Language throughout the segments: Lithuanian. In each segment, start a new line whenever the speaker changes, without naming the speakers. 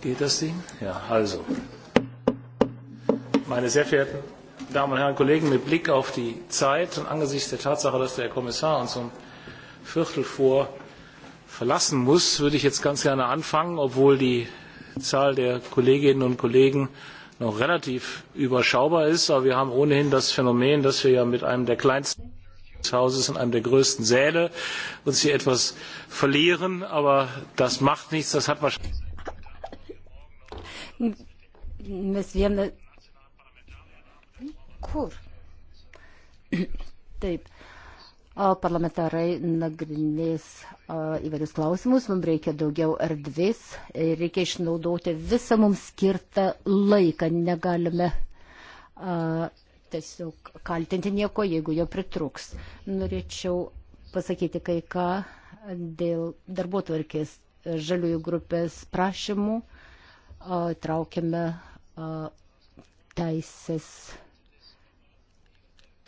Geht das Ding? Ja, also. Meine sehr verehrten Damen und Herren Kollegen, mit Blick auf die Zeit und angesichts der Tatsache, dass der Herr Kommissar uns um Viertel vor verlassen muss, würde ich jetzt ganz gerne anfangen, obwohl die Zahl der Kolleginnen und Kollegen noch relativ überschaubar ist. Aber wir haben ohnehin das Phänomen, dass wir ja mit einem der kleinsten des Hauses in einem der größten Säle uns hier etwas verlieren. Aber das macht nichts. Das hat wahrscheinlich
Mes vieną. Kur? Taip. Parlamentarai nagrinės įvairius klausimus, mums reikia daugiau erdvės, reikia išnaudoti visą mums skirtą laiką, negalime a, tiesiog kaltinti nieko, jeigu jo pritruks. Norėčiau pasakyti kai ką dėl darbuotvarkės žaliųjų grupės prašymų traukiame teisės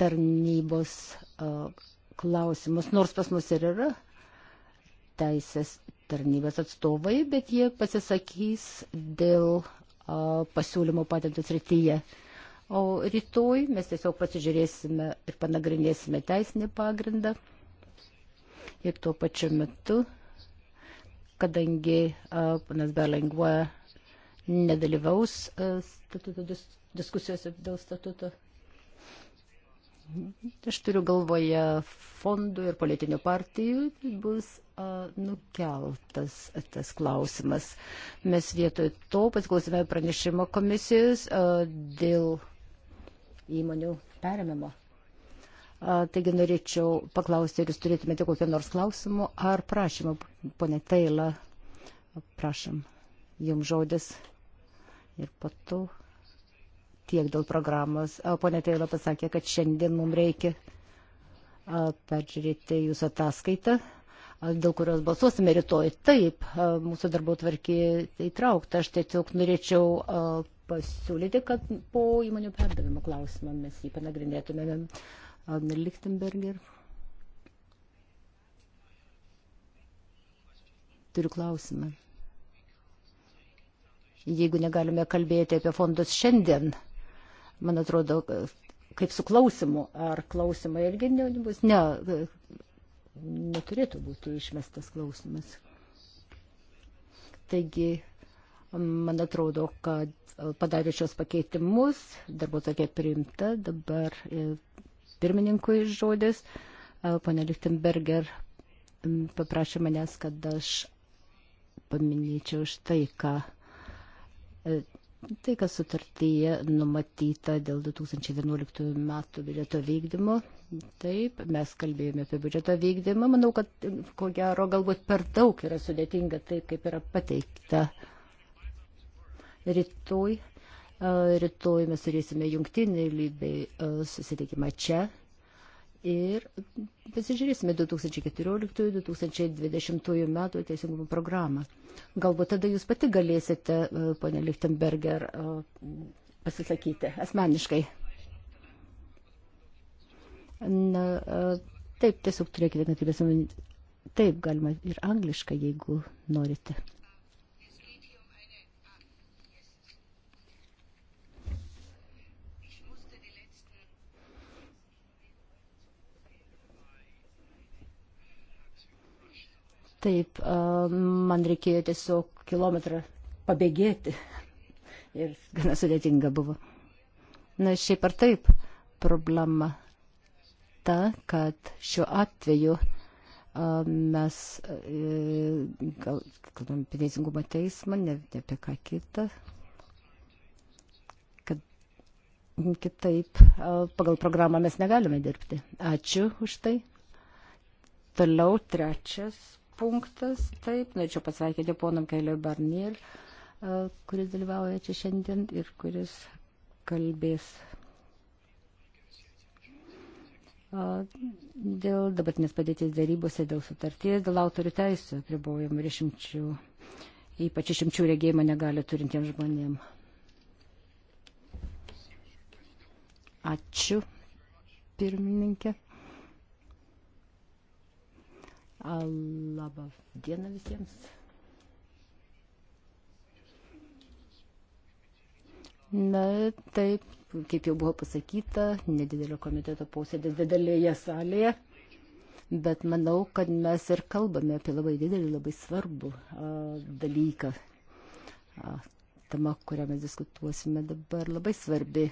tarnybos klausimus, nors pas mus ir yra teisės tarnybės atstovai, bet jie pasisakys dėl pasiūlymo patentų srityje. O rytoj mes tiesiog pasižiūrėsime ir panagrinėsime teisinį pagrindą. Ir tuo pačiu metu, kadangi uh, panas Berlingvoja nedalyvaus e, statuto dis, diskusijose dėl statuto. Aš turiu galvoje fondų ir politinių partijų, tai bus a, e, nukeltas tas klausimas. Mes vietoj to pasiklausime pranešimo komisijos a, e, dėl įmonių perėmimo. Taigi norėčiau paklausti, ar jūs turėtumėte kokią nors klausimų ar prašymą, ponė Taila. Prašom, jums žodis. Ir po to tiek dėl programos. Pone Teilo pasakė, kad šiandien mums reikia peržiūrėti jūsų ataskaitą, dėl kurios balsuosime rytoj. Taip, mūsų darbo tvarkė įtraukta. Aš tiesiog norėčiau pasiūlyti, kad po įmonių perdavimo klausimą mes jį panagrinėtumėme. Lichtenberger. Turiu klausimą jeigu negalime kalbėti apie fondus šiandien, man atrodo, kaip su klausimu, ar klausimai irgi nebus, ne, neturėtų būti išmestas klausimas. Taigi, man atrodo, kad padarė šios pakeitimus, darbo tokia priimta, dabar e, pirmininkui žodis, pane Lichtenberger paprašė manęs, kad aš paminėčiau štai ką. E, tai, kas sutartyje numatyta dėl 2011 metų biudžeto vykdymo, taip, mes kalbėjome apie biudžeto vykdymą, manau, kad ko gero galbūt per daug yra sudėtinga taip, kaip yra pateikta rytoj. E, rytoj mes turėsime jungtinį lygį e, susitikimą čia, ir pasižiūrėsime 2014-2020 metų teisingumo programą. Galbūt tada jūs pati galėsite, e, ponė Lichtenberger, e, pasisakyti asmeniškai. Na, e, taip, tiesiog turėkite kantrybės. Taip, galima ir angliškai, jeigu norite. Taip, man reikėjo tiesiog kilometrą pabėgėti ir gana sudėtinga buvo. Na, šiaip ar taip, problema ta, kad šiuo atveju mes gal kalbam apie teisingumo teismą, ne, ne apie ką kitą, kad kitaip pagal programą mes negalime dirbti. Ačiū už tai. Toliau trečias punktas. Taip, norėčiau nu, pasveikinti ponam Keliu Barnier, e, kuris dalyvauja čia šiandien ir kuris kalbės e, dėl dabartinės padėties darybose, dėl sutarties, dėl autorių teisų pribojimų ir išimčių, ypač išimčių regėjimo negali turintiems žmonėm. Ačiū, pirmininkė. Labą dieną visiems. Na, taip, kaip jau buvo pasakyta, nedidelio komiteto posėdės didelėje salėje, bet manau, kad mes ir kalbame apie labai didelį, labai svarbų a, dalyką. A, tema, kurią mes diskutuosime dabar, labai svarbi,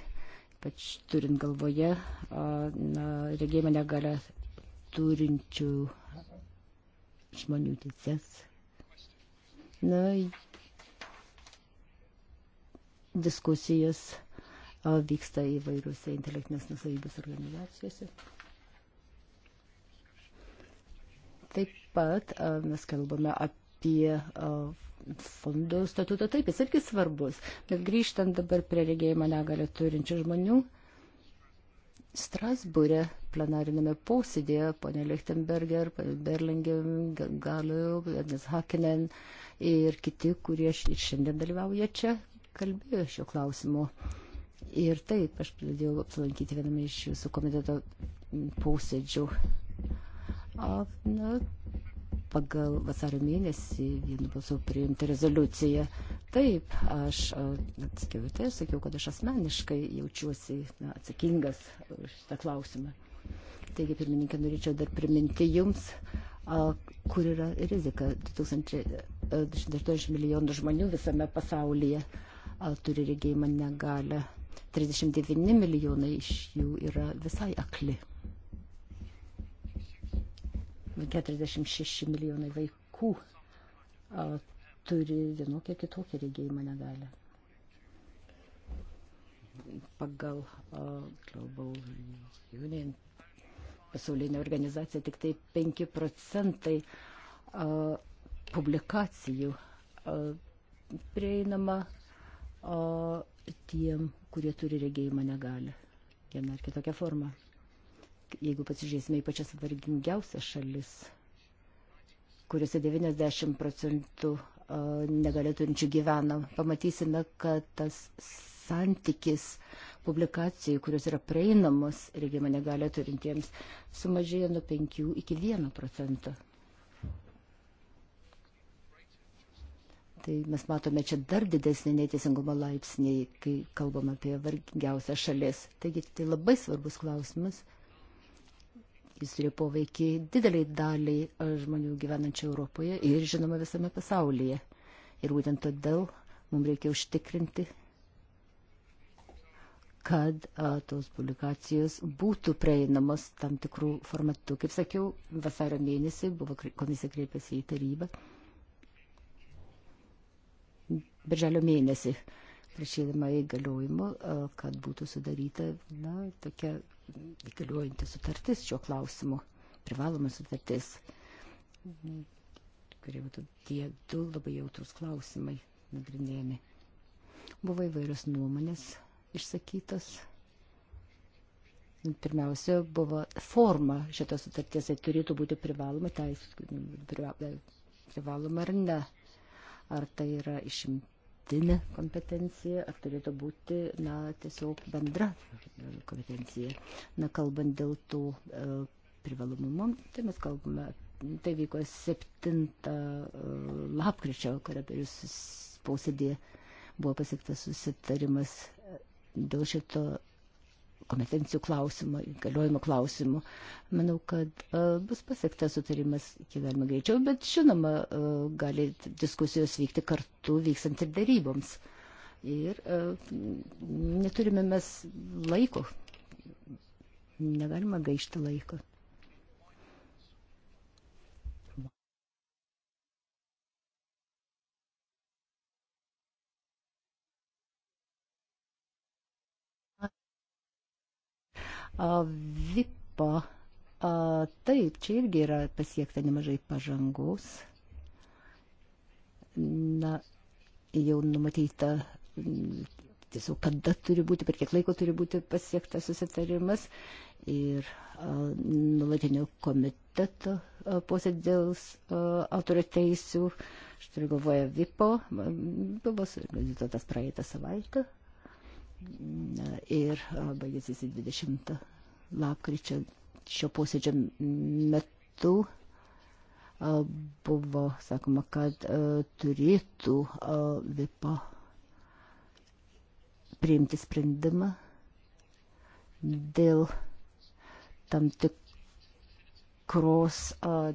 ypač turint galvoje a, na, regėjimą negalę turinčių žmonių teises. Na, diskusijos vyksta įvairiuose intelektinės nusavybės organizacijose. Taip pat mes kalbame apie fondų statutą, taip, jis irgi svarbus. Bet grįžtant dabar prie regėjimo negalę turinčių žmonių, Strasbūrė plenarinėme posėdėje ponė Lichtenberger, Berlingė, Galiu, Agnes Hakenen ir kiti, kurie ir šiandien dalyvauja čia, kalbėjo šio klausimu. Ir taip, aš pradėjau apsilankyti viename iš jūsų komiteto posėdžių. A, na, pagal vasario mėnesį vienu balsu priimti rezoliuciją. Taip, aš e, atsakiau tai, sakiau, kad aš asmeniškai jaučiuosi na, atsakingas už e, šitą klausimą. Taigi, pirmininkė, norėčiau dar priminti jums, kur yra rizika. 280 e, milijonų žmonių visame pasaulyje turi regėjimą negalę. 39 milijonai iš jų yra visai akli. 46 milijonai vaikų turi vienokią kitokią regėjimą negalę. Pagal uh, Global Union pasaulinė organizacija tik tai 5 procentai uh, publikacijų uh, prieinama uh, tiem, kurie turi regėjimą negalę. Viena ar kitokia forma. Jeigu pasižiūrėsime į pačias vargingiausias šalis, kuriuose 90 procentų negalė turinčių gyvena. Pamatysime, kad tas santykis publikacijų, kurios yra prieinamos regimo negalė turintiems, sumažėjo nuo 5 iki 1 procento. Tai mes matome čia dar didesnį neteisingumo laipsnį, kai kalbam apie vargiausią šalis. Taigi tai labai svarbus klausimas, jis turi poveikį dideliai daliai e, žmonių gyvenančių Europoje ir žinoma visame pasaulyje. Ir būtent todėl mums reikia užtikrinti, kad a, e, tos publikacijos būtų prieinamos tam tikrų formatų. Kaip sakiau, vasario mėnesį buvo komisija kreipėsi į tarybą. Birželio mėnesį prašydama įgaliojimo, e, kad būtų sudaryta na, tokia įgaliojanti sutartis šiuo klausimu, privaloma sutartis, kurie būtų tie du labai jautrus klausimai nagrinėjami. Buvo įvairios nuomonės išsakytos. Pirmiausia, buvo forma šitos sutarties, tai turėtų būti privaloma, tai privaloma ar ne. Ar tai yra išimtis? nuolatinė kompetencija, ar turėtų būti, na, tiesiog bendra kompetencija. Na, kalbant dėl tų e, privalumumų, tai mes kalbame, tai vyko 7 e, lapkričio koridorius posėdėje, buvo pasiektas susitarimas e, dėl šito kompetencijų klausimų, galiojimo klausimų. Manau, kad e, bus pasiektas sutarimas kiek galima greičiau, bet žinoma, e, gali diskusijos vykti kartu vykstant ir daryboms. Ir e, neturime mes laiko. Negalima gaišti laiko. VIPO. Taip, čia irgi yra pasiekta nemažai pažangus. Na, jau numatyta mm, tiesiog kada turi būti, per kiek laiko turi būti pasiektas susitarimas. Ir nulatinio komiteto posėdė dėl autorių teisių, aš turiu galvoje VIPO, buvo suorganizuotas praeitą savaitę ir baigėsi 20 lapkričio šio posėdžio metu buvo sakoma, kad turėtų VIPA priimti sprendimą dėl tam tikrų tikros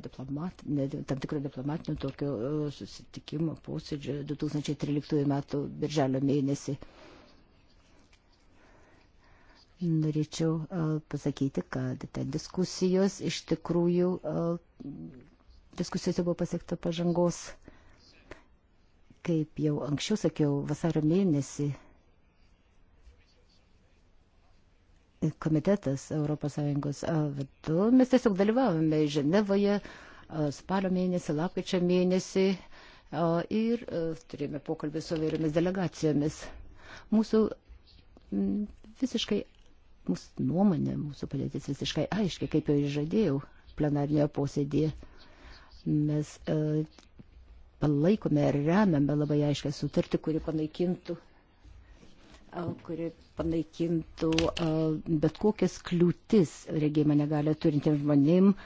diplomatinio, tam tikro diplomatinio tokio susitikimo posėdžio 2013 m. birželio mėnesį. Norėčiau e, pasakyti, kad ten diskusijos iš tikrųjų, e, diskusijose buvo pasiekta pažangos, kaip jau anksčiau sakiau, vasario mėnesį komitetas ES e, vardu, mes tiesiog dalyvavome Ženevoje spalio mėnesį, lapkričio mėnesį ir turėjome pokalbį su vairiomis delegacijomis. Mūsų visiškai Mūsų nuomonė, mūsų padėtis visiškai aiškiai, kaip jau išžadėjau plenarnioje posėdėje. Mes e, palaikome ir remiame labai aiškę sutartį, kuri panaikintų, e, kuri panaikintų e, bet kokias kliūtis regėjimą negalę turintiems žmonėm e,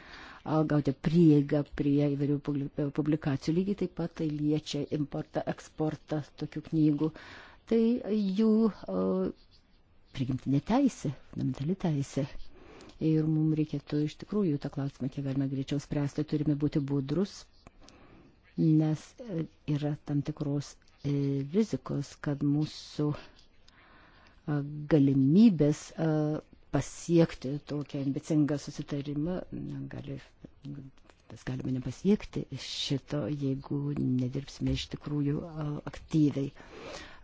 gauti prieigą prie įvairių publikacijų. Lygiai taip pat tai liečia importą, eksportą tokių knygų. Tai jų e, prigimtinė teisė, fundamentali teisė. Ir mums reikėtų iš tikrųjų tą klausimą, kiek galime greičiau spręsti, turime būti budrus, nes e, yra tam tikros e, rizikos, kad mūsų e, galimybės pasiekti tokią ambicingą susitarimą, gali, mes galime nepasiekti šito, jeigu nedirbsime iš tikrųjų aktyviai.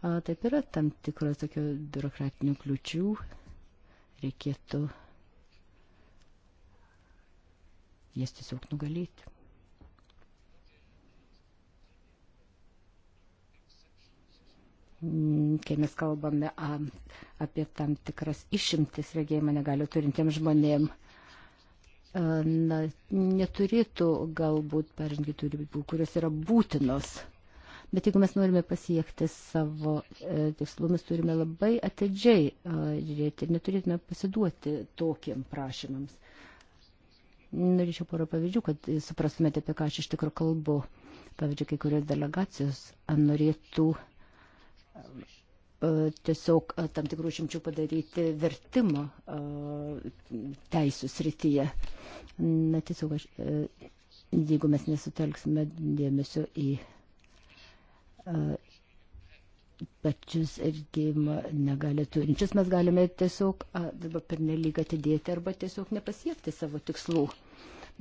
Taip yra tam tikros tokio biurokratinių kliučių. Reikėtų jas tiesiog nugalėti. Mm, kai mes kalbame a, apie tam tikras išimtis regėjimą negaliu turintiems žmonėm, a, na, neturėtų galbūt, pažiūrėkit, turi būti, kurios yra būtinos. Bet jeigu mes norime pasiekti savo e, tikslų, mes turime labai atidžiai e, žiūrėti ir neturėtume pasiduoti tokiem prašymams. Norėčiau porą pavyzdžių, kad suprastumėte, apie ką aš iš tikrųjų kalbu. Pavyzdžiui, kai kurios delegacijos norėtų e, tiesiog tam tikrų šimčių padaryti vertimo teisų srityje. Na, tiesiog aš, e, jeigu mes nesutelksime dėmesio į pačius irgi negalė turinčius mes galime tiesiog arba pernelyg atidėti arba tiesiog nepasiekti savo tikslų.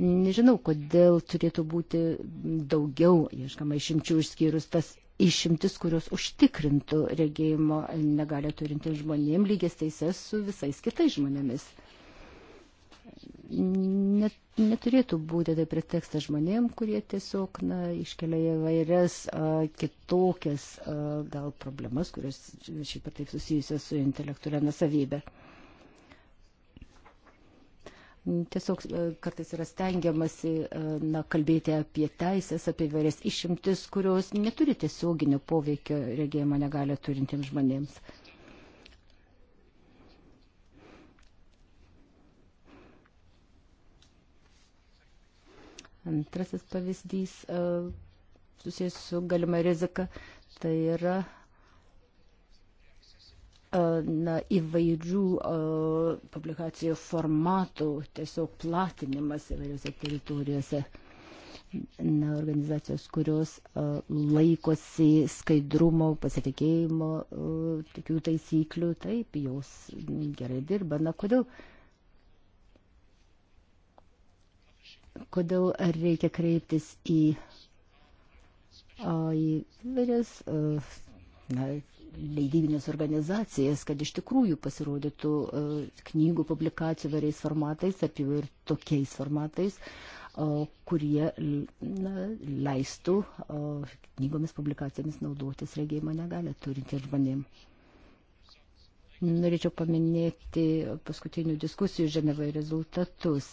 Nežinau, kodėl turėtų būti daugiau ieškama išimčių išskyrus tas išimtis, kurios užtikrintų regėjimo negalę turintiems žmonėms lygės teises su visais kitais žmonėmis net, neturėtų būti tai pretekstas žmonėm, kurie tiesiog na, iškelia įvairias a, kitokias a, gal problemas, kurios šiaip ar taip susijusios su intelektualia nusavybė. Tiesiog kartais yra stengiamasi na, kalbėti apie teisės, apie vairias išimtis, kurios neturi tiesioginio poveikio regėjimo negalę turintiems žmonėms. Antrasis pavyzdys e, susijęs su galima rizika, tai yra e, na, įvairių e, publikacijų formatų tiesiog platinimas įvairiose teritorijose. Na, organizacijos, kurios laikosi skaidrumo, pasitikėjimo, tokių taisyklių, taip, jos gerai dirba. Na, kodėl? kodėl reikia kreiptis į, į vairias leidybinės organizacijas, kad iš tikrųjų pasirodytų knygų publikacijų vairiais formatais, apie ir tokiais formatais, kurie na, leistų knygomis publikacijomis naudotis regėjimo negalę turintiems žmonėms. Norėčiau paminėti paskutinių diskusijų Ženevoje rezultatus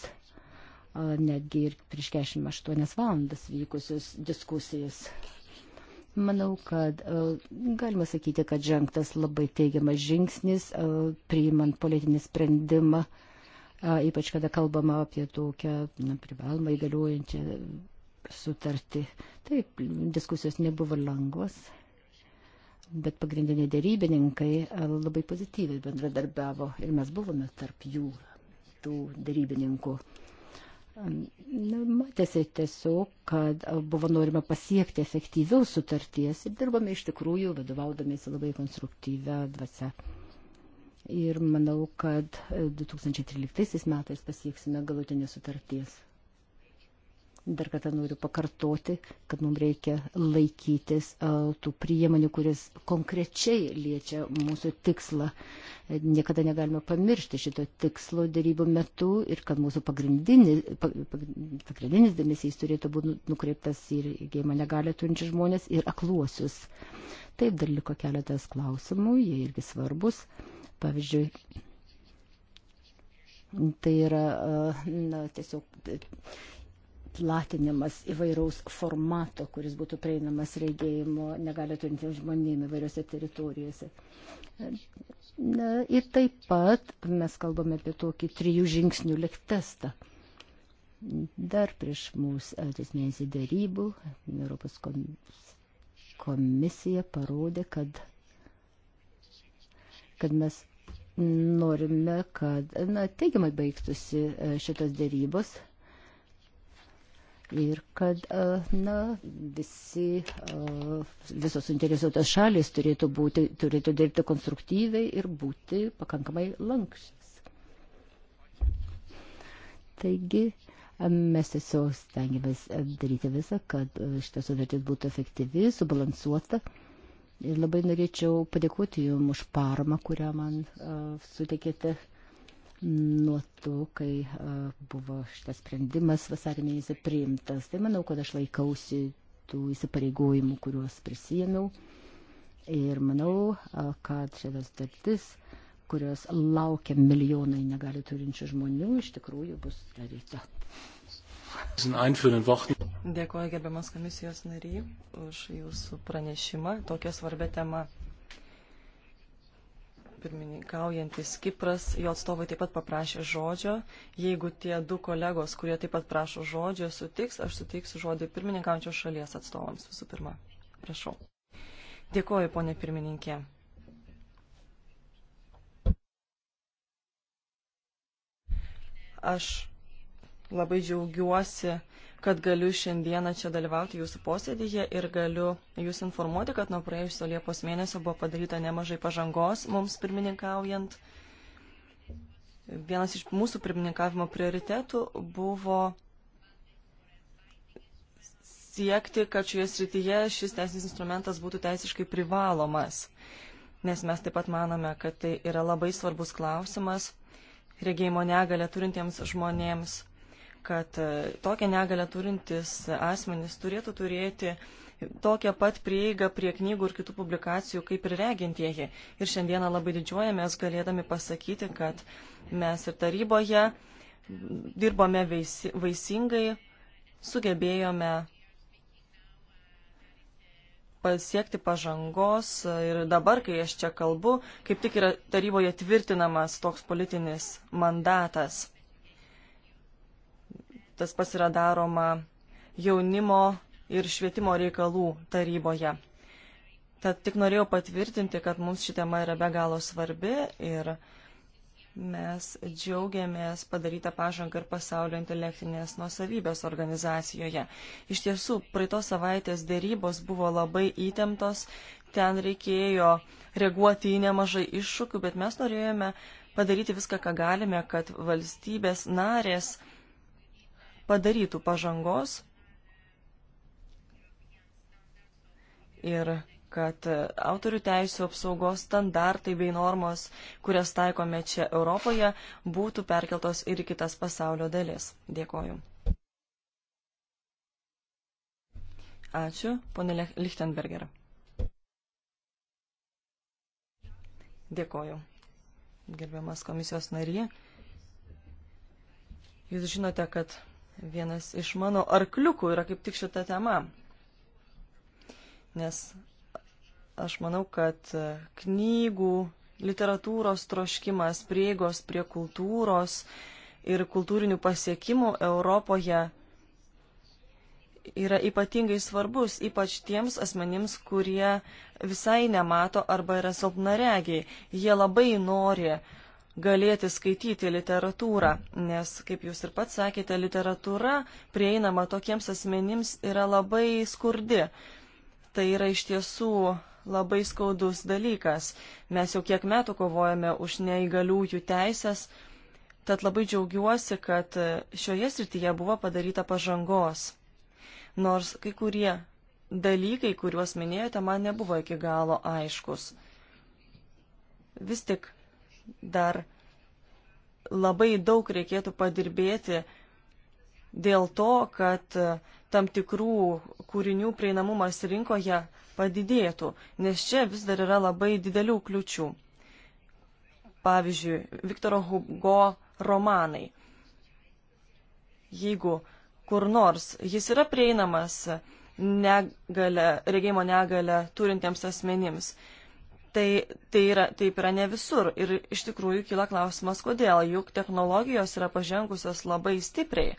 netgi ir prieš 48 valandas vykusius diskusijas. Manau, kad galima sakyti, kad žengtas labai teigiamas žingsnis, priimant politinį sprendimą, ypač kada kalbama apie tokią na, privalomą įgaliuojančią sutartį. Taip, diskusijos nebuvo lengvos, bet pagrindiniai dėrybininkai labai pozityviai bendradarbiavo ir mes buvome tarp jų, tų dėrybininkų. Na, matėsi tiesiog, kad buvo norima pasiekti efektyviau sutarties ir dirbame iš tikrųjų vadovaudamėsi labai konstruktyvę dvasę. Ir manau, kad 2013 metais pasieksime galutinį sutarties. Dar kartą noriu pakartoti, kad mums reikia laikytis tų priemonių, kuris konkrečiai liečia mūsų tikslą. Niekada negalime pamiršti šito tikslo darybų metu ir kad mūsų pagrindinis, pagrindinis dėmesys turėtų būti nukreiptas ir gėjimą negalę turinčius žmonės ir akluosius. Taip, dar liko keletas klausimų, jie irgi svarbus. Pavyzdžiui, tai yra na, tiesiog platinimas įvairaus formato, kuris būtų prieinamas regėjimo negali turintiems žmonėms įvairiose teritorijose. Na, ir taip pat mes kalbame apie tokį trijų žingsnių liktestą. Dar prieš mūsų atesmėnesį darybų Europos komisija parodė, kad, kad mes norime, kad na, teigiamai baigtųsi e, šitos darybos ir kad na, visi, visos suinteresuotos šalis turėtų, būti, turėtų dirbti konstruktyviai ir būti pakankamai lankščias. Taigi, mes tiesiog stengiamės daryti visą, kad šitą sutartis būtų efektyvi, subalansuota. Ir labai norėčiau padėkoti Jums už paramą, kurią man uh, suteikėte uh, nuo to, kai buvo šitas sprendimas vasarį mėnesį priimtas. Tai manau, kad aš laikausi tų įsipareigojimų, kuriuos prisijėmiau. Ir manau, kad šitas tartis, kurios laukia milijonai negali turinčių žmonių, iš tikrųjų bus daryta.
Dėkuoju
gerbiamas komisijos nariai už jūsų pranešimą tokią svarbę temą pirmininkaujantis Kipras, jo atstovai taip pat paprašė žodžio. Jeigu tie du kolegos, kurie taip pat prašo žodžio, sutiks, aš suteiksiu žodį pirmininkaujančios šalies atstovams visų pirma. Prašau. Dėkuoju, ponė pirmininkė. Aš labai džiaugiuosi kad galiu šiandieną čia dalyvauti jūsų posėdėje ir galiu jūs informuoti, kad nuo praėjusio Liepos mėnesio buvo padaryta nemažai pažangos mums pirmininkaujant. Vienas iš mūsų pirmininkavimo prioritetų buvo siekti, kad šioje srityje šis teisinis instrumentas būtų teisiškai privalomas, nes mes taip pat manome, kad tai yra labai svarbus klausimas regėjimo negalę turintiems žmonėms kad e, tokią negalę turintis asmenys turėtų turėti tokią pat prieigą prie knygų ir kitų publikacijų kaip ir regintieji. Ir šiandieną labai didžiuojamės galėdami pasakyti, kad mes ir taryboje dirbome vaisi, vaisingai, sugebėjome pasiekti pažangos ir dabar, kai aš čia kalbu, kaip tik yra taryboje tvirtinamas toks politinis mandatas. Tas pas yra daroma jaunimo ir švietimo reikalų taryboje. Tad tik norėjau patvirtinti, kad mums ši tema yra be galo svarbi ir mes džiaugiamės padarytą pažangą ir pasaulio intelektinės nuosavybės organizacijoje. Iš tiesų, praeitos savaitės dėrybos buvo labai įtemptos, ten reikėjo reaguoti į nemažai iššūkių, bet mes norėjome padaryti viską, ką galime, kad valstybės narės padarytų pažangos ir kad autorių teisų apsaugos standartai bei normos, kurias taikome čia Europoje, būtų perkeltos ir į kitas pasaulio dalis. Dėkoju. Ačiū, ponė Lichtenberger. Dėkoju, gerbiamas komisijos narė. Jūs žinote, kad Vienas iš mano arkliukų yra kaip tik šita tema. Nes aš manau, kad e, knygų, literatūros troškimas, prieigos prie kultūros ir kultūrinių pasiekimų Europoje yra ypatingai svarbus, ypač tiems asmenims, kurie visai nemato arba yra silpnaregiai. Jie labai nori uh, galėti skaityti literatūrą, nes, kaip jūs ir pats sakėte, literatūra prieinama tokiems asmenims yra labai skurdi. Tai yra iš tiesų labai skaudus dalykas. Mes jau kiek metų kovojame už neįgaliųjų teisės, tad labai džiaugiuosi, kad šioje srityje buvo padaryta pažangos. Nors kai kurie dalykai, kuriuos minėjote, man nebuvo iki galo aiškus. Vis tik dar labai daug reikėtų padirbėti dėl to, kad tam tikrų kūrinių prieinamumas rinkoje padidėtų, nes čia vis dar yra labai didelių kliučių. Pavyzdžiui, Viktoro Hugo romanai. Jeigu kur nors jis yra prieinamas negalę, regėjimo negalę turintiems asmenims, Tai, tai yra, taip yra ne visur. Ir iš tikrųjų kyla klausimas, kodėl. Juk technologijos yra pažengusios labai stipriai.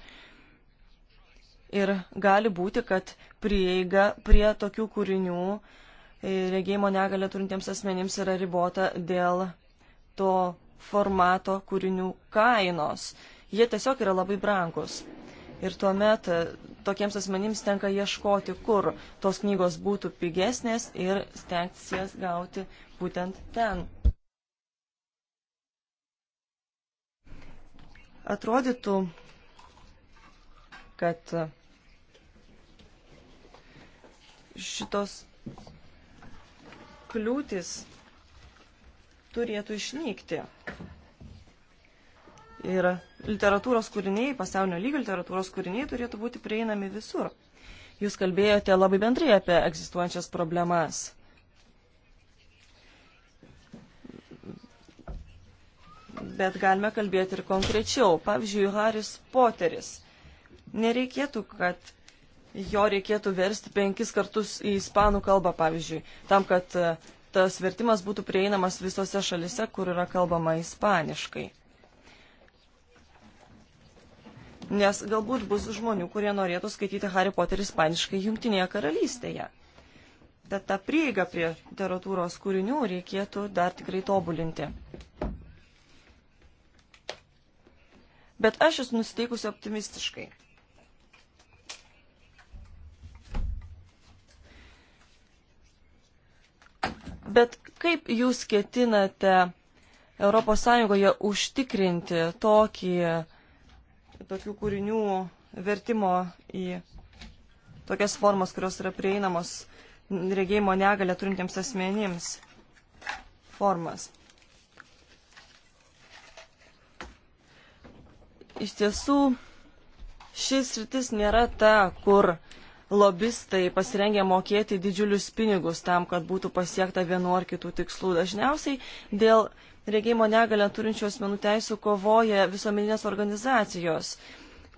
Ir gali būti, kad prieiga prie tokių kūrinių e, regėjimo negalę turintiems asmenims yra ribota dėl to formato kūrinių kainos. Jie tiesiog yra labai brangus. Ir tuomet e, tokiems asmenims tenka ieškoti, kur tos knygos būtų pigesnės ir stengtis jas gauti būtent ten. Atrodytų, kad šitos kliūtis turėtų išnykti. Ir literatūros kūriniai, pasaulio lygio literatūros kūriniai turėtų būti prieinami visur. Jūs kalbėjote labai bendrai apie egzistuojančias problemas. Bet galime kalbėti ir konkrečiau. Pavyzdžiui, Haris Poteris. Nereikėtų, kad jo reikėtų versti penkis kartus į ispanų kalbą, pavyzdžiui, tam, kad tas vertimas būtų prieinamas visose šalise, kur yra kalbama ispaniškai. nes galbūt bus žmonių, kurie norėtų skaityti Harry Potterį ispaniškai Junktinėje karalystėje. Tad tą prieigą prie literatūros kūrinių reikėtų dar tikrai tobulinti. Bet aš esu nusiteikusi optimistiškai. Bet kaip jūs ketinate ES užtikrinti tokį tokių kūrinių vertimo į tokias formas, kurios yra prieinamos regėjimo negalę turintiems asmenims formas. Iš tiesų, šis rytis nėra ta, kur lobistai pasirengia mokėti didžiulius pinigus tam, kad būtų pasiekta vienu ar kitų tikslų. Dažniausiai dėl regėjimo negalę turinčių asmenų teisų kovoja visuomeninės organizacijos,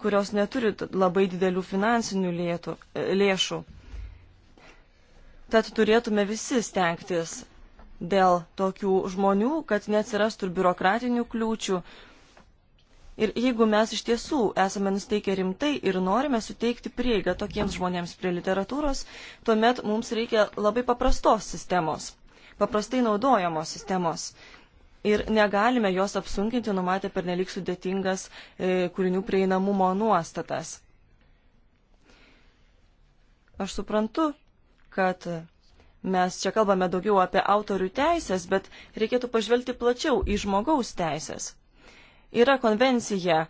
kurios neturi labai didelių finansinių lėtų, e, lėšų. Tad turėtume visi stengtis dėl tokių žmonių, kad neatsirastų ir biurokratinių kliūčių. Ir jeigu mes iš tiesų esame nusteikę rimtai ir norime suteikti prieigą tokiems žmonėms prie literatūros, tuomet mums reikia labai paprastos sistemos, paprastai naudojamos sistemos, ir negalime jos apsunkinti, numatę pernelik sudėtingas e, kūrinių prieinamumo nuostatas. Aš suprantu, kad mes čia kalbame daugiau apie autorių teisės, bet reikėtų pažvelgti plačiau į žmogaus teisės. Yra konvencija,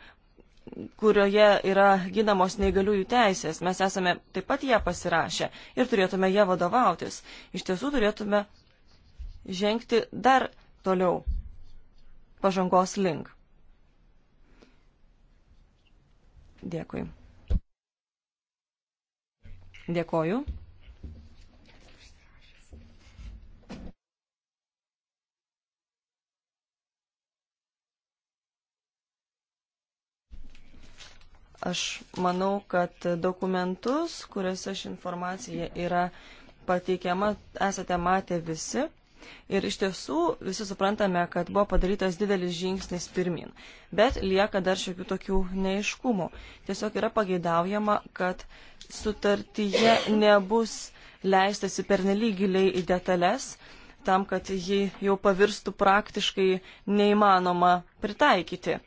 kurioje yra ginamos neįgaliųjų teisės. Mes esame taip pat ją pasirašę ir turėtume ją vadovautis. Iš tiesų turėtume žengti dar toliau pažangos link. Dėkui. Dėkoju. Aš manau, kad dokumentus, kuriuose ši informacija yra pateikiama, esate matę visi. Ir iš tiesų visi suprantame, kad buvo padarytas didelis žingsnis pirmin. Bet lieka dar šiokių tokių neiškumų. Tiesiog yra pageidaujama, kad sutartyje nebus leistasi pernelyg giliai į detalės, tam, kad ji jau pavirstų praktiškai neįmanoma pritaikyti.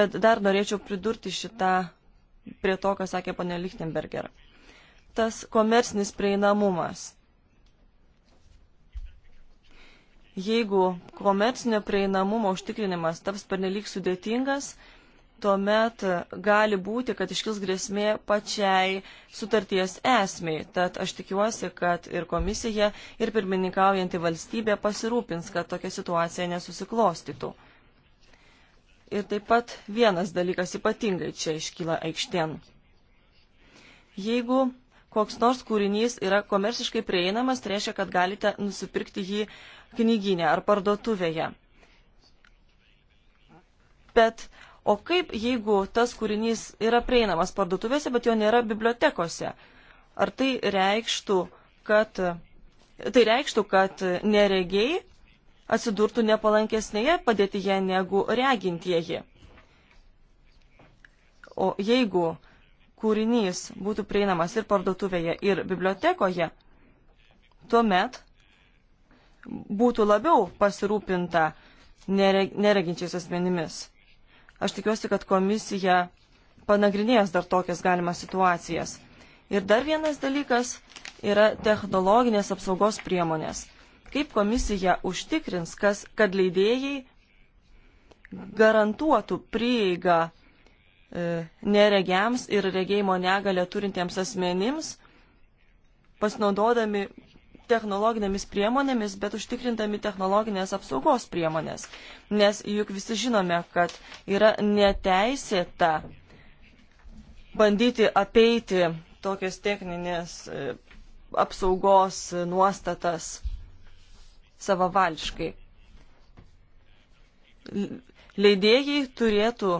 Bet dar norėčiau pridurti šitą prie to, ką sakė ponė Lichtenberger. Tas komercinis prieinamumas. Jeigu komercinio prieinamumo užtikrinimas taps pernelyg sudėtingas, tuomet gali būti, kad iškils grėsmė pačiai sutarties esmiai. Tad aš tikiuosi, kad ir komisija, ir pirmininkaujanti valstybė pasirūpins, kad tokia situacija nesusiklostytų. Ir taip pat vienas dalykas ypatingai čia iškyla aikštien. Jeigu koks nors kūrinys yra komerciškai prieinamas, tai reiškia, kad galite nusipirkti jį knyginė ar parduotuvėje. Bet o kaip jeigu tas kūrinys yra prieinamas parduotuvėse, bet jo nėra bibliotekose? Ar tai reikštų, kad, tai reikštų, kad neregiai atsidurtų nepalankesnėje padėtyje negu regintieji? O jeigu kūrinys būtų prieinamas ir parduotuvėje, ir bibliotekoje, tuomet būtų labiau pasirūpinta nereginčiais asmenimis. Aš tikiuosi, kad komisija panagrinės dar tokias galimas situacijas. Ir dar vienas dalykas yra technologinės apsaugos priemonės. Kaip komisija užtikrins, kas, kad leidėjai garantuotų prieigą E, neregiams ir regėjimo negalę turintiems asmenims, pasinaudodami technologinėmis priemonėmis, bet užtikrindami technologinės apsaugos priemonės. Nes juk visi žinome, kad yra neteisėta bandyti apeiti tokias techninės e, apsaugos nuostatas savavališkai. Leidėjai turėtų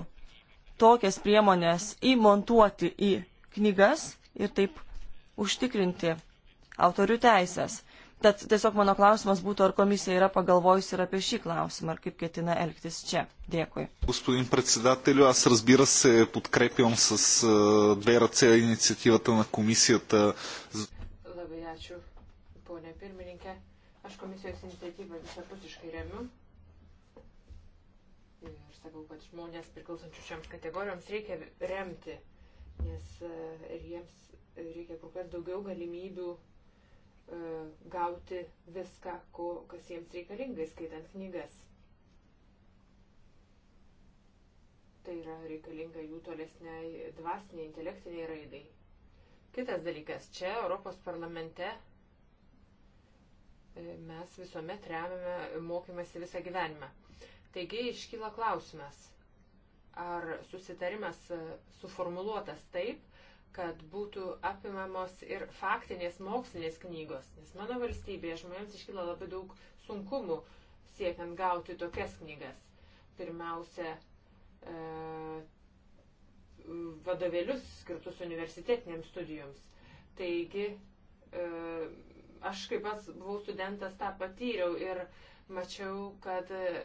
tokias priemonės įmontuoti į knygas ir taip užtikrinti autorių teisės. Tad tiesiog mano klausimas būtų, ar komisija yra pagalvojusi ir apie šį klausimą, ar kaip ketina elgtis čia. Dėkui. Господин председателю, аз разбира се подкрепям с две ръце инициативата на комисията.
Labai ačiū, ponė pirmininkė. Aš komisijos iniciatyvą visapusiškai remiu sakau, kad žmonės priklausančių šiams kategorijoms reikia remti, nes e, ir jiems reikia kur kas daugiau galimybių e, gauti viską, ko, kas jiems reikalinga, skaitant knygas. Tai yra reikalinga jų tolesniai dvasiniai, intelektiniai raidai. Kitas dalykas, čia Europos parlamente e, mes visuomet remiame mokymasi visą gyvenimą. Taigi iškyla klausimas, ar susitarimas e, suformuluotas taip, kad būtų apimamos ir faktinės mokslinės knygos, nes mano valstybėje žmonėms iškyla labai daug sunkumų siekiant gauti tokias knygas. Pirmiausia, e, vadovėlius skirtus universitetiniams studijoms. Taigi, e, aš kaip pats buvau studentas tą patyriau ir e, mačiau, kad e,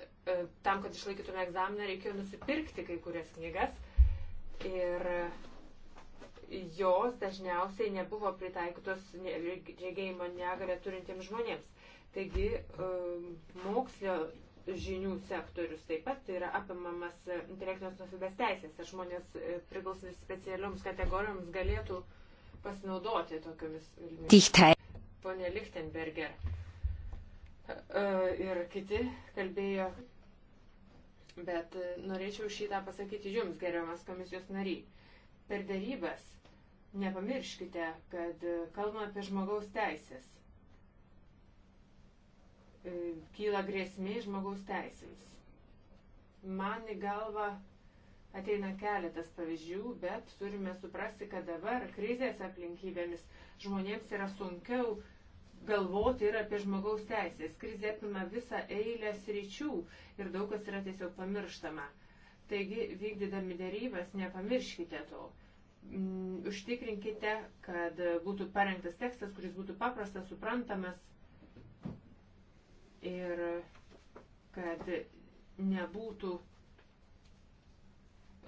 tam, kad išlaikytume egzaminą, reikėjo nusipirkti kai kurias knygas. Ir jos dažniausiai nebuvo pritaikytos regėjimo negalę turintiems žmonėms. Taigi e, mokslo žinių sektorius taip pat tai yra apimamas intelektinės nusibės teisės ir žmonės e, priklausantys specialioms kategorijoms galėtų pasinaudoti tokiomis galimybėmis. Pone Lichtenberger, E, ir kiti kalbėjo, bet norėčiau šitą pasakyti jums, gerbiamas komisijos nariai. Per darybas nepamirškite, kad kalbame apie žmogaus teisės. E, kyla grėsmė žmogaus teisėms. Man į galvą ateina keletas pavyzdžių, bet turime suprasti, kad dabar krizės aplinkybėmis žmonėms yra sunkiau galvoti ir apie žmogaus teisės. Krizė apima visą eilę sričių ir daug kas yra tiesiog pamirštama. Taigi, vykdydami dėrybas, nepamirškite to. Mm, užtikrinkite, kad būtų parengtas tekstas, kuris būtų paprastas, suprantamas ir kad nebūtų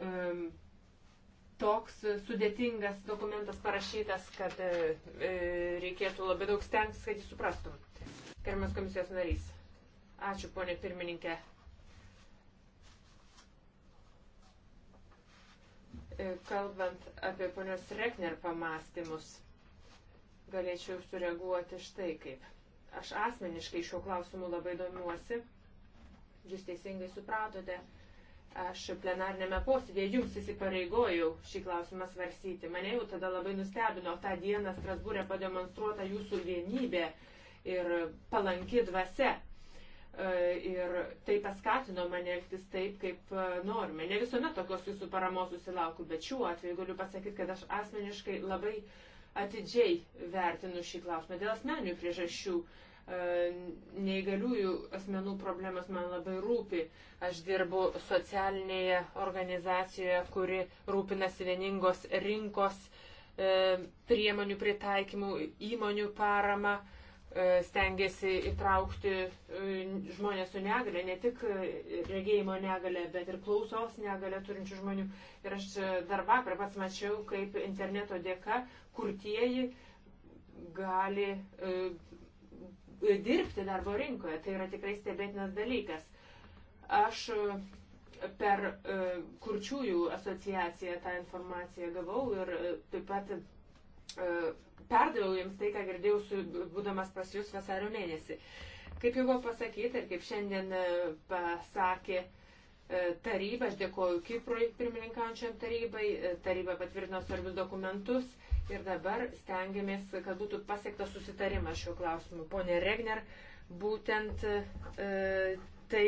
um, toks sudėtingas dokumentas parašytas, kad e, e, reikėtų labai daug stengtis, kad jį suprastum. Gerbiamas komisijos narys. Ačiū, ponė pirmininkė. E, kalbant apie ponios Rekner pamastymus, galėčiau sureaguoti štai kaip. Aš asmeniškai šiuo klausimu labai domiuosi. Jūs teisingai supratote, Aš plenarnėme posėdėje jums įsipareigojau šį klausimą svarsyti. Mane jau tada labai nustebino tą dieną Strasbūrė pademonstruota jūsų vienybė ir palanki dvasia. E, ir tai paskatino mane elgtis taip, kaip e, norime. Ne visuomet tokios jūsų paramos susilaukiu, bet šiuo atveju galiu pasakyti, kad aš asmeniškai labai atidžiai vertinu šį klausimą dėl asmeninių priežasčių. E, neįgaliųjų asmenų problemas man labai rūpi. Aš dirbu socialinėje organizacijoje, kuri rūpinasi vieningos rinkos e, priemonių pritaikymų, įmonių parama, e, stengiasi įtraukti žmonės su negale, ne tik regėjimo negale, bet ir klausos negale turinčių žmonių. Ir aš dar vakar pats mačiau, kaip interneto dėka kurtieji gali dirbti darbo rinkoje. Tai yra tikrai stebėtinas dalykas. Aš e, per e, kurčiųjų asociaciją tą informaciją gavau ir e, taip pat perdaviau jiems tai, ką girdėjau, su, būdamas pas jūs vasario mėnesį. Kaip jau buvo pasakyta ir kaip šiandien pasakė taryba, aš dėkoju Kiprui pirmininkančiam tarybai, taryba patvirtino svarbius dokumentus ir dabar stengiamės, kad būtų pasiektas susitarimas šiuo klausimu. Pone Regner, būtent e, tai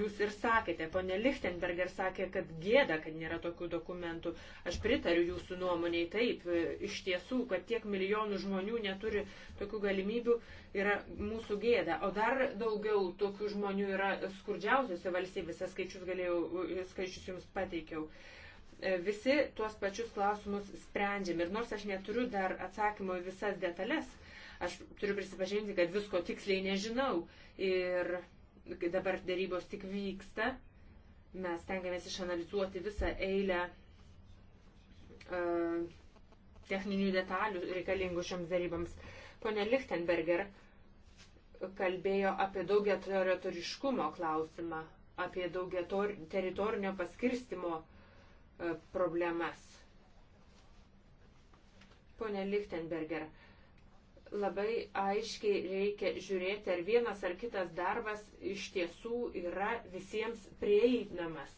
jūs ir sakėte. Pone Lichtenberger sakė, kad gėda, kad nėra tokių dokumentų. Aš pritariu jūsų nuomoniai. Taip, e, iš tiesų, kad tiek milijonų žmonių neturi tokių galimybių, yra mūsų gėda. O dar daugiau tokių žmonių yra skurdžiausiose valstybėse, skaičius, galėjau, e, skaičius jums pateikiau. Uh, E, visi tuos pačius klausimus sprendžiam ir nors aš neturiu dar atsakymo į visas detalės, aš turiu prisipažinti, kad visko tiksliai nežinau ir dabar darybos tik vyksta. Mes tengiamės išanalizuoti visą eilę uh, techninių detalių reikalingų šioms darybams. Pone Lichtenberger kalbėjo apie daugia teritoriškumo klausimą, apie daugia teritorinio paskirstimo E, problemas. Pone Lichtenberger, labai aiškiai reikia žiūrėti, ar vienas ar kitas darbas iš tiesų yra visiems prieinamas.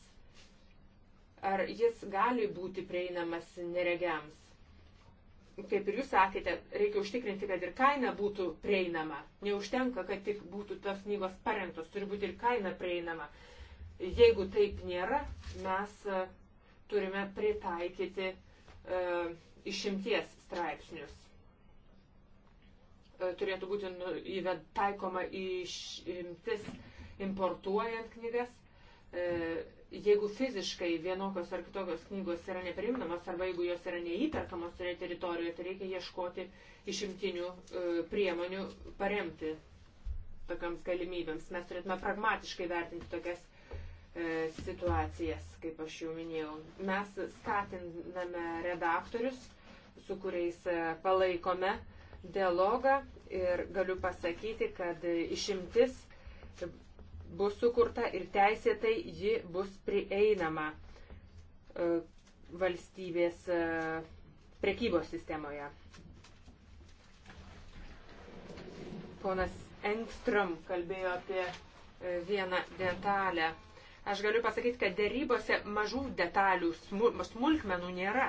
Ar jis gali būti prieinamas neregiams. Kaip ir jūs sakėte, reikia užtikrinti, kad ir kaina būtų prieinama. Neužtenka, kad tik būtų tos knygos parengtos, turi būti ir kaina prieinama. Jeigu taip nėra, mes turime pritaikyti e, išimties straipsnius. E, turėtų būti nu, įved, taikoma išimtis importuojant knygas. E, jeigu fiziškai vienokios ar kitokios knygos yra neprimnamos arba jeigu jos yra neįperkamos toje teritorijoje, tai reikia ieškoti išimtinių e, priemonių paremti tokiams galimybėms. Mes turėtume pragmatiškai vertinti tokias E, situacijas, kaip aš jau minėjau. Mes skatiname redaktorius, su kuriais e, palaikome dialogą ir galiu pasakyti, kad išimtis bus sukurta ir teisėtai ji bus prieinama e, valstybės prekybos sistemoje. Ponas Engstrom kalbėjo apie vieną detalę Aš galiu pasakyti, kad dėrybose mažų detalių, smulkmenų nėra.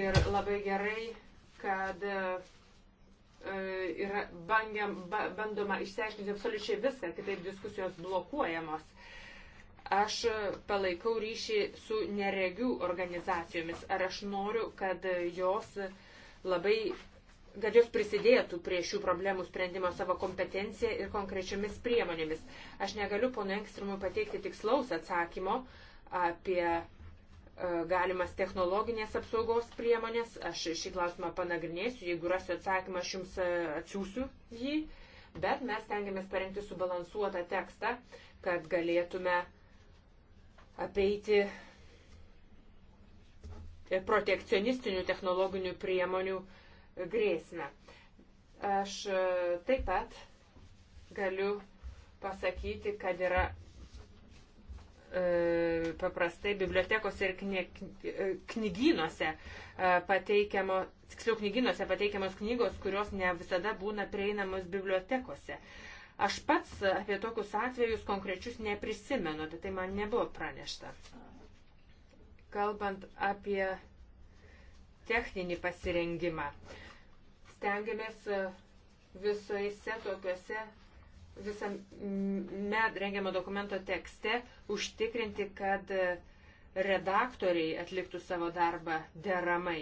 Ir labai gerai, kad e, yra bangiam, ba, bandoma išsiaiškinti absoliučiai viską, kitaip diskusijos blokuojamos. Aš palaikau ryšį su neregių organizacijomis. Ar aš noriu, kad jos labai kad jos prisidėtų prie šių problemų sprendimo savo kompetenciją ir konkrečiomis priemonėmis. Aš negaliu pono Engstrumui pateikti tikslaus atsakymo apie e, galimas technologinės apsaugos priemonės. Aš šį klausimą panagrinėsiu, jeigu rasiu atsakymą, aš jums e, atsiųsiu jį, bet mes tengiamės parengti subalansuotą tekstą, kad galėtume apeiti protekcionistinių technologinių priemonių uh, grėsmę. Aš e, taip pat galiu pasakyti, kad yra e, paprastai bibliotekose ir e, knygynuose pateikiamo, tiksliau knygynuose pateikiamos knygos, kurios ne visada būna prieinamos bibliotekose. Aš pats apie tokius atvejus konkrečius neprisimenu, apie tai man nebuvo pranešta. Kalbant apie techninį pasirengimą. Uh, stengiamės e, visuose tokiuose visame rengiamo dokumento tekste užtikrinti, kad e, redaktoriai atliktų savo darbą deramai,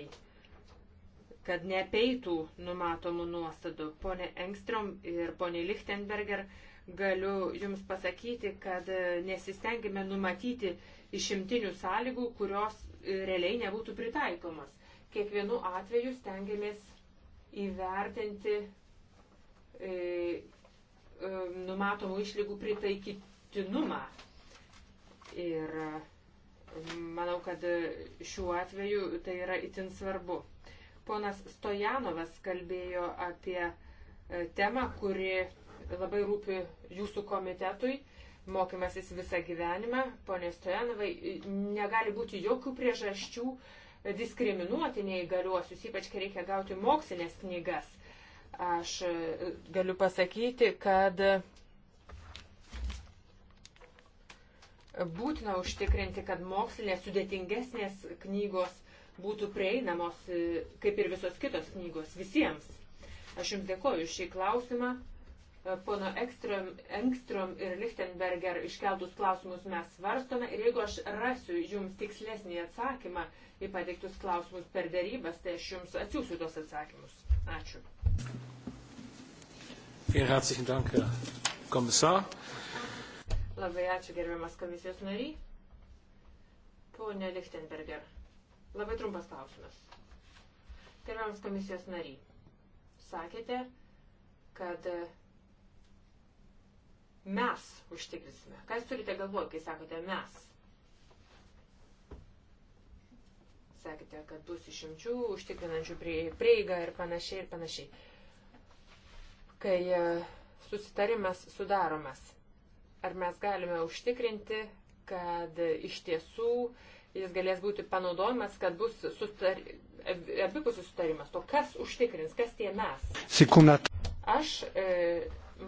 kad neapeitų numatomų nuostadų. Pone Engstrom ir pone Lichtenberger, galiu Jums pasakyti, kad e, nesistengime numatyti išimtinių sąlygų, kurios realiai nebūtų pritaikomos. Kiekvienu atveju stengiamės įvertinti e, e, numatomų išlygų pritaikytinumą. Ir e, manau, kad šiuo atveju tai yra itin svarbu. Ponas Stojanovas kalbėjo apie e, temą, kuri labai rūpi jūsų komitetui mokymasis visą gyvenimą, ponė Stojanovai, negali būti jokių priežasčių diskriminuoti neįgaliuosius, ypač kai reikia gauti mokslinės knygas. Aš e, galiu pasakyti, kad būtina užtikrinti, kad mokslinės sudėtingesnės knygos būtų prieinamos, e, kaip ir visos kitos knygos, visiems. Aš Jums dėkoju šį klausimą. E, pono Ekstrom, Engstrom ir Lichtenberger iškeltus klausimus mes svarstome ir jeigu aš rasiu jums tikslesnį atsakymą į pateiktus klausimus per dėrybas, tai aš jums atsiųsiu tos atsakymus. Ačiū. Labai ačiū gerbiamas komisijos nariai. Pone Lichtenberger, labai trumpas klausimas. Gerbiamas komisijos nariai, sakėte, kad mes užtikrinsime. Ką jūs turite galvoje, kai sakote mes? Sakėte, kad bus išimčių, užtikrinančių prieigą ir panašiai ir panašiai. Kai e, susitarimas sudaromas, ar mes galime užtikrinti, kad iš tiesų jis galės būti panaudojamas, kad bus sutar... abipusis sutarimas. To kas užtikrins, kas tie mes? Sekundat. Aš e,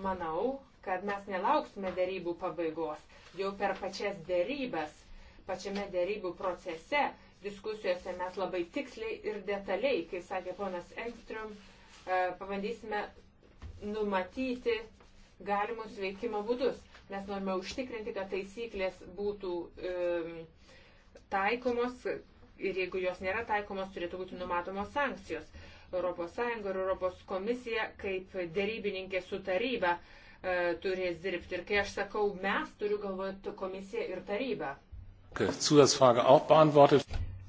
manau, kad mes nelauksime dėrybų pabaigos. Jau per pačias dėrybas, pačiame dėrybų procese, diskusijose mes labai tiksliai ir detaliai, kaip sakė ponas Engstrom, e, pabandysime numatyti galimus veikimo būdus. Mes norime užtikrinti, kad taisyklės būtų e, taikomos ir jeigu jos nėra taikomos, turėtų būti numatomos sankcijos. ES ir ES komisija kaip dėrybininkė su taryba E, turės dirbti. Ir kai aš sakau mes, turiu galvoje komisiją ir tarybą.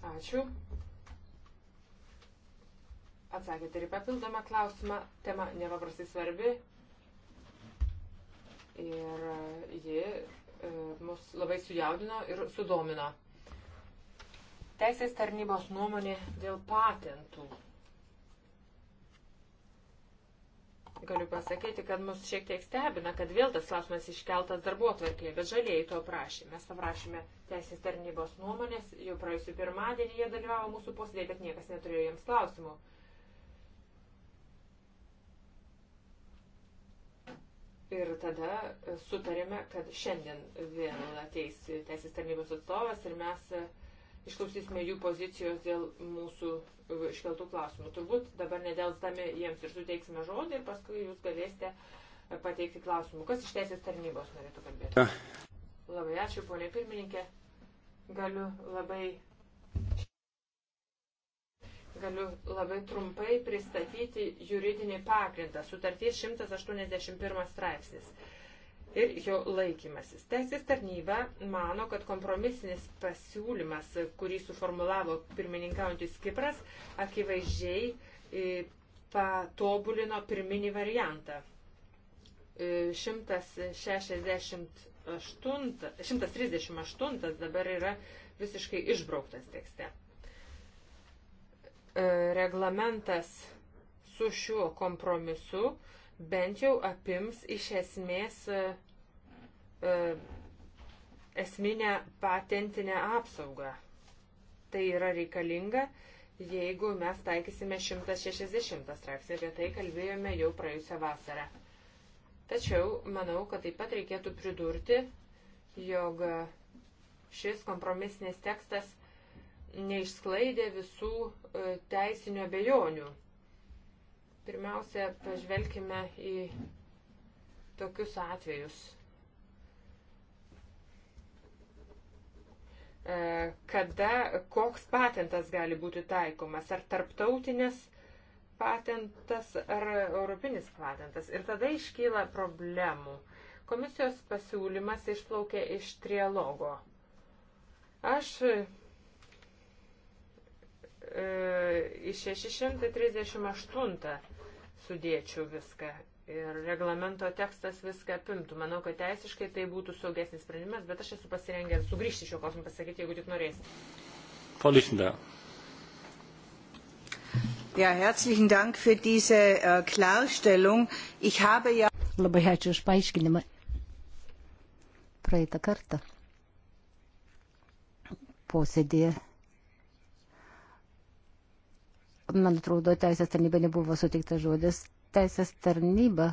Ačiū. Atsakėte ir papildomą klausimą. Tema nepaprastai svarbi. Ir ji e, mus labai sujaudino ir sudomino. Teisės tarnybos nuomonė dėl patentų galiu pasakyti, kad mus šiek tiek stebina, kad vėl tas klausimas iškeltas darbo atvarkėje, bet žalieji to prašė. Mes paprašėme teisės tarnybos nuomonės, jau praėjusiu pirmadienį jie dalyvavo mūsų posėdėje, bet niekas neturėjo jiems klausimų. Ir tada sutarėme, kad šiandien vėl ateis teisės tarnybos atstovas ir mes uh, išklausysime jų pozicijos dėl mūsų e, iškeltų klausimų. Turbūt dabar nedelsdami jiems ir suteiksime žodį ir paskui jūs galėsite e, pateikti klausimų. Kas iš teisės tarnybos norėtų kalbėti? Ja. Labai ačiū, ponė pirmininkė. Galiu labai. Galiu labai trumpai pristatyti juridinį pagrindą. Sutarties 181 straipsnis ir jo laikymasis. Teisės tarnyba mano, kad kompromisinis pasiūlymas, kurį suformulavo pirmininkaujantis Kipras, akivaizdžiai e, patobulino pirminį variantą. 168, e, 138 dabar yra visiškai išbrauktas tekste. E, reglamentas su šiuo kompromisu uh, bent jau apims iš esmės e, e, esminę patentinę apsaugą. Tai yra reikalinga, jeigu mes taikysime 160 straipsnį, apie tai kalbėjome jau praėjusią vasarą. Tačiau manau, kad taip pat reikėtų pridurti, jog šis kompromisinis tekstas neišsklaidė visų e, teisinių abejonių Pirmiausia, pažvelkime į tokius atvejus, e, kada koks patentas gali būti taikomas, ar tarptautinis patentas, ar europinis patentas. Ir tada iškyla problemų. Komisijos pasiūlymas išplaukė iš trialogo. Aš e, į 638 sudėčiau viską ir reglamento tekstas viską apimtų. Manau, kad teisiškai tai būtų saugesnis sprendimas, bet aš esu pasirengęs sugrįžti šio klausimą pasakyti, jeigu tik norės.
Politinda. Ja,
herzlichen Dank für diese uh, Klarstellung. Ich habe ja. Labai ačiū už paaiškinimą. Praeitą kartą posėdėje man atrodo, teisės tarnyba nebuvo suteiktas žodis. Teisės tarnyba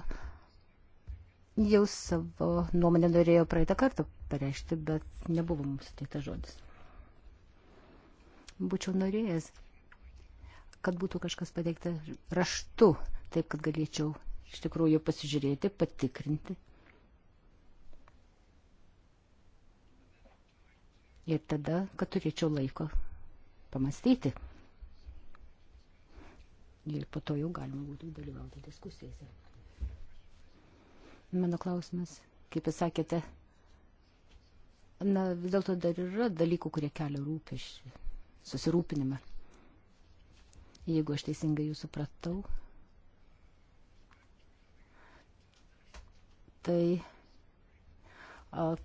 jau savo nuomonę norėjo praeitą kartą pareišti, bet nebuvo mums suteiktas žodis. Būčiau norėjęs, kad būtų kažkas pateikta raštu, taip kad galėčiau iš tikrųjų pasižiūrėti, patikrinti. Ir tada, kad turėčiau laiko pamastyti ir po to jau galima būtų dalyvauti diskusijose. Mano klausimas, kaip jūs sakėte, na vis dėlto dar yra dalykų, kurie kelia rūpešį, susirūpinimą. Jeigu aš teisingai jūs supratau, tai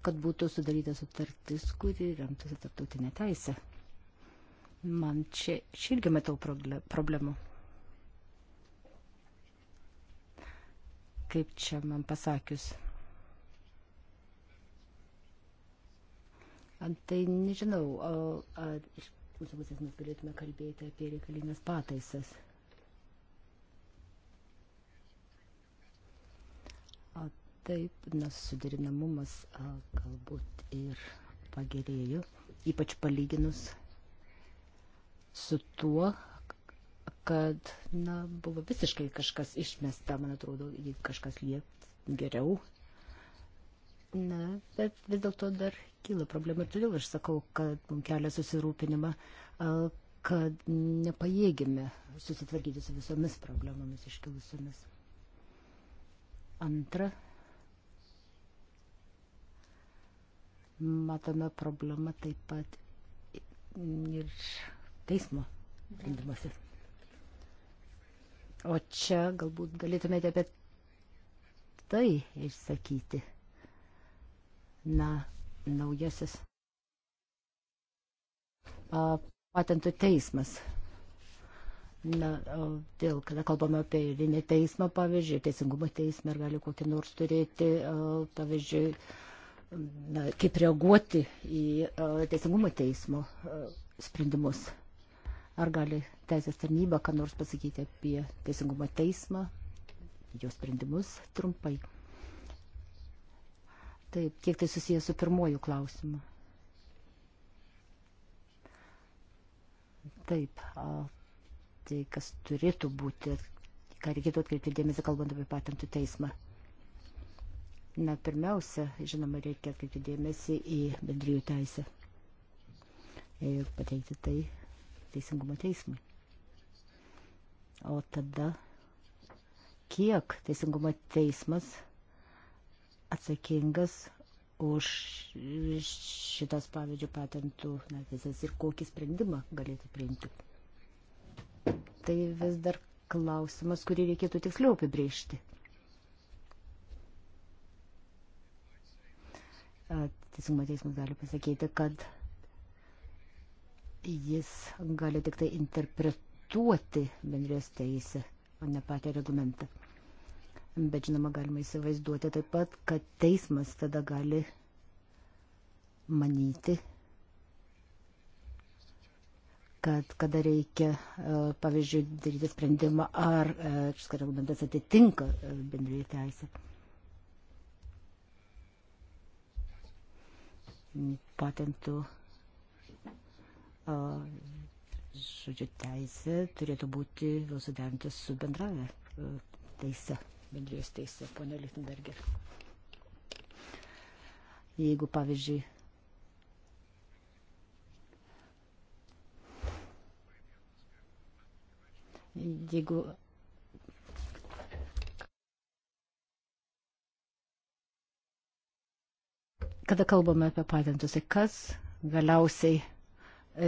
kad būtų sudaryta sutartis, kuri remtųsi tarptautinė teisė. Man čia, čia irgi matau problemų. kaip čia man pasakius. Tai nežinau, ar iš mūsų pusės mes galėtume kalbėti apie reikalingas pataisas. A, taip, nes suderinamumas a, galbūt ir pagerėjo, ypač palyginus su tuo, kad na, buvo visiškai kažkas išmesta, man atrodo, jeigu kažkas liekt geriau. Na, bet vis dėlto dar kyla problema ir todėl aš sakau, kad mums kelia susirūpinimą, kad nepajėgime susitvarkyti su visomis problemomis iškilusiamis. Antra, matome problemą taip pat ir teismo sprendimuose. Mhm. O čia galbūt galėtumėte apie tai išsakyti. Na, naujasis patentų teismas. Na, dėl, kada kalbame apie eilinį teismą, pavyzdžiui, teisingumo teismą, ar gali kokį nors turėti, pavyzdžiui, na, kaip reaguoti į teisingumo teismo sprendimus. Ar gali teisės tarnybą, ką nors pasakyti apie teisingumo teismą, jo sprendimus trumpai. Taip, kiek tai susijęs su pirmoju klausimu. Taip, a, tai kas turėtų būti, ką reikėtų atkreipti dėmesį, kalbant apie patentų teismą. Na, pirmiausia, žinoma, reikia atkreipti dėmesį į bendrijų teisę ir pateikti tai teisingumo teismui. O tada, kiek teisingumo teismas atsakingas už šitas, pavyzdžiui, patentų na, visas ir kokį sprendimą galėtų priimti. Tai vis dar klausimas, kurį reikėtų tiksliau apibriežti. Teisingumo teismas gali pasakyti, kad jis gali tik tai interpretuoti traktuoti bendrijos teisę, o ne patį reglamentą. Bet žinoma, galima įsivaizduoti taip pat, kad teismas tada gali manyti, kad kada reikia, e, pavyzdžiui, daryti sprendimą, ar e, šis reglamentas atitinka e, bendrėje teisę. Patentų žodžio teisė turėtų būti vėl suderinti su bendravę e, teise, bendrijos teise, ponė Lichtenberger. Jeigu, pavyzdžiui, jeigu kada kalbame apie patentus, tai kas galiausiai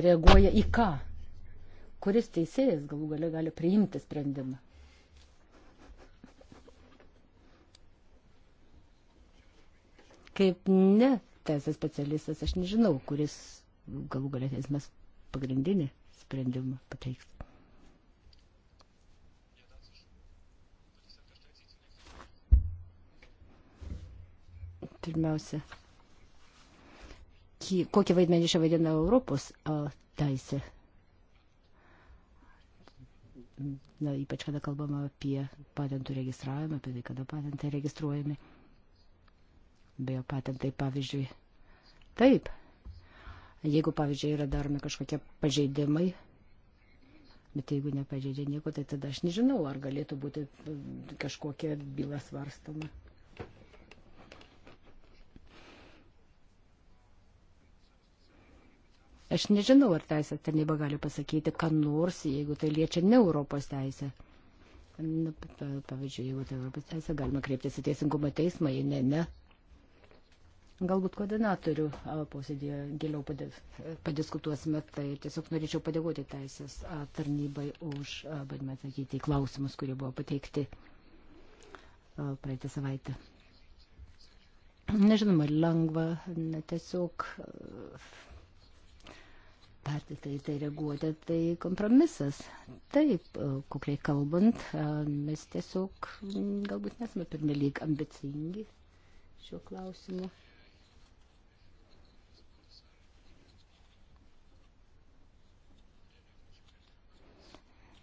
reaguoja į ką? kuris teisėjas galų gale gali priimti sprendimą. Kaip ne teisės specialistas, aš nežinau, kuris galų galę teismas pagrindinį sprendimą pateiks. Pirmiausia, kokį vaidmenį čia vaidina Europos teisė na, ypač kada kalbama apie patentų registravimą, apie tai, kada patentai registruojami. Bejo, patentai pavyzdžiui. Taip. Jeigu, pavyzdžiui, yra daromi kažkokie pažeidimai, bet jeigu nepažeidžia nieko, tai tada aš nežinau, ar galėtų būti kažkokia byla svarstoma. Aš nežinau, ar teisės tarnyba gali pasakyti, ką nors, jeigu tai liečia ne Europos teisę. Na, pavyzdžiui, jeigu tai Europos teisė, galima kreiptis į teisingumo teismą, jei ne, ne. Galbūt koordinatorių posėdėje giliau padiskutuosime, tai tiesiog norėčiau padėkoti teisės tarnybai už bandymą atsakyti į klausimus, kurie buvo pateikti praeitą savaitę nežinoma, lengva, ne tiesiog pertisai tai reaguoti, tai kompromisas. Taip, e, kukliai kalbant, e, mes tiesiog galbūt nesame pernelyg ambicingi šiuo klausimu.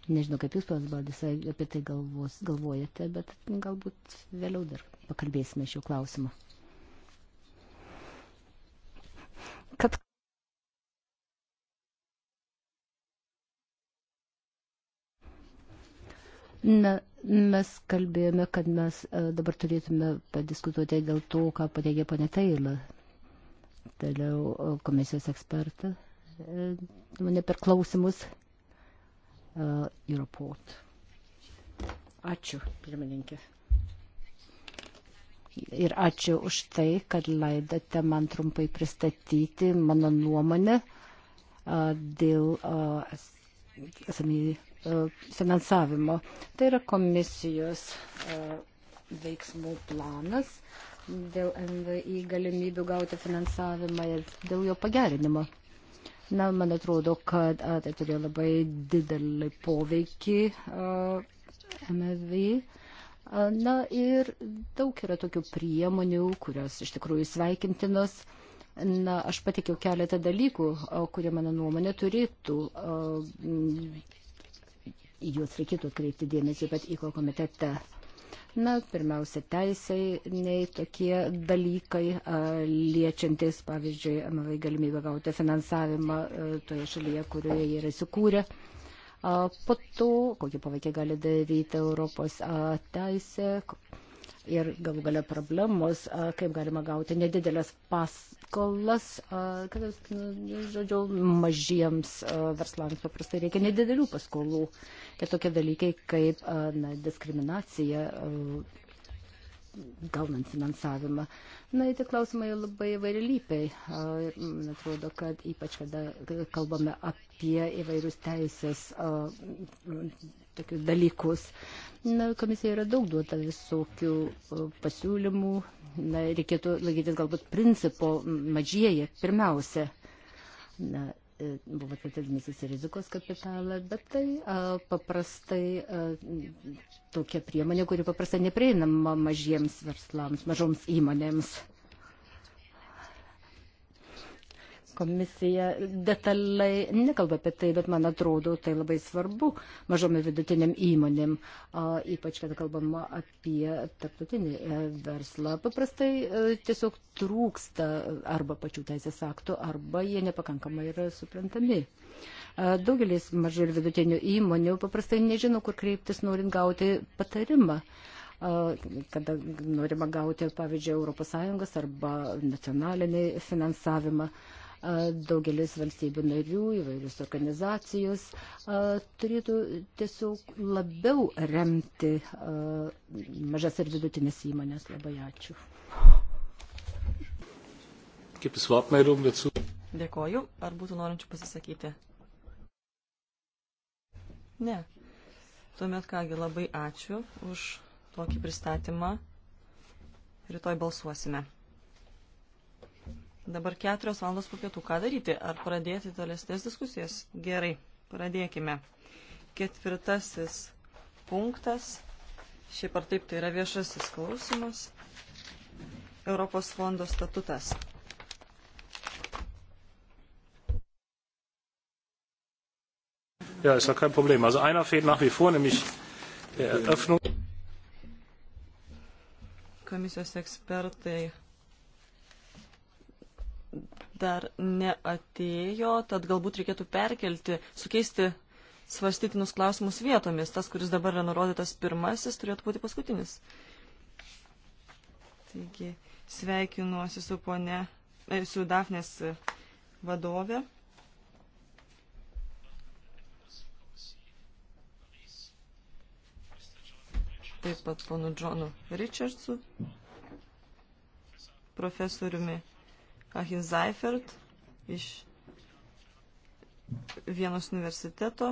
Nežinau, kaip jūs, panas Baldis, apie tai galvos, galvojate, bet galbūt vėliau dar pakalbėsime šiuo klausimu. Kad Na, mes kalbėjome, kad mes e, dabar turėtume padiskutuoti dėl to, ką pateikė ponė Taila. Toliau e, komisijos ekspertą e, mane per klausimus Europort. Ačiū, pirmininkė. Ir ačiū už tai, kad leidate man trumpai pristatyti mano nuomonę dėl esamį finansavimo. Tai yra komisijos e, veiksmų planas dėl MVI galimybių gauti finansavimą ir dėl jo pagerinimo. Na, man atrodo, kad a, tai turėjo labai didelį poveikį a, MVI. A, na ir daug yra tokių priemonių, kurios iš tikrųjų sveikintinos. Na, aš patikiau keletą dalykų, kurie, mano nuomonė, turėtų į juos reikėtų atkreipti dėmesį, bet į ko komitetą. Na, pirmiausia, teisai, nei tokie dalykai a, liečiantis, pavyzdžiui, MVI galimybę gauti finansavimą a, toje šalyje, kurioje jie yra įsikūrę. Po to, kokį poveikį gali daryti Europos a, teisė, ir galų gale problemos, kaip galima gauti nedidelės paskolas, kad, nu, žodžiu, mažiems verslams paprastai reikia nedidelių paskolų. Ir tokie dalykai kaip na, diskriminacija gaunant finansavimą. Na, tie klausimai labai įvairialypiai. Ir man mm, atrodo, kad ypač, kada kalbame apie įvairius teisės tokius dalykus. Na, komisija yra daug duota visokių e, pasiūlymų. Na, reikėtų laikytis galbūt principo mažieji pirmiausia. Na, e, buvo atkreipdamasis į rizikos kapitalą, bet tai a, e, paprastai a, tokia priemonė, kuri paprastai neprieinama mažiems verslams, mažoms įmonėms. Komisija detaliai nekalba apie tai, bet man atrodo, tai labai svarbu mažom ir vidutiniam įmonėm, ypač kad kalbama apie tarptautinį e, verslą. Paprastai e, tiesiog trūksta arba pačių teisės aktų, arba jie nepakankamai yra suprantami. Daugelis mažų ir vidutinių įmonių paprastai nežino, kur kreiptis, norint gauti patarimą kada norima gauti, pavyzdžiui, ES arba nacionalinį finansavimą. Uh, daugelis valstybių narių, įvairius organizacijos turėtų tiesiog labiau remti mažas ir vidutinės įmonės. Labai ačiū.
Dėkoju. Ar būtų norinčių pasisakyti? Ne. Tuomet kągi labai ačiū už tokį pristatymą. Rytoj balsuosime. Dabar keturios valandos po pietų. Ką daryti? Ar pradėti tolesnės diskusijas? Gerai, pradėkime. Ketvirtasis punktas. Šiaip ar taip tai yra viešasis klausimas. Europos fondo statutas.
Ja, ist ja kein Problem. Also einer fehlt nach wie vor, nämlich der Eröffnung.
Komisijos ekspertai dar neatėjo, tad galbūt reikėtų perkelti, sukeisti svarstytinus klausimus vietomis. Tas, kuris dabar yra nurodytas pirmasis, turėtų būti paskutinis. Taigi, sveikinuosi su ponė, e, su Dafnės vadovė. Taip pat ponu Džonu Richardsu, profesoriumi Kahi Zaifert iš Vienos universiteto.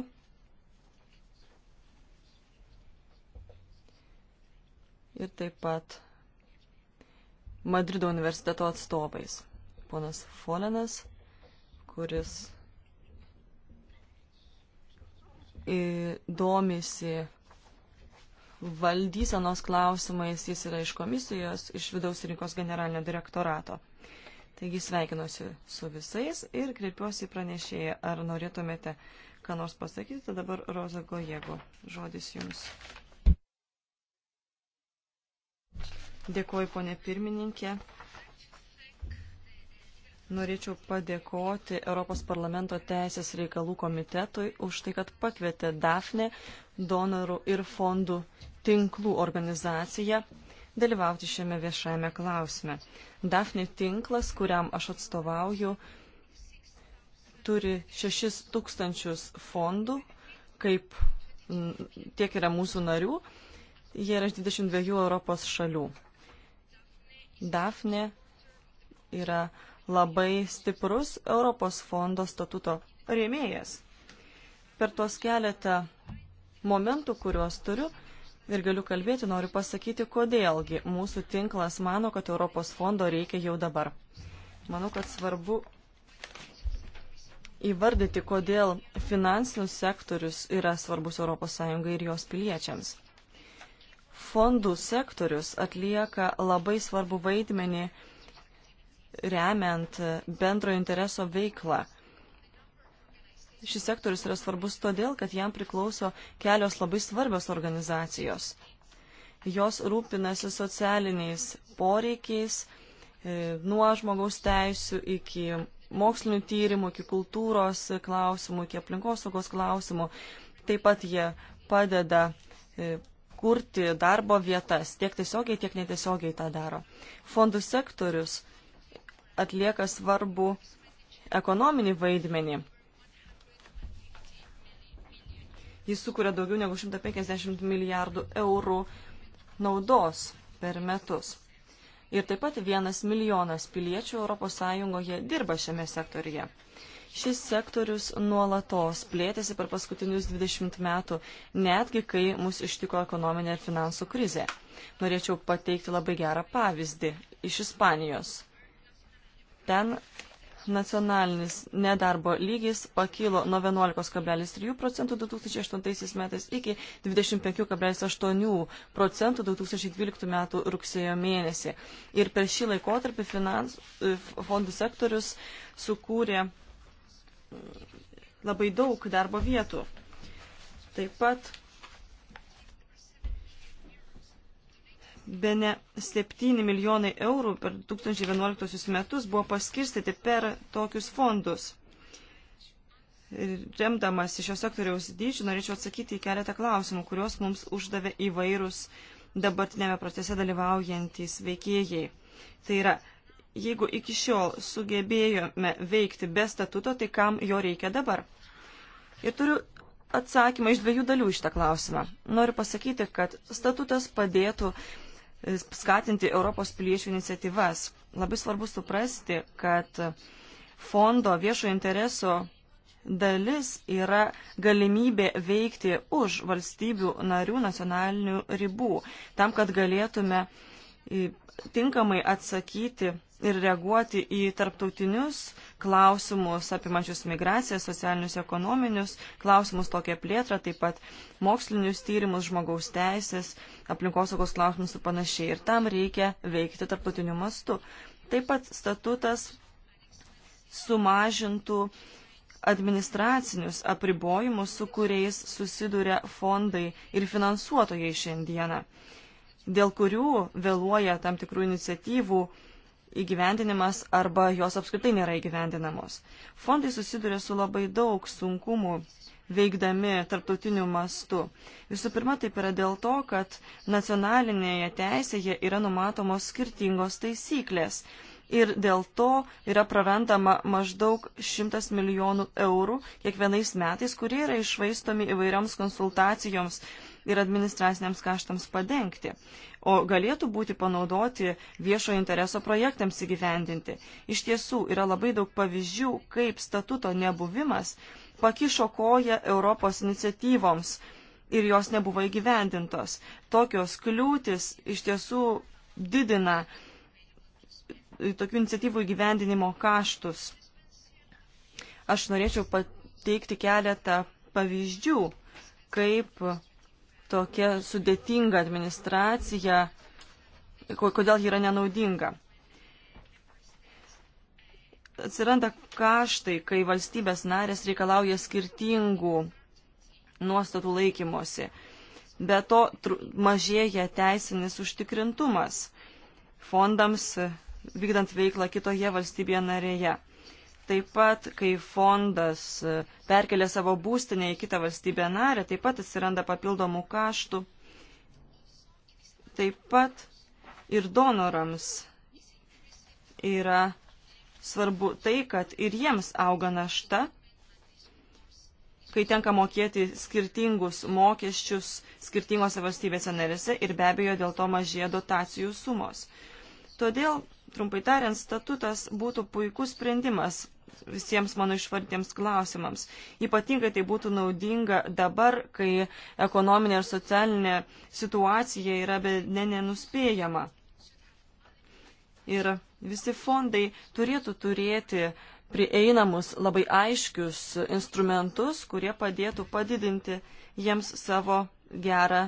Ir taip pat Madrido universiteto atstovais. Ponas Folenas, kuris domisi valdysenos klausimais, jis yra iš komisijos, iš vidaus rinkos generalinio direktorato. Taigi sveikinuosi su visais ir kreipiuosi į pranešėją, ar norėtumėte ką nors pasakyti, tai dabar Roza Gojego. Žodis jums. Dėkuoju, ponė pirmininkė. Norėčiau padėkoti Europos parlamento teisės reikalų komitetui už tai, kad pakvietė DAFNE donorų ir fondų tinklų organizaciją dalyvauti šiame viešajame klausime. Dafne tinklas, kuriam aš atstovauju, turi 6000 fondų, kaip tiek yra mūsų narių, jie yra iš 22 Europos šalių. Dafne yra labai stiprus Europos fondo statuto rėmėjas. Per tuos keletą momentų, kuriuos turiu, ir galiu kalbėti, noriu pasakyti, kodėlgi mūsų tinklas mano, kad Europos fondo reikia jau dabar. Manau, kad svarbu įvardyti, kodėl finansinis sektorius yra svarbus ES ir jos piliečiams. Fondų sektorius atlieka labai svarbu vaidmenį remiant bendro intereso veiklą Šis sektorius yra svarbus todėl, kad jam priklauso kelios labai svarbios organizacijos. Jos rūpinasi socialiniais poreikiais, e, nuo žmogaus teisų iki mokslinių tyrimų, iki kultūros klausimų, iki aplinkosaugos klausimų. Taip pat jie padeda e, kurti darbo vietas, tiek tiesiogiai, tiek netiesiogiai tą daro. Fondų sektorius atlieka svarbu ekonominį vaidmenį. Jis sukuria daugiau negu 150 milijardų eurų naudos per metus. Ir taip pat vienas milijonas piliečių ES dirba šiame sektorije. Šis sektorius nuolatos plėtėsi per paskutinius 20 metų, netgi kai mus ištiko ekonominė ir finansų krizė. Norėčiau pateikti labai gerą pavyzdį iš Ispanijos. Ten nacionalinis nedarbo lygis pakilo nuo 11,3 procentų 2008 metais iki 25,8 procentų 2012 metų rugsėjo mėnesį. Ir per šį laikotarpį finans, e, fondų sektorius sukūrė mm, labai daug darbo vietų. Taip pat be ne 7 milijonai eurų per 2011 metus buvo paskirstyti per tokius fondus. Ir remdamas šio sektoriaus dydžių, norėčiau atsakyti į keletą klausimų, kuriuos mums uždavė įvairūs dabartinėme procese dalyvaujantys veikėjai. Tai yra, jeigu iki šiol sugebėjome veikti be statuto, tai kam jo reikia dabar? Ir turiu atsakymą iš dviejų dalių iš tą klausimą. Noriu pasakyti, kad statutas padėtų skatinti Europos piliečių iniciatyvas. Labai svarbu suprasti, kad fondo viešo intereso dalis yra galimybė veikti už valstybių narių nacionalinių ribų, tam, kad galėtume tinkamai atsakyti ir reaguoti į tarptautinius klausimus apimančius migraciją, socialinius, ekonominius klausimus, tokią plėtrą, taip pat mokslinius tyrimus, žmogaus teisės, aplinkosaugos klausimus ir panašiai. Ir tam reikia veikti tarptautiniu mastu. Taip pat statutas sumažintų administracinius apribojimus, su kuriais susiduria fondai ir finansuotojai šiandieną, dėl kurių vėluoja tam tikrų iniciatyvų uh, įgyvendinimas arba jos apskritai nėra įgyvendinamos. Fondai susiduria su labai daug sunkumų veikdami tarptautiniu mastu. Visų pirma, taip yra dėl to, kad nacionalinėje teisėje yra numatomos skirtingos taisyklės. Ir dėl to yra prarandama maždaug 100 milijonų eurų kiekvienais metais, kurie yra išvaistomi įvairioms konsultacijoms ir administraciniams kaštams padengti, o galėtų būti panaudoti viešo intereso projektams įgyvendinti. Iš tiesų yra labai daug pavyzdžių, kaip statuto nebuvimas pakišo koją Europos iniciatyvoms ir jos nebuvo įgyvendintos. Tokios kliūtis iš tiesų didina tokių iniciatyvų įgyvendinimo kaštus. Aš norėčiau pateikti keletą pavyzdžių, kaip tokia sudėtinga administracija, kodėl ji yra nenaudinga. Atsiranda kaštai, kai valstybės narės reikalauja skirtingų nuostatų laikymosi. Be to mažėja teisinis užtikrintumas fondams vykdant veiklą kitoje valstybėje narėje taip pat, kai fondas e, perkelia savo būstinę į kitą valstybę narę, taip pat atsiranda papildomų kaštų. Taip pat ir donorams yra svarbu tai, kad ir jiems auga našta, kai tenka mokėti skirtingus mokesčius skirtingose valstybėse narėse ir be abejo dėl to mažėja dotacijų sumos. Todėl Trumpai tariant, statutas būtų puikus sprendimas visiems mano išvardiems klausimams. Ypatingai tai būtų naudinga dabar, kai ekonominė ir socialinė situacija yra be ne nenuspėjama. Ir visi fondai turėtų turėti prieinamus labai aiškius instrumentus, kurie padėtų padidinti jiems savo gerą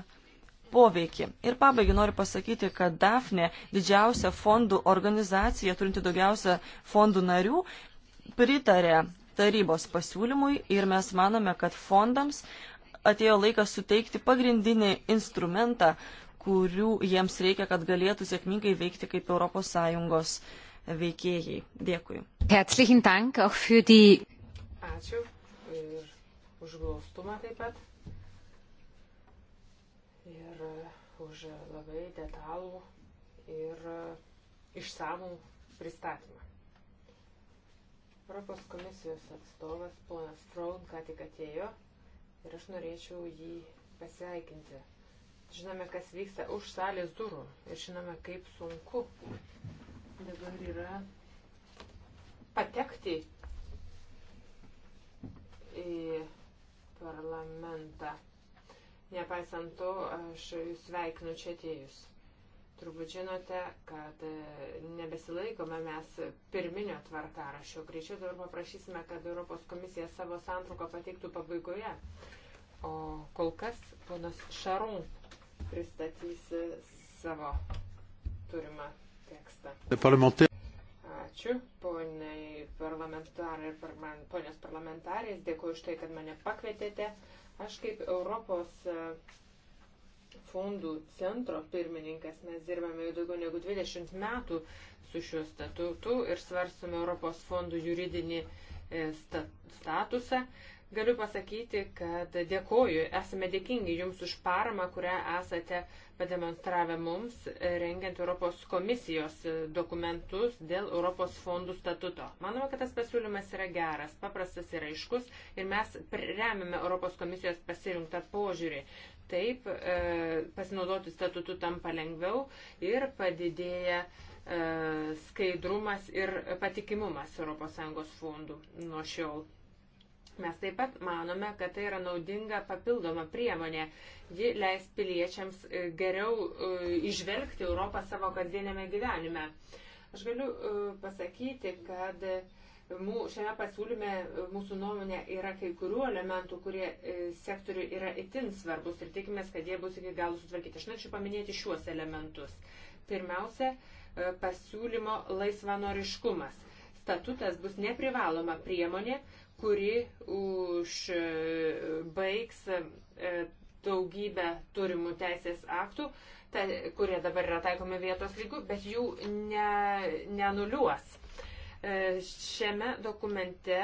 poveikį. Ir pabaigai noriu pasakyti, kad DAFNE, didžiausia fondų organizacija, turinti daugiausia fondų narių, pritarė tarybos pasiūlymui ir mes manome, kad fondams atėjo laikas suteikti pagrindinį instrumentą, kurių jiems reikia, kad galėtų sėkmingai veikti kaip ES veikėjai. Dėkui.
Herzlichen Dank auch für die.
Ačiū ir už glaustumą taip pat.
Ir už labai detalų ir išsamų pristatymą. Europos komisijos atstovas ponas Fraun ką tik atėjo ir aš norėčiau jį pasveikinti. Žinome, kas vyksta už salės durų ir žinome, kaip sunku dabar yra patekti į parlamentą. Nepaisant to, aš sveikinu čia atėjus. Turbūt žinote, kad e, nebesilaikome mes pirminio tvarkarašio. Greičiau dabar paprašysime, kad Europos komisija savo santrauką pateiktų pabaigoje. O kol kas ponas Šarun pristatys e, savo turimą tekstą. Ačiū, poniai parlamentarai ir ponios parlamentarės, dėkuoju už tai, kad mane pakvietėte. Aš kaip Europos e, fondų centro pirmininkas. Mes dirbame jau daugiau negu 20 metų su šiuo statutu ir svarstome Europos fondų juridinį e, statusą. Galiu pasakyti, kad dėkoju, esame dėkingi Jums už paramą, kurią esate pademonstravę mums, e, rengiant Europos komisijos e, dokumentus dėl Europos fondų statuto. Manoma, kad tas pasiūlymas yra geras, paprastas ir aiškus ir mes remiame Europos komisijos pasirinktą požiūrį. Taip, e, pasinaudoti statutu tampa lengviau ir padidėja e, skaidrumas ir patikimumas ES fondų nuo šiol. Mes taip pat manome, kad tai yra naudinga papildoma priemonė. Ji leis piliečiams e, geriau išvelgti Europą savo kasdienėme gyvenime. Aš galiu pasakyti, kad uh, Mū, šiame pasiūlyme e, mūsų nuomonė yra kai kurių elementų, kurie e, sektoriui yra itin svarbus ir tikimės, kad jie bus iki galo sutvarkyti. Aš norėčiau paminėti šiuos elementus. Pirmiausia, e, pasiūlymo laisvanoriškumas. Statutas bus neprivaloma priemonė, kuri užbaigs daugybę turimų teisės aktų, ta, kurie dabar yra taikomi vietos lygų, bet jų ne, nenuliuos E, šiame dokumente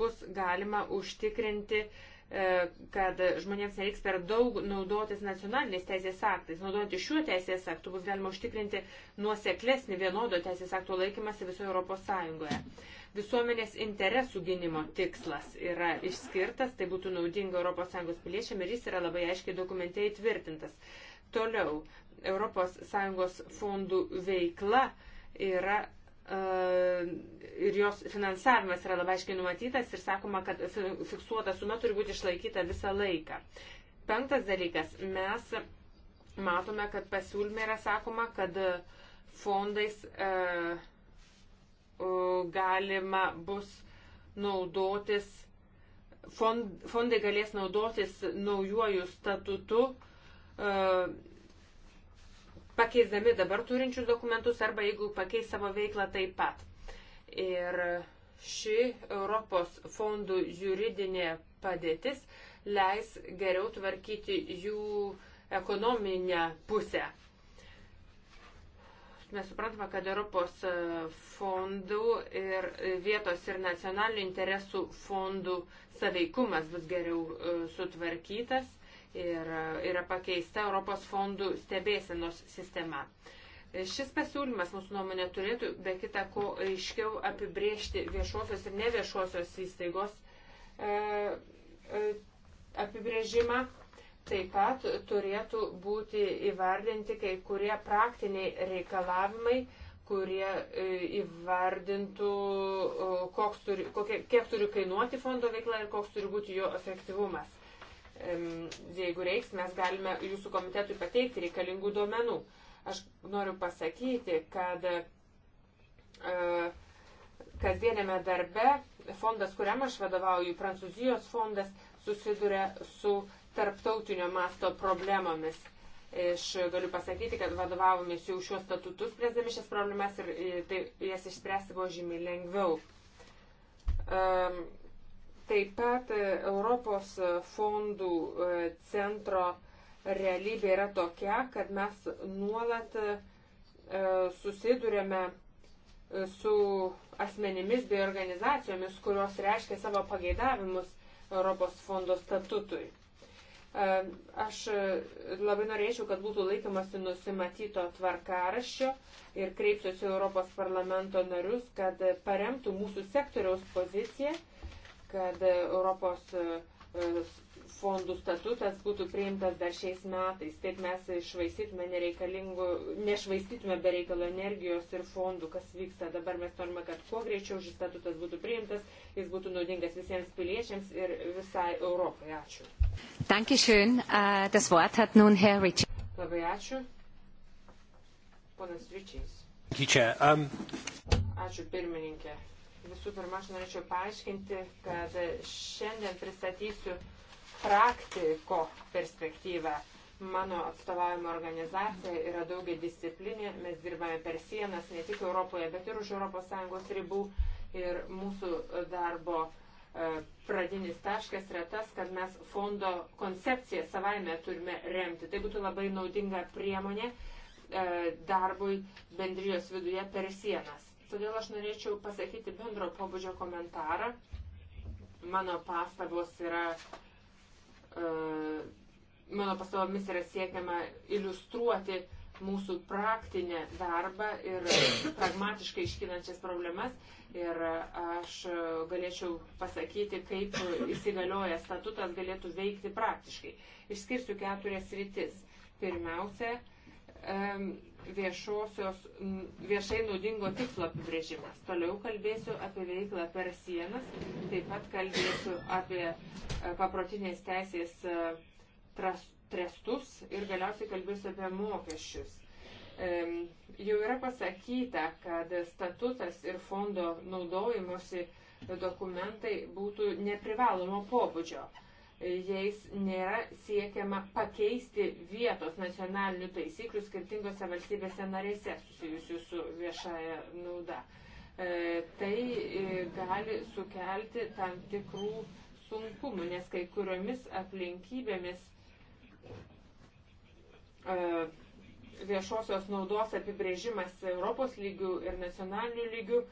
bus galima užtikrinti, e, kad žmonėms nereiks per daug naudotis nacionaliniais teisės aktais. Naudojant šiuo teisės aktu bus galima užtikrinti nuoseklesnį vienodo teisės akto laikymasi visoje Europos Sąjungoje. Visuomenės interesų gynimo tikslas yra išskirtas, tai būtų naudinga ES piliečiam ir jis yra labai aiškiai dokumente įtvirtintas. Toliau, ES fondų veikla yra ir jos finansavimas yra labai aiškiai numatytas ir sakoma, kad fiksuota suma turi būti išlaikyta visą laiką. Penktas dalykas, mes matome, kad pasiūlyme yra sakoma, kad fondais e, galima bus naudotis, fond, fondai galės naudotis naujuoju statutu e, pakeisdami dabar turinčius dokumentus arba jeigu pakeis savo veiklą taip pat. Ir ši Europos fondų juridinė padėtis leis geriau tvarkyti jų ekonominę pusę. Mes suprantame, kad Europos fondų ir vietos ir nacionalinių interesų fondų saveikumas bus geriau e, sutvarkytas ir yra pakeista Europos fondų stebėsenos sistema. Šis pasiūlymas, mūsų nuomonė, turėtų be kita ko aiškiau apibriežti viešosios ir neviešosios įstaigos e, e, apibrėžimą. Taip pat turėtų būti įvardinti kai kurie praktiniai reikalavimai, kurie e, įvardintų, e, turi, kokie, kiek turi kainuoti fondo veikla ir koks turi būti jo efektyvumas jeigu reiks, mes galime jūsų komitetui pateikti reikalingų duomenų. Aš noriu pasakyti, kad e, kasdienėme darbe fondas, kuriam aš vadovauju, Prancūzijos fondas, susiduria su tarptautinio masto problemomis. Aš galiu pasakyti, kad vadovavomės jau šiuos statutus, spręsdami šias problemas ir tai, jas išspręsti buvo žymiai lengviau. Taip pat e, Europos e, fondų e, centro realybė yra tokia, kad mes nuolat susidurėme su asmenimis bei organizacijomis, kurios reiškia savo pageidavimus Europos fondo statutui. Aš labai norėčiau, kad būtų laikomasi nusimatyto tvarkaraščio ir kreipsiuosi Europos parlamento narius, kad paremtų mūsų sektoriaus poziciją kad Europos e, fondų statutas būtų priimtas dar šiais metais. Taip mes išvaistytume nereikalingų, nešvaistytume bereikalo energijos ir fondų, kas vyksta. Dabar mes norime, kad kuo greičiau šis statutas būtų priimtas, jis būtų naudingas visiems piliečiams ir visai Europai. Ačiū.
Dankeschön. Äh, das Wort hat nun Herr Richard.
Labai ačiū. Ponas Ričiais.
Ähm,
ačiū pirmininkė. Visų pirma, aš norėčiau paaiškinti, kad šiandien pristatysiu praktiko perspektyvą. Mano atstovavimo organizacija yra daugia disciplinė, mes dirbame per sienas ne tik Europoje, bet ir už ES ribų. Ir mūsų darbo e, pradinis taškas yra tas, kad mes fondo koncepciją savaime turime remti. Tai būtų labai naudinga priemonė e, darbui bendrijos viduje per sienas Todėl aš norėčiau pasakyti bendro pobūdžio komentarą. Mano pastabos yra. Uh, mano pastabomis yra siekiama iliustruoti mūsų praktinę darbą ir pragmatiškai iškinančias problemas. Ir aš galėčiau pasakyti, kaip įsigalioja statutas galėtų veikti praktiškai. Išskirsiu keturias rytis. Pirmiausia, viešosios, viešai naudingo tikslo apibrėžimas. Toliau kalbėsiu apie veiklą per sienas, taip pat kalbėsiu apie e, paprotinės teisės e, trestus ir galiausiai kalbėsiu apie mokesčius. Jau yra pasakyta, kad statutas ir fondo naudojimusi dokumentai būtų neprivalomo pobūdžio jais nėra siekiama pakeisti vietos nacionalinių taisyklių skirtingose valstybėse narėse susijusių su viešaja nauda. E, tai e, gali sukelti tam tikrų sunkumų, nes kai kuriomis aplinkybėmis e, viešosios naudos apibrėžimas Europos lygių ir nacionalinių lygių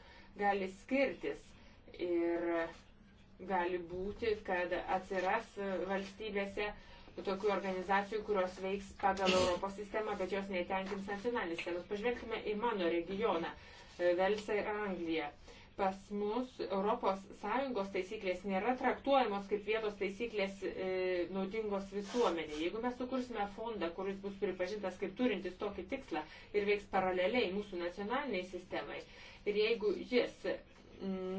gali skirtis. Ir gali būti, kad atsiras valstybėse tokių organizacijų, kurios veiks pagal Europos sistemą, bet jos neįtenkins nacionalinės sistemos. Pažvelkime į mano regioną, Velsą ir Angliją. Pas mus ES taisyklės nėra traktuojamos kaip vietos taisyklės e, naudingos visuomenė. Jeigu mes sukursime fondą, kuris bus pripažintas kaip turintis tokį tikslą ir veiks paraleliai mūsų nacionaliniai sistemai, ir jeigu jis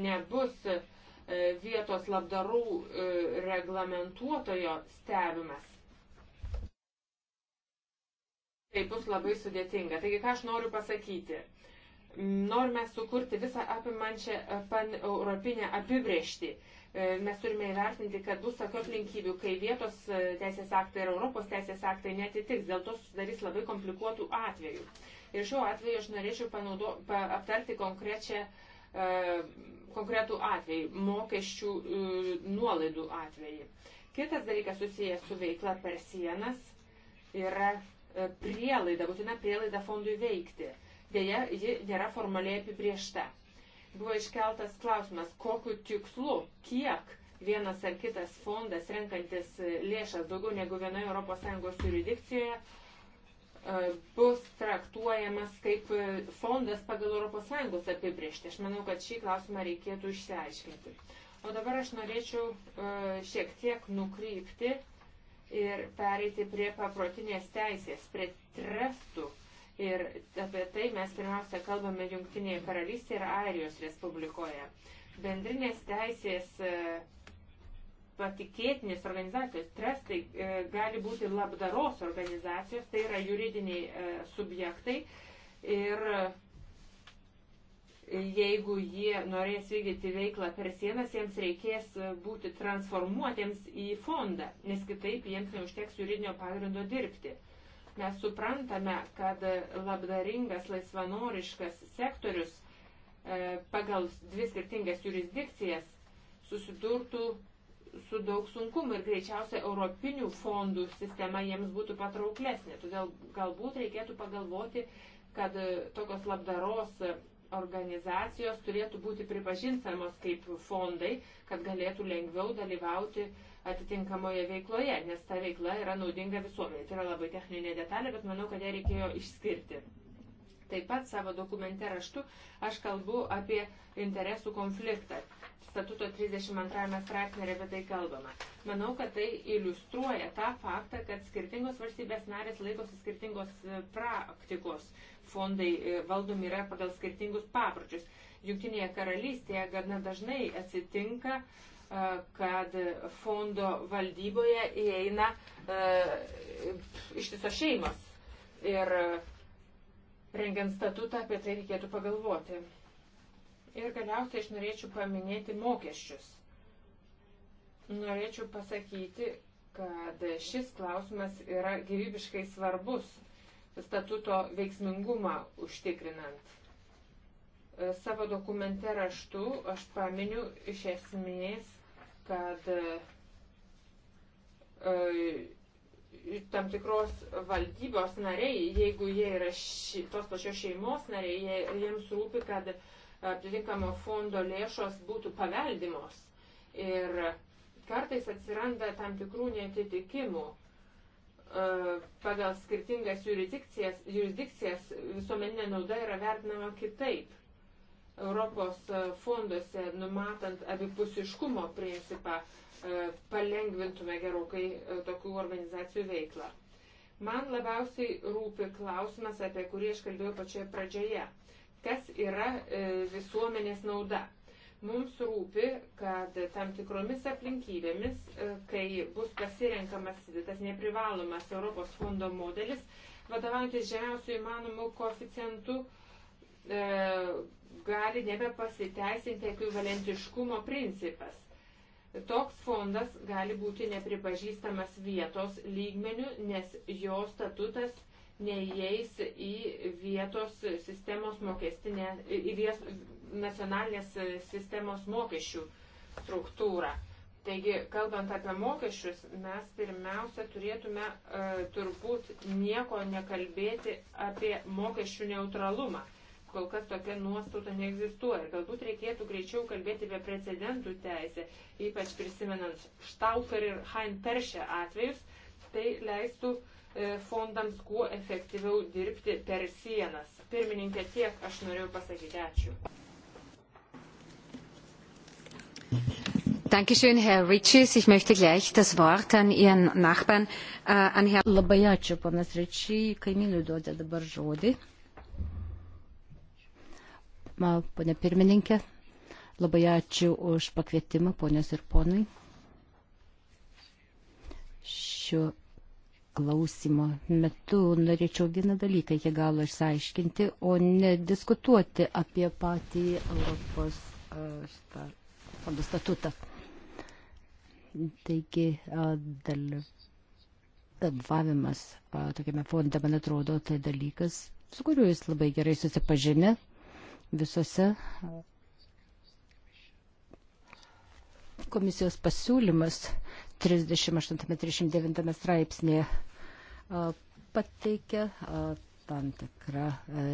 nebus e, E, vietos labdarų e, reglamentuotojo stebimas. Tai bus labai sudėtinga. Taigi, ką aš noriu pasakyti? Norime sukurti visą apimančią pan-europinę apibrėžtį. E, mes turime įvertinti, kad bus tokių aplinkybių, kai vietos teisės aktai ir Europos teisės aktai netitiks, dėl to susidarys labai komplikuotų atvejų. Ir šiuo atveju aš norėčiau panaudo, pa, aptarti konkrečią uh, konkretų atvejį, mokesčių e, nuolaidų atvejį. Kitas dalykas susijęs su veikla per sienas yra e, prielaida, būtina prielaida fondui veikti. Deja, ji nėra formaliai apibriešta. Buvo iškeltas klausimas, kokiu tikslu, kiek vienas ar kitas fondas renkantis e, lėšas daugiau negu vienoje ES jurisdikcijoje E, bus traktuojamas kaip fondas pagal ES apibriežtį. Aš manau, kad šį klausimą reikėtų išsiaiškinti. O dabar aš norėčiau e, šiek tiek nukrypti ir pereiti prie paprotinės teisės, prie trestų. Ir apie tai mes pirmiausia kalbame Junktinėje karalystėje ir Airijos Respublikoje. Bendrinės teisės uh, patikėtinės organizacijos, trestai e, gali būti labdaros organizacijos, tai yra juridiniai e, subjektai. Ir e, jeigu jie norės vykdyti veiklą per sienas, jiems reikės būti transformuotiems į fondą, nes kitaip jiems neužteks juridinio pagrindo dirbti. Mes suprantame, kad labdaringas, laisvanoriškas sektorius pagal dvi skirtingas jurisdikcijas susidurtų su daug sunkumų ir greičiausiai europinių fondų sistema jiems būtų patrauklesnė. Todėl galbūt reikėtų pagalvoti, kad e, tokios labdaros e, organizacijos turėtų būti pripažinstamos kaip fondai, kad galėtų lengviau dalyvauti atitinkamoje veikloje, nes ta veikla yra naudinga visuomenė. Tai yra labai techninė detalė, bet manau, kad ją reikėjo išskirti. Taip pat savo dokumente raštu aš kalbu apie interesų konfliktą statuto 32 straipsnė apie tai kalbama. Manau, kad tai iliustruoja tą faktą, kad skirtingos valstybės narės laikosi skirtingos e, praktikos. Fondai e, valdomi yra pagal skirtingus papročius. Junktinėje karalystėje gana dažnai atsitinka, e, kad fondo valdyboje įeina ištiso šeimos. Ir rengiant statutą apie tai reikėtų pagalvoti. Ir galiausiai aš norėčiau paminėti mokesčius. Norėčiau pasakyti, kad šis klausimas yra gyvybiškai svarbus statuto veiksmingumą užtikrinant. Savo dokumente raštu aš paminiu iš esmės, kad e, tam tikros valdybos nariai, jeigu jie yra ši, tos pačios šeimos nariai, jie, jiems rūpi, kad uh, atitinkamo fondo lėšos būtų paveldimos. Ir kartais atsiranda tam tikrų netitikimų e, pagal skirtingas jurisdikcijas, jurisdikcijas visuomeninė nauda yra vertinama kitaip. Europos e, fonduose numatant abipusiškumo principą e, palengvintume gerokai tokių organizacijų veiklą. Man labiausiai rūpi klausimas, apie kurį aš kalbėjau pačioje pradžioje kas yra e, visuomenės nauda. Mums rūpi, kad tam tikromis aplinkybėmis, e, kai bus pasirenkamas tas neprivalomas Europos fondo modelis, vadovaujantis žemiausių įmanomų koficijantų, e, gali nebepasiteisinti ekvivalentiškumo principas. Toks fondas gali būti nepripažįstamas vietos lygmenių, nes jo statutas neįeis į vietos sistemos mokestinę, į vies, nacionalinės sistemos mokesčių struktūrą. Taigi, kalbant apie mokesčius, mes pirmiausia turėtume e, turbūt nieko nekalbėti apie mokesčių neutralumą. Kol kas tokia nuostata neegzistuoja. Galbūt reikėtų greičiau kalbėti apie precedentų teisę, ypač prisimenant Štaufer ir Hein Peršė atvejus. Tai leistų e, E, fondams kuo efektyviau dirbti per sienas. Pirmininkė, tiek aš norėjau pasakyti. Ačiū.
Dankeschön, Herr Ritchis. Ich möchte gleich das Wort an Ihren Nachbarn, äh, an Herrn. Labai ačiū, panas Ritchie. Kaimynui duodė dabar žodį. Ma, ponė pirmininkė, labai ačiū už pakvietimą, ponios ir ponai. Šiuo klausimo metu norėčiau vieną dalyką iki galo išsiaiškinti, o ne diskutuoti apie patį Europos fondo statutą. Taigi, dalyvavimas tokiame fonde, man atrodo, tai dalykas, su kuriuo jis labai gerai susipažinę visose komisijos pasiūlymas 38-39 straipsnėje pateikia tam tikrą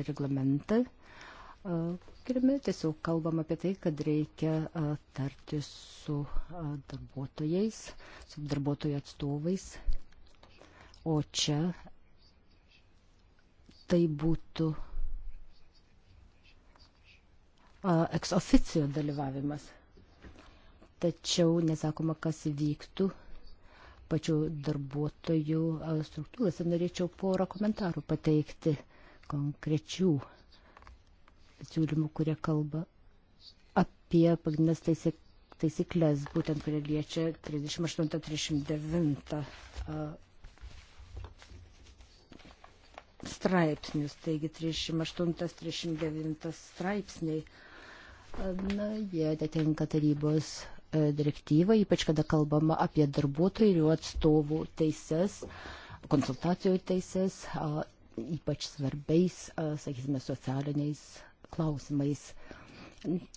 reglamentą, kuriame tiesiog kalbam apie tai, kad reikia tarti su darbuotojais, su darbuotojų atstovais. O čia tai būtų ex officio dalyvavimas tačiau nesakoma, kas vyktų pačių darbuotojų e, struktūrose. Norėčiau porą komentarų pateikti konkrečių siūlymų, kurie kalba apie pagrindinės taisyklės taisyklės, būtent kurie liečia 38-39 e, straipsnius. Taigi 38-39 straipsniai, e, na, jie atitinka tarybos E, direktyvą, ypač kada kalbama apie darbuotojų ir jų atstovų teises, konsultacijų teises, ypač svarbiais, sakysime, socialiniais klausimais,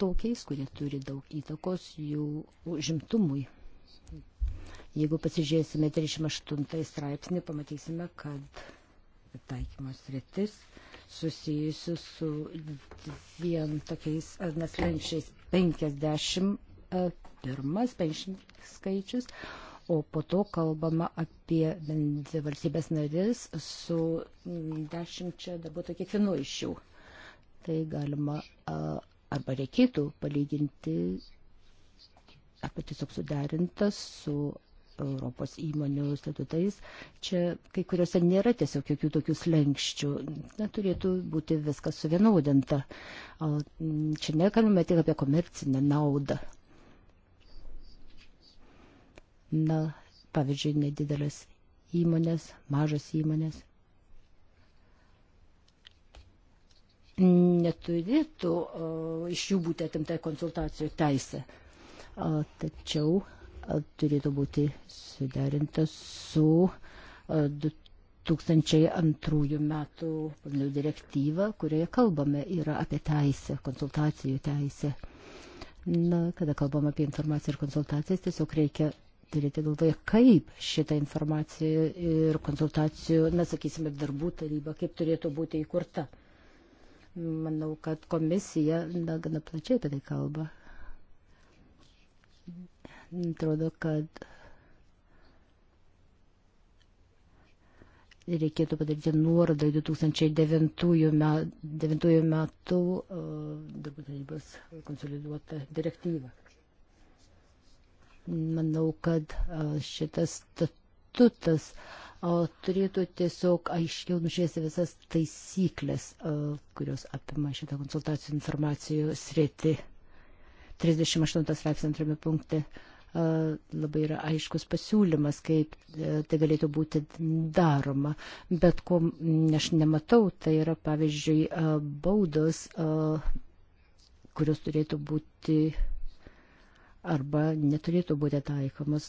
tokiais, kurie turi daug įtakos jų užimtumui. Jeigu pasižiūrėsime 38 straipsnį, pamatysime, kad taikymos rytis susijusi su dviem tokiais neslenčiais 50 E, pirmas pensinis skaičius, o po to kalbama apie valstybės narės su dešimčia darbuotojų kiekvienu iš jų. Tai galima e, arba reikėtų palyginti arba tiesiog suderintas su Europos įmonių statutais. Čia kai kuriuose nėra tiesiog jokių tokių slengščių. Na, turėtų būti viskas suvienodinta. Čia nekalbame tik apie komercinę naudą na, pavyzdžiui, nedidelės įmonės, mažos įmonės neturėtų o, iš jų būti atimta konsultacijų teisė. O, tačiau o, turėtų būti suderinta su 2002 metų direktyva, kurioje kalbame yra apie teisę, konsultacijų teisę. Na, kada kalbam apie informaciją ir konsultacijas, tiesiog reikia turėti galvoje, kaip šitą informaciją ir konsultacijų, na, sakysime, darbų taryba, kaip turėtų būti įkurta. Manau, kad komisija, na, gana plačiai apie tai kalba. Atrodo, kad reikėtų padaryti nuorodą 2009 metų, 2009 metų uh, darbų tarybos konsoliduotą direktyvą. Manau, kad šitas statutas turėtų tiesiog aiškiau nušviesti visas taisyklės, kurios apima šitą konsultacijų informacijų sritį. 38 straipsnio antrame punkte labai yra aiškus pasiūlymas, kaip e, tai galėtų būti daroma. Bet ko aš nematau, tai yra pavyzdžiui baudos, kurios turėtų būti arba neturėtų būti taikomas,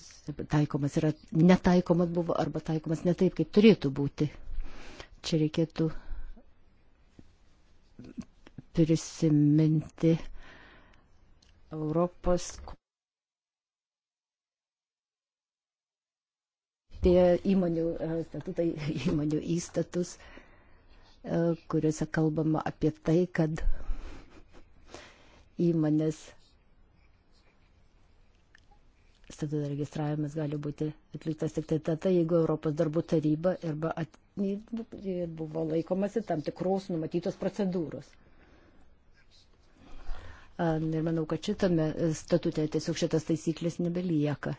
taikomas yra netaikomas buvo arba taikomas ne taip, kaip turėtų būti. Čia reikėtų prisiminti Europos. Tie įmonių e, statutai, įmonių įstatus, e, kuriuose kalbama apie tai, kad įmonės statuto registravimas gali būti atliktas tik tai tada, jeigu Europos darbų taryba arba at, buvo laikomasi tam tikros numatytos procedūros. Ir manau, kad šitame e, statute tiesiog šitas taisyklės nebelieka.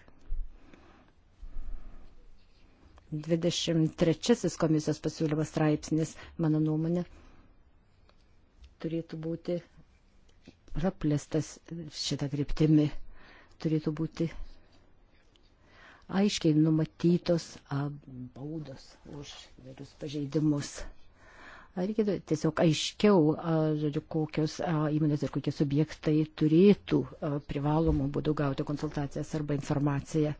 23 komisijos pasiūlymas straipsnis, mano nuomonė, turėtų būti praplėstas šitą kryptimį. Turėtų būti aiškiai numatytos baudos už vairius pažeidimus. Reikėtų tiesiog aiškiau, žodžiu, kokios įmonės ir kokie subjektai turėtų privalomų būdų gauti konsultacijas arba informaciją.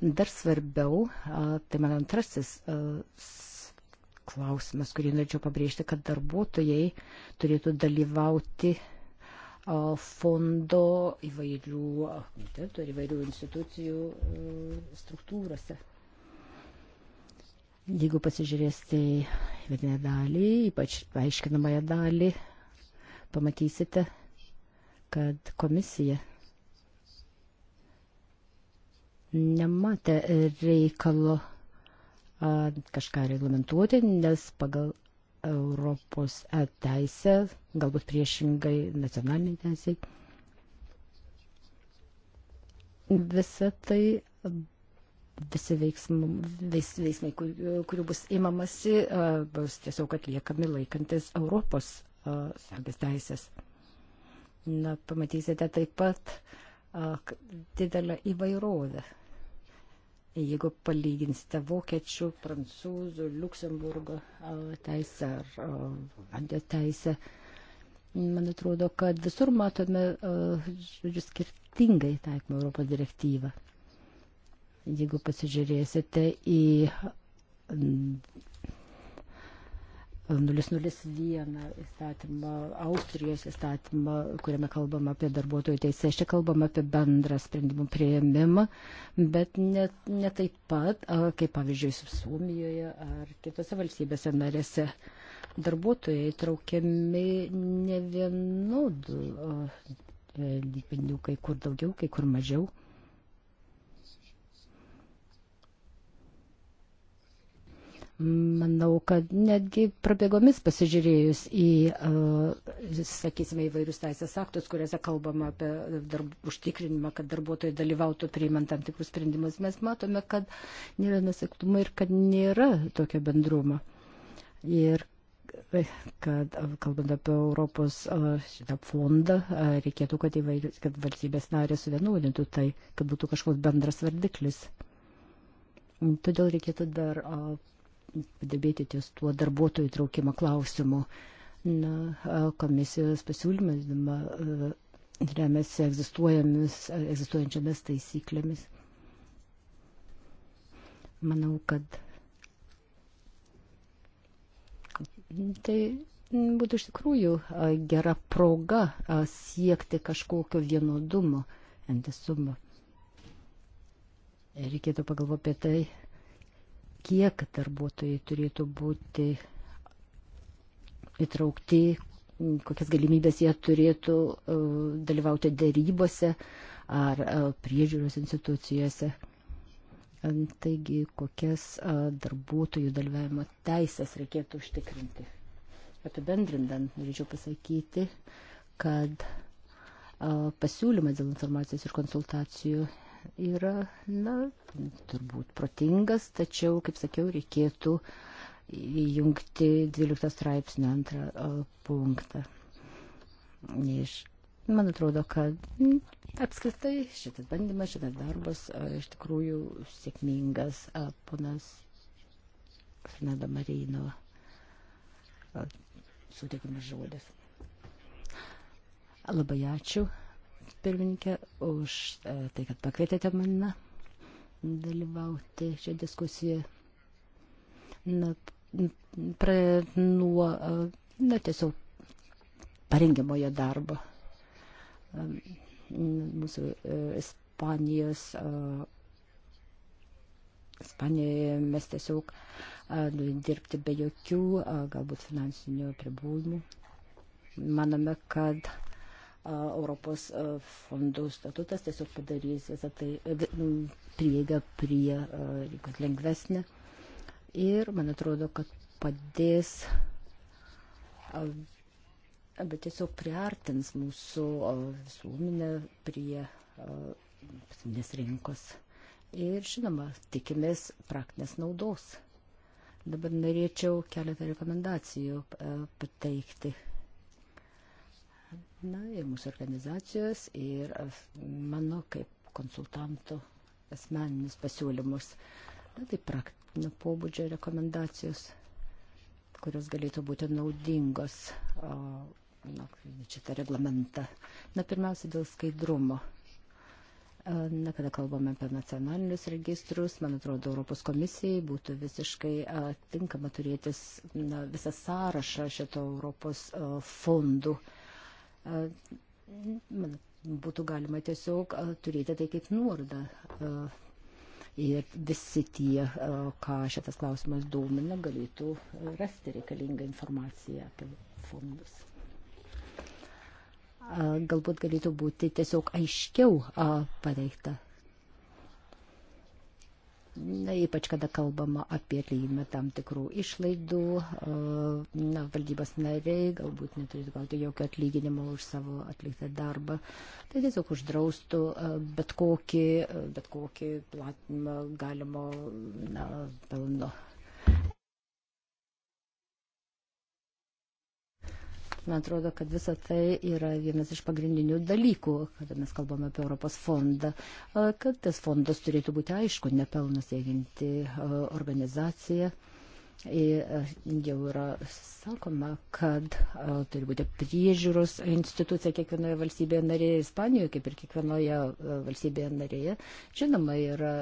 Dar svarbiau, tai man antrasis klausimas, kurį norėčiau pabrėžti, kad darbuotojai turėtų dalyvauti fondo įvairių komitetų ir įvairių institucijų e, struktūrose. Jeigu pasižiūrėsite į vidinę dalį, ypač paaiškinamąją dalį, pamatysite, kad komisija nematė reikalo kažką reglamentuoti, nes pagal Europos teisę, galbūt priešingai nacionaliniai teisiai. Visa tai, visi veiksmai, veis, veiksmai kur, kurių bus imamasi, bus tiesiog atliekami laikantis Europos sąjungos teisės. Na, pamatysite taip pat didelę įvairovę Jeigu palyginsite vokiečių, prancūzų, Luksemburgo teisę ar Vandės teisę, man atrodo, kad visur matome, žodžiu, skirtingai taikymą Europos direktyvą. Jeigu pasižiūrėsite į 001 įstatymą, Austrijos įstatymą, kuriame kalbama apie darbuotojų teisės. Čia kalbama apie bendrą sprendimų prieimimą, bet ne, ne taip pat, kaip pavyzdžiui, Suomijoje ar kitose valstybėse narėse. Darbuotojai traukiami ne vienodų, e, kai kur daugiau, kai kur mažiau. Manau, kad netgi prabėgomis pasižiūrėjus į, e, sakysime, įvairius teisės aktus, kuriuose kalbama apie darb, užtikrinimą, kad darbuotojai dalyvautų priimant tam tikrus sprendimus, mes matome, kad nėra nusektumo ir kad nėra tokio bendrumo. Ir e, kad, e, kalbant apie Europos šitą fondą, reikėtų, kad, įvairius, kad valstybės narės suvienodintų tai, kad būtų kažkoks bendras vardiklis. Todėl reikėtų dar padabėti ties tuo darbuotojų traukimo klausimu. Na, komisijos pasiūlymas remiasi egzistuojančiamis taisyklėmis. Manau, kad tai būtų iš tikrųjų gera proga siekti kažkokio vienodumo, entisumo. Reikėtų pagalvoti apie tai, kiek darbuotojai turėtų būti įtraukti, kokias galimybės jie turėtų e, dalyvauti dėrybose ar e, priežiūros institucijose. E, taigi, kokias darbuotojų dalyvavimo teisės reikėtų užtikrinti. Apibendrindant, norėčiau pasakyti, kad pasiūlymas dėl informacijos ir konsultacijų yra, na, turbūt protingas, tačiau, kaip sakiau, reikėtų įjungti 12 straipsnio antrą punktą. Iš, man atrodo, kad apskritai šitas bandymas, šitas darbas iš tikrųjų sėkmingas. Ponas Fernando Marino suteikimas žodis. Labai ačiū pirmininkė, už e, tai, kad pakvietėte mane dalyvauti šią diskusiją. Na, pra, nuo, e, na, tiesiog parengiamojo darbo e, mūsų Ispanijos. Ispanijoje mes tiesiog dirbti be jokių, galbūt finansinių pribūdimų. Manome, kad Europos fondų statutas tiesiog padarys visą tai prieigą prie rinkos lengvesnė. Ir man atrodo, kad padės, bet tiesiog priartins mūsų visuomenę prie pasimnės rinkos. Ir žinoma, tikimės praktinės naudos. Dabar norėčiau keletą rekomendacijų pateikti. Uh, Na ir mūsų organizacijos ir e, mano kaip konsultanto asmeninius pasiūlymus. Na, tai praktinio pobūdžio rekomendacijos, kurios galėtų būti naudingos, o, na, šitą reglamentą. Na, pirmiausia, dėl skaidrumo. E, na, kada kalbame apie nacionalinius registrus, man atrodo, Europos komisijai būtų visiškai a, e, tinkama turėti na, visą sąrašą šito Europos a, fondų. A, būtų galima tiesiog turėti tai kaip nuorodą. Ir visi tie, ką šitas klausimas domina, galėtų rasti reikalingą informaciją apie fondus. Galbūt galėtų būti tiesiog aiškiau pateikta na, ypač kada kalbama apie atlyginimą tam tikrų išlaidų, e, na, valdybos nariai galbūt neturėtų gauti jokio atlyginimo už savo atliktą darbą. Tai tiesiog uždraustų e, bet kokį, e, bet kokį platinimą galimo na, pelno man atrodo, kad visa tai yra vienas iš pagrindinių dalykų, kada mes kalbame apie Europos fondą, kad tas fondas turėtų būti aišku, nepelno siekinti organizacija. Jau yra sakoma, kad turi būti priežiūros institucija kiekvienoje valstybėje narėje, Ispanijoje kaip ir kiekvienoje valstybėje narėje. Žinoma, yra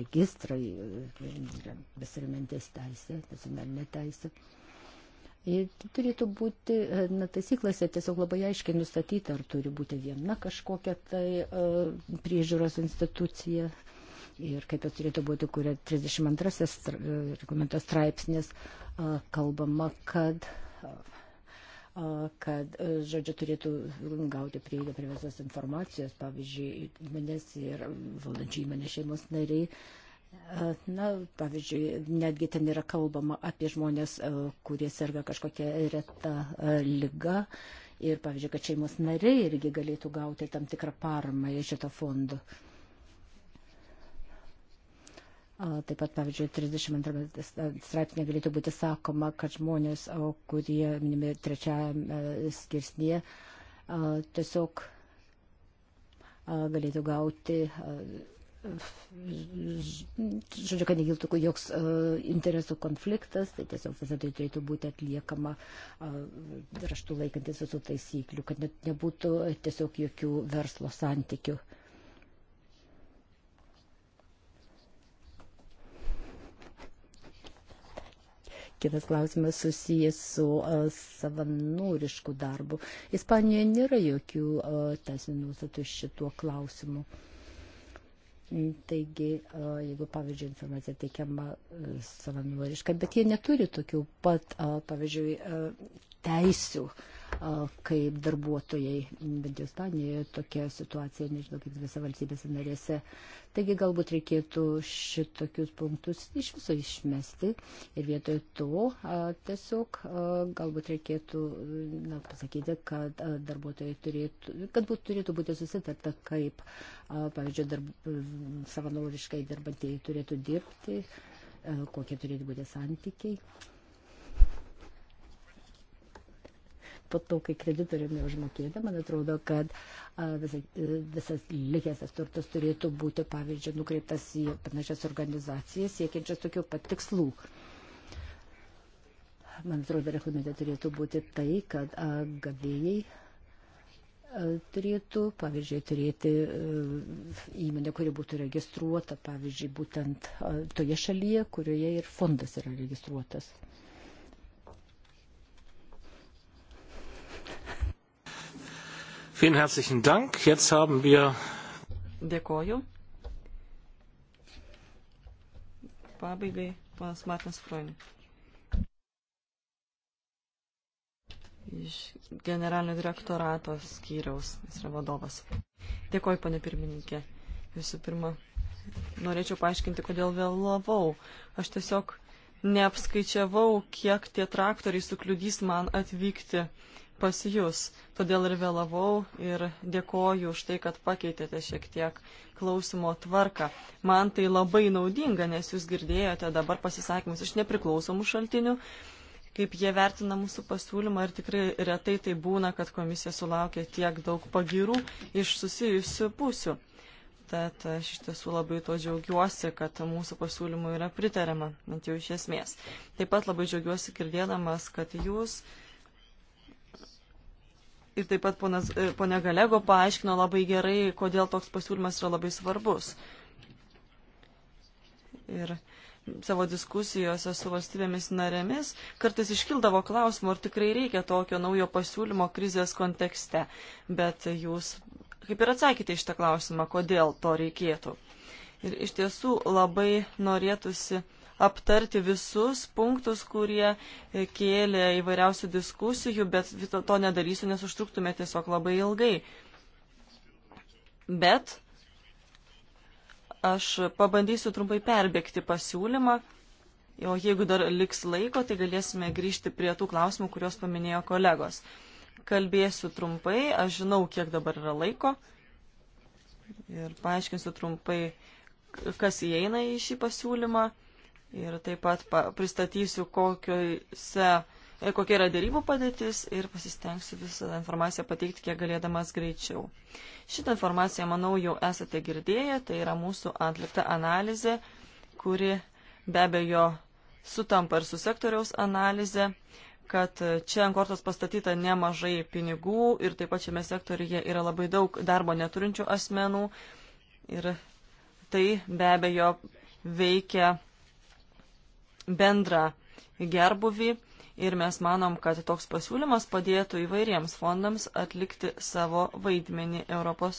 registrai, besirimentės teisė, nacionalinė teisė. teisė Ir tai turėtų būti, e, na, taisyklėse tiesiog labai aiškiai nustatyta, ar turi būti viena kažkokia tai uh, priežiūros institucija ir kaip jos turėtų būti, kuria 32 stra, e, reglamento straipsnis uh, kalbama, kad uh, kad, žodžiu, turėtų gauti prieigą prie visos informacijos, pavyzdžiui, įmonės ir valdančių įmonės šeimos nariai E, na, pavyzdžiui, netgi ten yra kalbama apie žmonės, e, kurie serga kažkokią retą e, lygą. Ir, pavyzdžiui, kad šeimos nariai irgi galėtų gauti tam tikrą paramą iš šito fondo. Taip pat, pavyzdžiui, 32 straipsnė galėtų būti sakoma, kad žmonės, kurie minimi trečiajame skirsnėje, tiesiog galėtų gauti žodžiu, kad negiltų joks uh, interesų konfliktas, tai tiesiog visą tai turėtų būti atliekama uh, e, raštų laikantis visų taisyklių, kad net nebūtų tiesiog jokių verslo santykių. Kitas klausimas susijęs su uh, savanorišku darbu. Ispanijoje nėra jokių uh, teisinių nuostatų šituo klausimu. Uh, Taigi, jeigu, pavyzdžiui, informacija teikiama e, savanoriškai, bet jie neturi tokių pat, pavyzdžiui, e, teisių kaip darbuotojai, bent jau Ispanijoje tokia situacija, nežinau, kaip visose valstybėse narėse. Taigi galbūt reikėtų šitokius punktus iš viso išmesti ir vietoj to tiesiog galbūt reikėtų na, pasakyti, kad darbuotojai turėtų, kad būt, turėtų būti susitarta, kaip, pavyzdžiui, darb, savanoriškai dirbantieji turėtų dirbti kokie turėtų būti santykiai. po to, kai kreditoriumi užmokėta, man atrodo, kad visas, e, visas likęs tas turtas turėtų būti, pavyzdžiui, nukreiptas į panašias organizacijas, siekiančias tokių pat tikslų man atrodo, reglamente turėtų būti tai, kad a, gavėjai a, turėtų, pavyzdžiui, turėti a, e, įmonę, kuri būtų registruota, pavyzdžiui, būtent a, toje šalyje, kurioje ir fondas yra registruotas.
Vielen herzlichen Dank. Jetzt haben wir.
Dėkoju. Pabaigai, panas Martinas Froinis. iš generalinio direktorato skyriaus, jis yra vadovas. Dėkoju, pane pirmininkė. Visų pirma, norėčiau paaiškinti, kodėl vėlavau. Aš tiesiog neapskaičiavau, kiek tie traktoriai sukliudys man atvykti pas jūs. Todėl ir vėlavau ir dėkoju už tai, kad pakeitėte šiek tiek klausimo tvarką. Man tai labai naudinga, nes jūs girdėjote dabar pasisakymus iš nepriklausomų šaltinių kaip jie vertina mūsų pasiūlymą ir tikrai retai tai būna, kad komisija sulaukia tiek daug pagirų iš susijusių pusių. Tad aš iš tiesų labai to džiaugiuosi, kad mūsų pasiūlymų yra pritariama, bent jau iš esmės. Taip pat labai džiaugiuosi girdėdamas, kad jūs uh, ir taip pat ponas, e, ponia Galego paaiškino labai gerai, kodėl toks pasiūlymas yra labai svarbus. Ir savo diskusijose su valstybėmis narėmis kartais iškildavo klausimų, ar tikrai reikia tokio naujo pasiūlymo krizės kontekste. Bet jūs kaip ir atsakėte iš tą klausimą, kodėl to reikėtų. Ir iš tiesų labai norėtųsi aptarti visus punktus, kurie e, kėlė įvairiausių diskusijų, bet to nedarysiu, nes užtruktume tiesiog labai ilgai. Bet aš pabandysiu trumpai perbėgti pasiūlymą, o jeigu dar liks laiko, tai galėsime grįžti prie tų klausimų, kuriuos paminėjo kolegos. Kalbėsiu trumpai, aš žinau, kiek dabar yra laiko ir paaiškinsiu trumpai, kas įeina į šį pasiūlymą ir taip pat pristatysiu, kokiuose, e, kokia yra dėrybų padėtis ir pasistengsiu visą informaciją pateikti, kiek galėdamas greičiau. Šitą informaciją, manau, jau esate girdėję, tai yra mūsų atlikta analizė, kuri be abejo sutampa ir su sektoriaus analizė kad čia ant kortos pastatyta nemažai pinigų ir taip pat šiame sektoriuje yra labai daug darbo neturinčių asmenų ir tai be abejo veikia bendrą gerbuvį ir mes manom, kad toks pasiūlymas padėtų įvairiems fondams atlikti savo vaidmenį Europos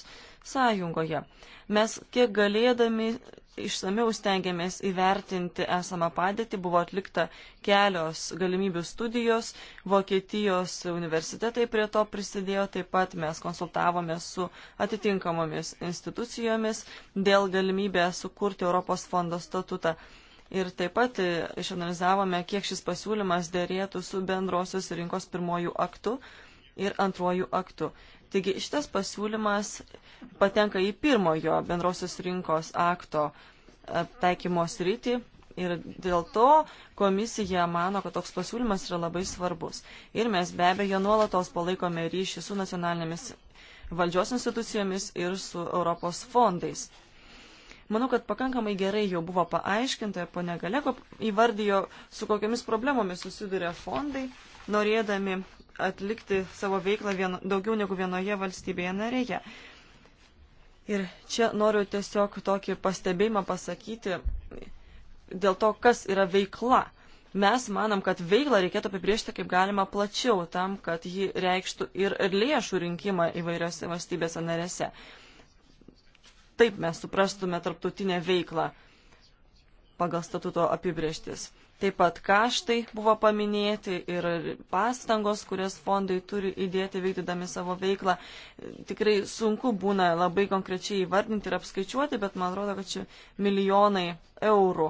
Sąjungoje. Mes kiek galėdami išsamiau stengiamės įvertinti esamą padėtį, buvo atlikta kelios galimybių studijos, Vokietijos universitetai prie to prisidėjo, taip pat mes konsultavomės su atitinkamomis institucijomis dėl galimybės sukurti Europos fondo statutą ir taip pat e, išanalizavome, kiek šis pasiūlymas dėrėtų su bendrosios rinkos pirmojų aktu ir antrojų aktu. Taigi šitas pasiūlymas patenka į pirmojo bendrosios rinkos akto e, taikymo sritį ir dėl to komisija mano, kad toks pasiūlymas yra labai svarbus. Ir mes be abejo nuolatos palaikome ryšį su nacionalinėmis valdžios institucijomis ir su Europos fondais. Manau, kad pakankamai gerai jau buvo paaiškinta ir ponia Galeko įvardijo, su kokiamis problemomis susiduria fondai, norėdami atlikti savo veiklą vien, daugiau negu vienoje valstybėje narėje. Ir čia noriu tiesiog tokį pastebėjimą pasakyti dėl to, kas yra veikla. Mes manom, kad veiklą reikėtų apibriežti kaip galima plačiau, tam, kad ji reikštų ir lėšų rinkimą įvairiose valstybėse narėse taip mes suprastume tarptautinę veiklą pagal statuto apibrieštis. Taip pat kaštai buvo paminėti ir pastangos, kurias fondai turi įdėti vykdydami savo veiklą. Tikrai sunku būna labai konkrečiai įvardinti ir apskaičiuoti, bet man atrodo, kad čia milijonai eurų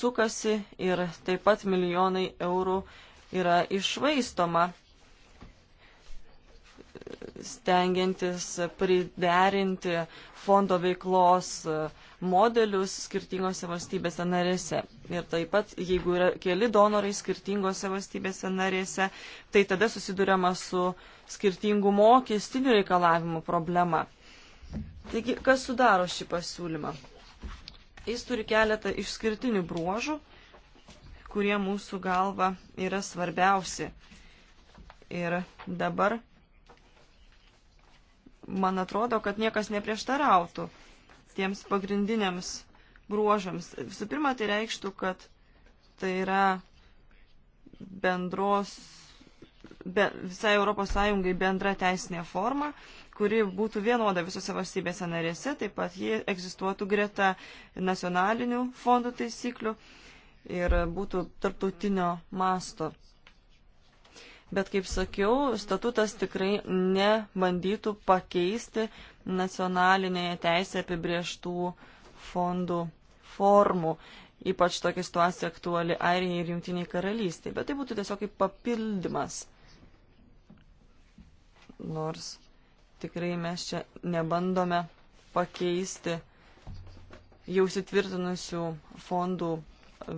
sukasi ir taip pat milijonai eurų yra išvaistoma stengiantis priderinti fondo veiklos modelius skirtingose valstybėse narėse. Ir taip pat, jeigu yra keli donorai skirtingose valstybėse narėse, tai tada susidurima su skirtingų mokestinių reikalavimų problema. Taigi, kas sudaro šį pasiūlymą? Jis turi keletą išskirtinių bruožų, kurie mūsų galva yra svarbiausi. Ir dabar man atrodo, kad niekas neprieštarautų tiems pagrindiniams bruožams. Visų pirma, tai reikštų, kad tai yra bendros, be, visai ES bendra teisinė forma, kuri būtų vienoda visose valstybėse narėse, taip pat ji egzistuotų greta nacionalinių fondų taisyklių ir būtų tarptautinio masto. Bet, kaip sakiau, statutas tikrai nebandytų pakeisti nacionalinėje teisėje apibrieštų fondų formų. Ypač tokia situacija aktuali Airijai ir Junktiniai karalystiai. Bet tai būtų tiesiog kaip papildymas. Nors tikrai mes čia nebandome pakeisti jau sitvirtinusių fondų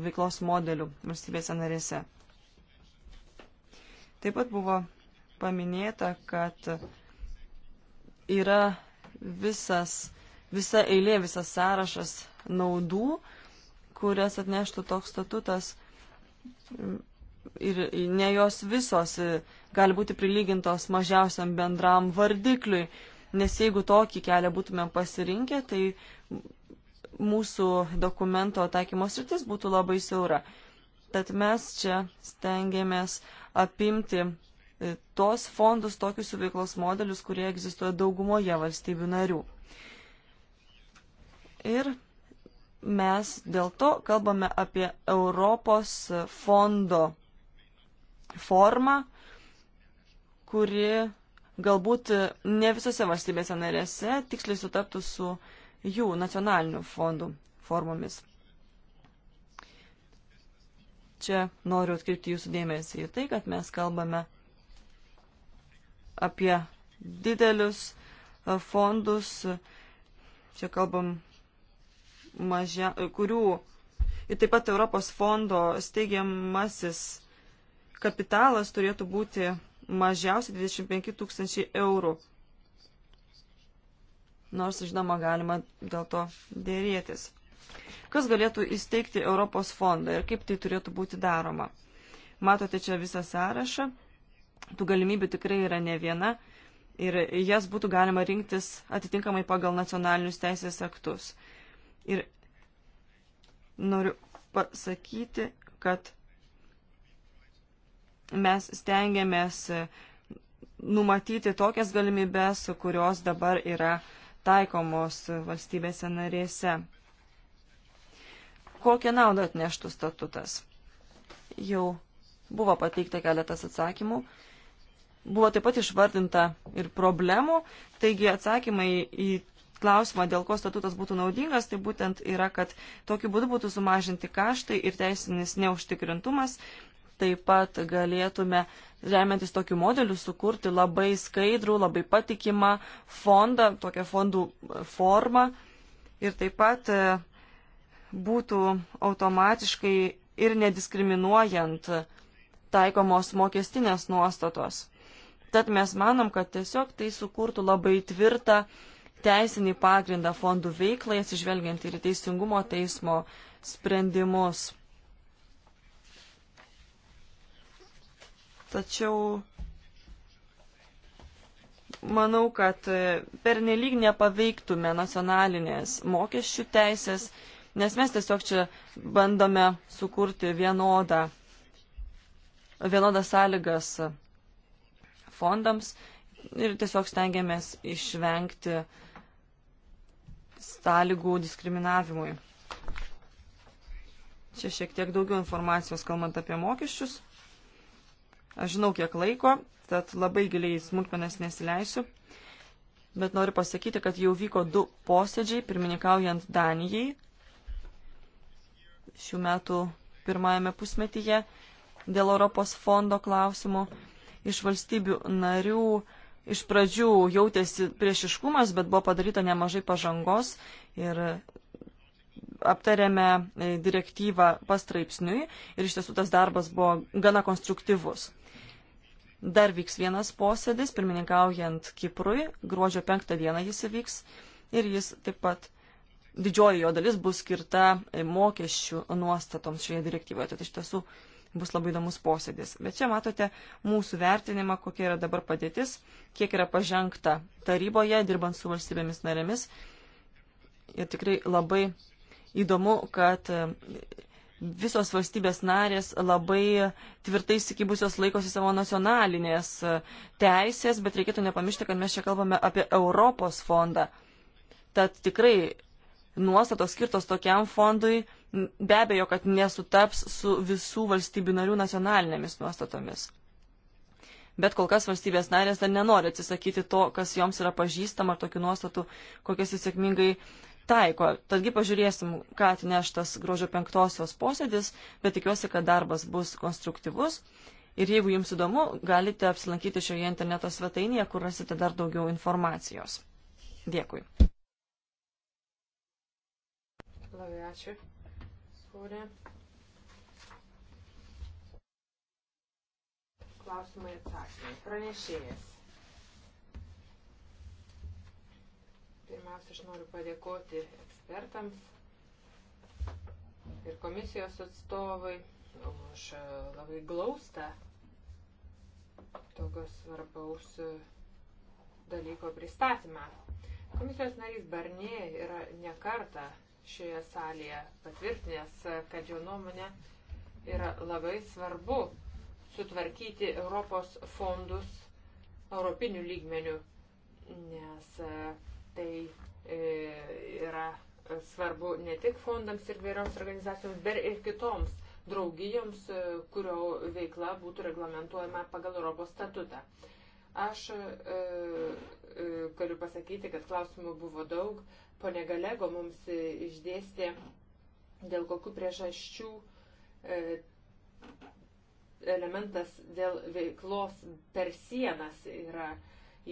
veiklos modelių valstybėse narėse. Taip pat buvo paminėta, kad yra visas, visa eilė, visas sąrašas naudų, kurias atneštų toks statutas ir ne jos visos gali būti prilygintos mažiausiam bendram vardikliui, nes jeigu tokį kelią būtumėm pasirinkę, tai mūsų dokumento taikymos rytis būtų labai siaura. Tad mes čia stengiamės apimti e, tos fondus, tokius veiklos modelius, kurie egzistuoja daugumoje valstybių narių. Ir mes dėl to kalbame apie Europos fondo formą, kuri galbūt ne visose valstybėse narėse tiksliai sutaptų su jų nacionalinių fondų formomis. Čia noriu atkreipti jūsų dėmesį į tai, kad mes kalbame apie didelius e, fondus, čia kalbam, mažia, e, kurių ir taip pat Europos fondo steigiamasis kapitalas turėtų būti mažiausiai 25 tūkstančiai eurų. Nors, žinoma, galima dėl to dėrėtis. Kas galėtų įsteigti Europos fondą ir kaip tai turėtų būti daroma? Matote čia visą sąrašą. Tų galimybių tikrai yra ne viena ir jas būtų galima rinktis atitinkamai pagal nacionalinius teisės aktus. Ir noriu pasakyti, kad mes stengiamės numatyti tokias galimybės, kurios dabar yra taikomos valstybėse narėse kokią naudą atneštų statutas. Jau buvo pateikta keletas atsakymų. Buvo taip pat išvardinta ir problemų, taigi atsakymai į klausimą, dėl ko statutas būtų naudingas, tai būtent yra, kad tokiu būdu būtų sumažinti kaštai ir teisinis neužtikrintumas. Taip pat galėtume, remiantis tokiu modeliu, sukurti labai skaidrų, labai patikimą fondą, tokią fondų formą. Ir taip pat būtų automatiškai ir nediskriminuojant taikomos mokestinės nuostatos. Tad mes manom, kad tiesiog tai sukurtų labai tvirtą teisinį pagrindą fondų veiklai, atsižvelgiant ir į teisingumo teismo sprendimus. Tačiau manau, kad pernelyg nepaveiktume nacionalinės mokesčių teisės nes mes tiesiog čia bandome sukurti vienodą, vienodas sąlygas fondams ir tiesiog stengiamės išvengti sąlygų diskriminavimui. Čia šiek tiek daugiau informacijos kalbant apie mokesčius. Aš žinau, kiek laiko, tad labai giliai smulkmenas nesileisiu. Bet noriu pasakyti, kad jau vyko du posėdžiai, pirmininkaujant Danijai, šių metų pirmajame pusmetyje dėl Europos fondo klausimų iš valstybių narių. Iš pradžių jautėsi priešiškumas, bet buvo padaryta nemažai pažangos ir aptarėme e, direktyvą pastraipsniui ir iš tiesų tas darbas buvo gana konstruktyvus. Dar vyks vienas posėdis, pirmininkaujant Kiprui, gruodžio penktą dieną jis įvyks ir jis taip pat didžioji jo dalis bus skirta e, mokesčių nuostatoms šioje direktyvoje. Tad iš tiesų bus labai įdomus posėdis. Bet čia matote mūsų vertinimą, kokia yra dabar padėtis, kiek yra pažengta taryboje, dirbant su valstybėmis narėmis. Ir tikrai labai įdomu, kad e, visos valstybės narės labai tvirtai įsikibusios laikosi savo nacionalinės e, teisės, bet reikėtų nepamiršti, kad mes čia kalbame apie Europos fondą. Tad tikrai nuostatos skirtos tokiam fondui be abejo, kad nesutaps su visų valstybių narių nacionalinėmis nuostatomis. Bet kol kas valstybės narės dar nenori atsisakyti to, kas joms yra pažįstama ar tokių nuostatų, kokias jis sėkmingai taiko. Tadgi pažiūrėsim, ką atneš tas gruodžio penktosios posėdis, bet tikiuosi, kad darbas bus konstruktyvus. Ir jeigu jums įdomu, galite apsilankyti šioje interneto svetainėje, kur rasite dar daugiau informacijos. Dėkui.
Labai ačiū. Kūrė. Klausimai atsakymai. Pranešėjas. Pirmiausia, aš noriu padėkoti ekspertams ir komisijos atstovai už e, labai glaustą tokio svarbaus e, dalyko pristatymą. Komisijos narys Barnė yra nekarta šioje salėje patvirtinęs, kad jo nuomonė yra labai svarbu sutvarkyti Europos fondus europinių lygmenių, nes e, tai e, yra svarbu ne tik fondams ir vėliaus organizacijoms, bet ir kitoms draugijoms, e, kurio veikla būtų reglamentuojama pagal Europos statutą. Aš e, e, galiu pasakyti, kad klausimų buvo daug, ponė Galego mums e, išdėstė, dėl kokių priežasčių e, elementas dėl veiklos per sienas yra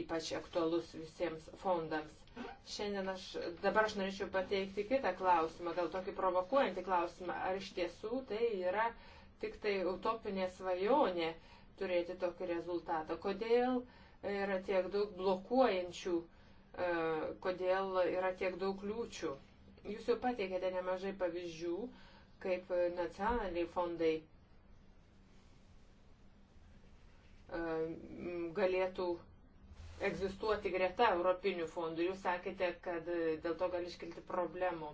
ypač aktualus visiems fondams. Šiandien aš, dabar aš norėčiau pateikti kitą klausimą, gal tokį provokuojantį klausimą, ar iš tiesų tai yra tik tai utopinė svajonė turėti tokį rezultatą. Kodėl yra tiek daug blokuojančių uh, E, kodėl yra tiek daug kliūčių. Jūs jau pateikėte nemažai pavyzdžių, kaip nacionaliniai fondai e, galėtų egzistuoti greta europinių fondų. Jūs sakėte, kad dėl to gali iškilti problemų.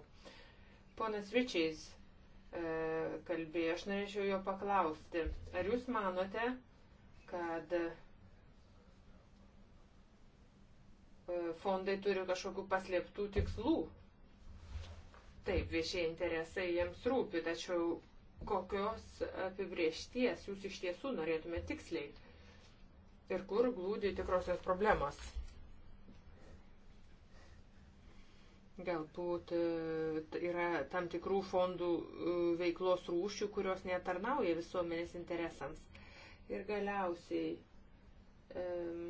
Ponas Ričiais e, kalbėjo, aš norėčiau jo paklausti. Ar jūs manote, kad E, fondai turi kažkokių paslėptų tikslų. Taip, viešieji interesai jiems rūpi, tačiau kokios apibriešties jūs iš tiesų norėtume tiksliai ir kur glūdi tikrosios problemos. Galbūt e, yra tam tikrų fondų e, veiklos rūšių, kurios netarnauja visuomenės interesams. Ir galiausiai. Um,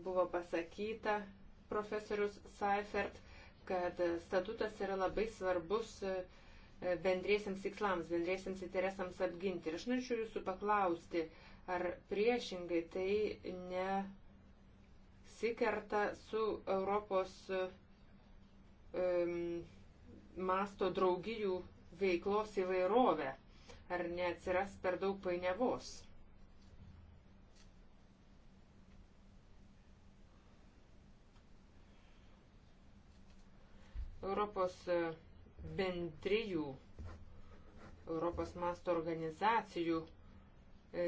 buvo pasakyta profesorius Seifert, kad statutas yra labai svarbus e, bendriesiams tikslams, bendriesiams interesams apginti. Ir aš norėčiau jūsų paklausti, ar priešingai tai nesikerta su Europos um, masto draugijų veiklos įvairovė, ar neatsiras per daug painiavos. Europos e, bendrijų, Europos masto organizacijų e,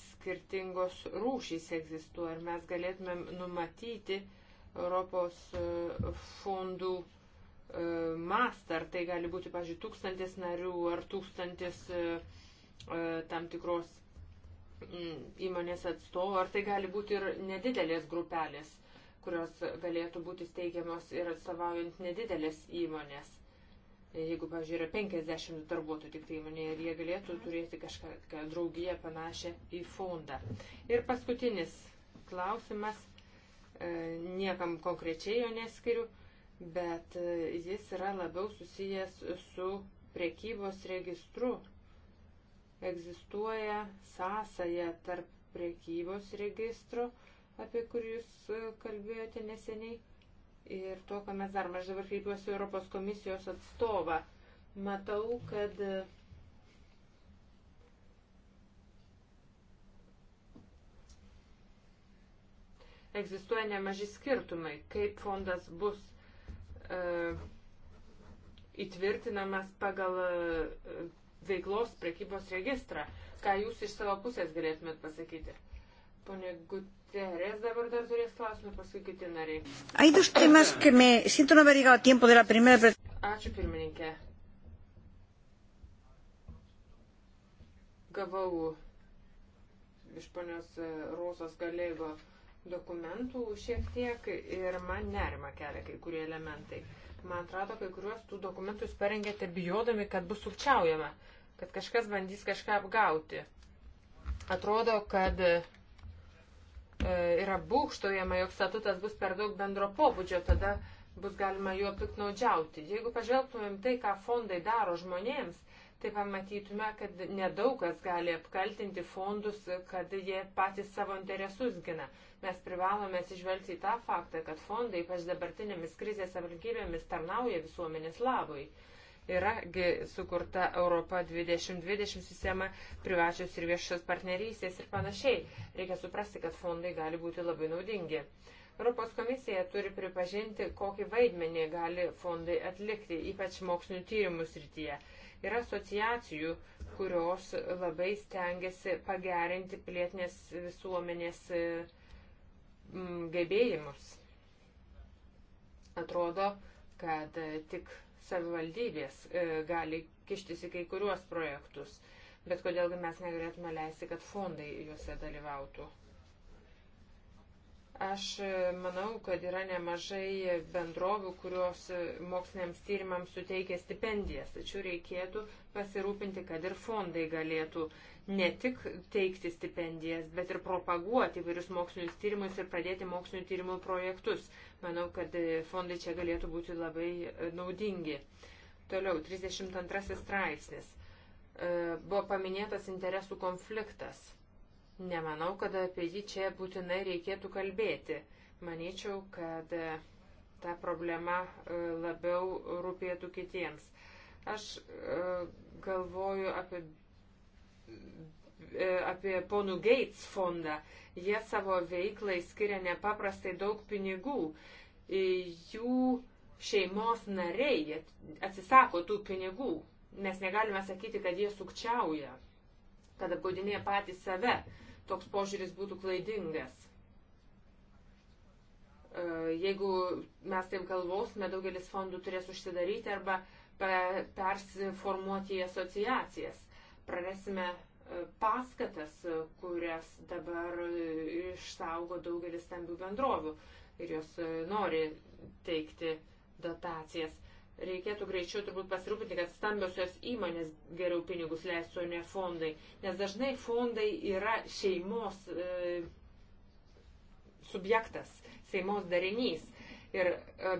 skirtingos rūšys egzistuoja ir mes galėtumėm numatyti Europos e, fondų e, mastą, ar tai gali būti, pažiūrėjau, tūkstantis narių ar tūkstantis tam tikros įmonės atstovų, ar tai gali būti ir nedidelės grupelės kurios galėtų būti steigiamos ir atstovaujant nedidelės įmonės. Jeigu, pavyzdžiui, yra 50 darbuotojų tik tai įmonėje ir jie galėtų turėti kažką draugiją panašią į fondą. Ir paskutinis klausimas, e, niekam konkrečiai jo neskiriu, bet e, jis yra labiau susijęs su priekybos registru. Egzistuoja sąsaja tarp priekybos registro, apie kurį jūs e, kalbėjote neseniai, ir to, ką mes darom. Aš dabar kreipiuosi Europos komisijos atstovą. Matau, kad e, egzistuoja nemaži skirtumai, kaip fondas bus e, įtvirtinamas pagal e, veiklos prekybos registrą. Ką jūs iš savo pusės galėtumėt pasakyti? Pone Gut Perez dabar dar turės klausimą, paskui kiti nariai. Hay dos temas que me
siento no haber llegado a tiempo de la primera.
Ačiū pirmininkė. Gavau iš ponios Rosos galėjo dokumentų šiek tiek ir man nerima kelia kai kurie elementai. Man atrodo, kai kuriuos tų dokumentų jūs parengėte bijodami, kad bus sukčiaujama, kad kažkas bandys kažką apgauti. Atrodo, kad E, yra būkštojama, jog statutas bus per daug bendro pobūdžio, tada bus galima juo piknaudžiauti. Jeigu pažvelgtumėm tai, ką fondai daro žmonėms, tai pamatytume, kad nedaug kas gali apkaltinti fondus, kad jie patys savo interesus gina. Mes privalome atsižvelgti į tą faktą, kad fondai, ypač dabartinėmis krizės aplinkybėmis, tarnauja visuomenės labui. Yragi sukurta Europa 2020 sistema, privačios ir viešos partnerystės ir panašiai. Reikia suprasti, kad fondai gali būti labai naudingi. Europos komisija turi pripažinti, kokį vaidmenį gali fondai atlikti, ypač mokslinių tyrimų srityje. Yra asociacijų, kurios labai stengiasi pagerinti plėtinės visuomenės e, gebėjimus. Atrodo, kad e, tik savivaldybės e, gali kištis į kai kuriuos projektus, bet kodėlgi mes negalėtume leisti, kad fondai juose dalyvautų. Aš e, manau, kad yra nemažai bendrovių, kurios e, moksliniams tyrimams suteikia stipendijas, tačiau reikėtų pasirūpinti, kad ir fondai galėtų ne tik teikti stipendijas, bet ir propaguoti įvairius mokslinius tyrimus ir pradėti mokslinių tyrimų projektus. Manau, kad e, fondai čia galėtų būti labai e, naudingi. Toliau, 32 straipsnis. E, buvo paminėtas interesų konfliktas. Nemanau, kad apie jį čia būtinai reikėtų kalbėti. Manyčiau, kad ta problema labiau rūpėtų kitiems. Aš galvoju apie E, apie ponų Gates fondą. Jie savo veiklai skiria nepaprastai daug pinigų. E, jų šeimos nariai atsisako tų pinigų. Mes negalime sakyti, kad jie sukčiauja, kad apgaudinėja patį save. Toks požiūris būtų klaidingas. E, jeigu mes taip galvosime, daugelis fondų turės užsidaryti arba persformuoti į asociacijas. Prarasime paskatas, kurias dabar išsaugo daugelis stambių bendrovių ir jos e, nori teikti dotacijas. Reikėtų greičiau turbūt pasirūpinti, kad stambiosios įmonės geriau pinigus leistų, o ne fondai. Nes dažnai fondai yra šeimos e, subjektas, šeimos darinys. Ir e,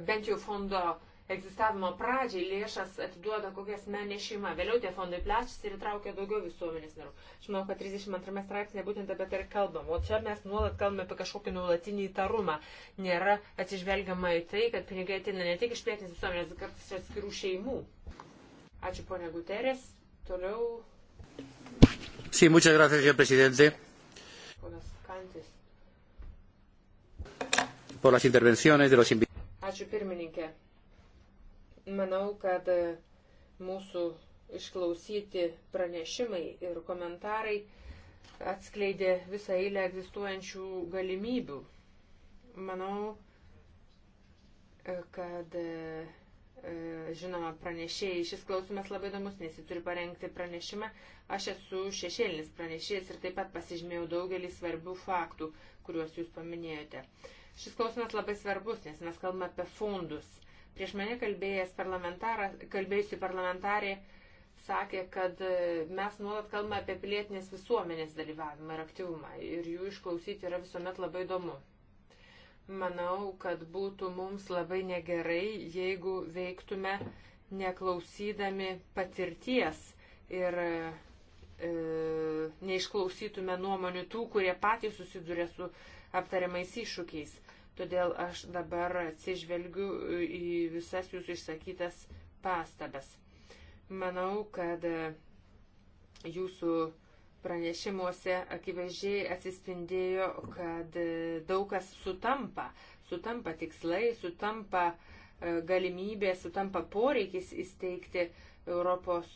bent jau fondo e, egzistavimo pradžiai lėšas atiduoda kokia asmenė šeima. Vėliau tie fondai plečiasi ir traukia daugiau visuomenės narių. Aš manau, kad 32 straipsnė būtent apie tai ir kalbam. O čia mes nuolat kalbame apie kažkokį nuolatinį įtarumą. Nėra atsižvelgiama į tai, kad pinigai ateina ne tik iš pietinės visuomenės, bet kartais iš atskirų šeimų. Ačiū ponia Guterės. Toliau.
Sí, muchas gracias, señor presidente.
Ponas Kantis.
Por las intervenciones de los invitados.
Ačiū pirmininkė. Manau, kad e, mūsų išklausyti pranešimai ir komentarai atskleidė visą eilę egzistuojančių galimybių. Manau, e, kad e, žinoma, pranešėjai. Šis klausimas labai įdomus, nes jis turi parengti pranešimą. Aš esu šešėlinis pranešėjas ir taip pat pasižymėjau daugelį svarbių faktų, kuriuos jūs paminėjote. Šis klausimas labai svarbus, nes mes kalbame apie fondus. Prieš mane kalbėjusi parlamentarė sakė, kad e, mes nuolat kalbame apie pilietinės visuomenės dalyvavimą ir aktyvumą ir jų išklausyti yra visuomet labai įdomu. Manau, kad būtų mums labai negerai, jeigu veiktume neklausydami patirties ir e, e neišklausytume nuomonių tų, kurie patys susiduria su aptariamais iššūkiais. Todėl aš dabar atsižvelgiu į visas jūsų išsakytas pastabas. Manau, kad e, jūsų pranešimuose akivaizdžiai atsispindėjo, kad e, daug kas sutampa. Sutampa tikslai, sutampa e, galimybė, sutampa poreikis įsteigti Europos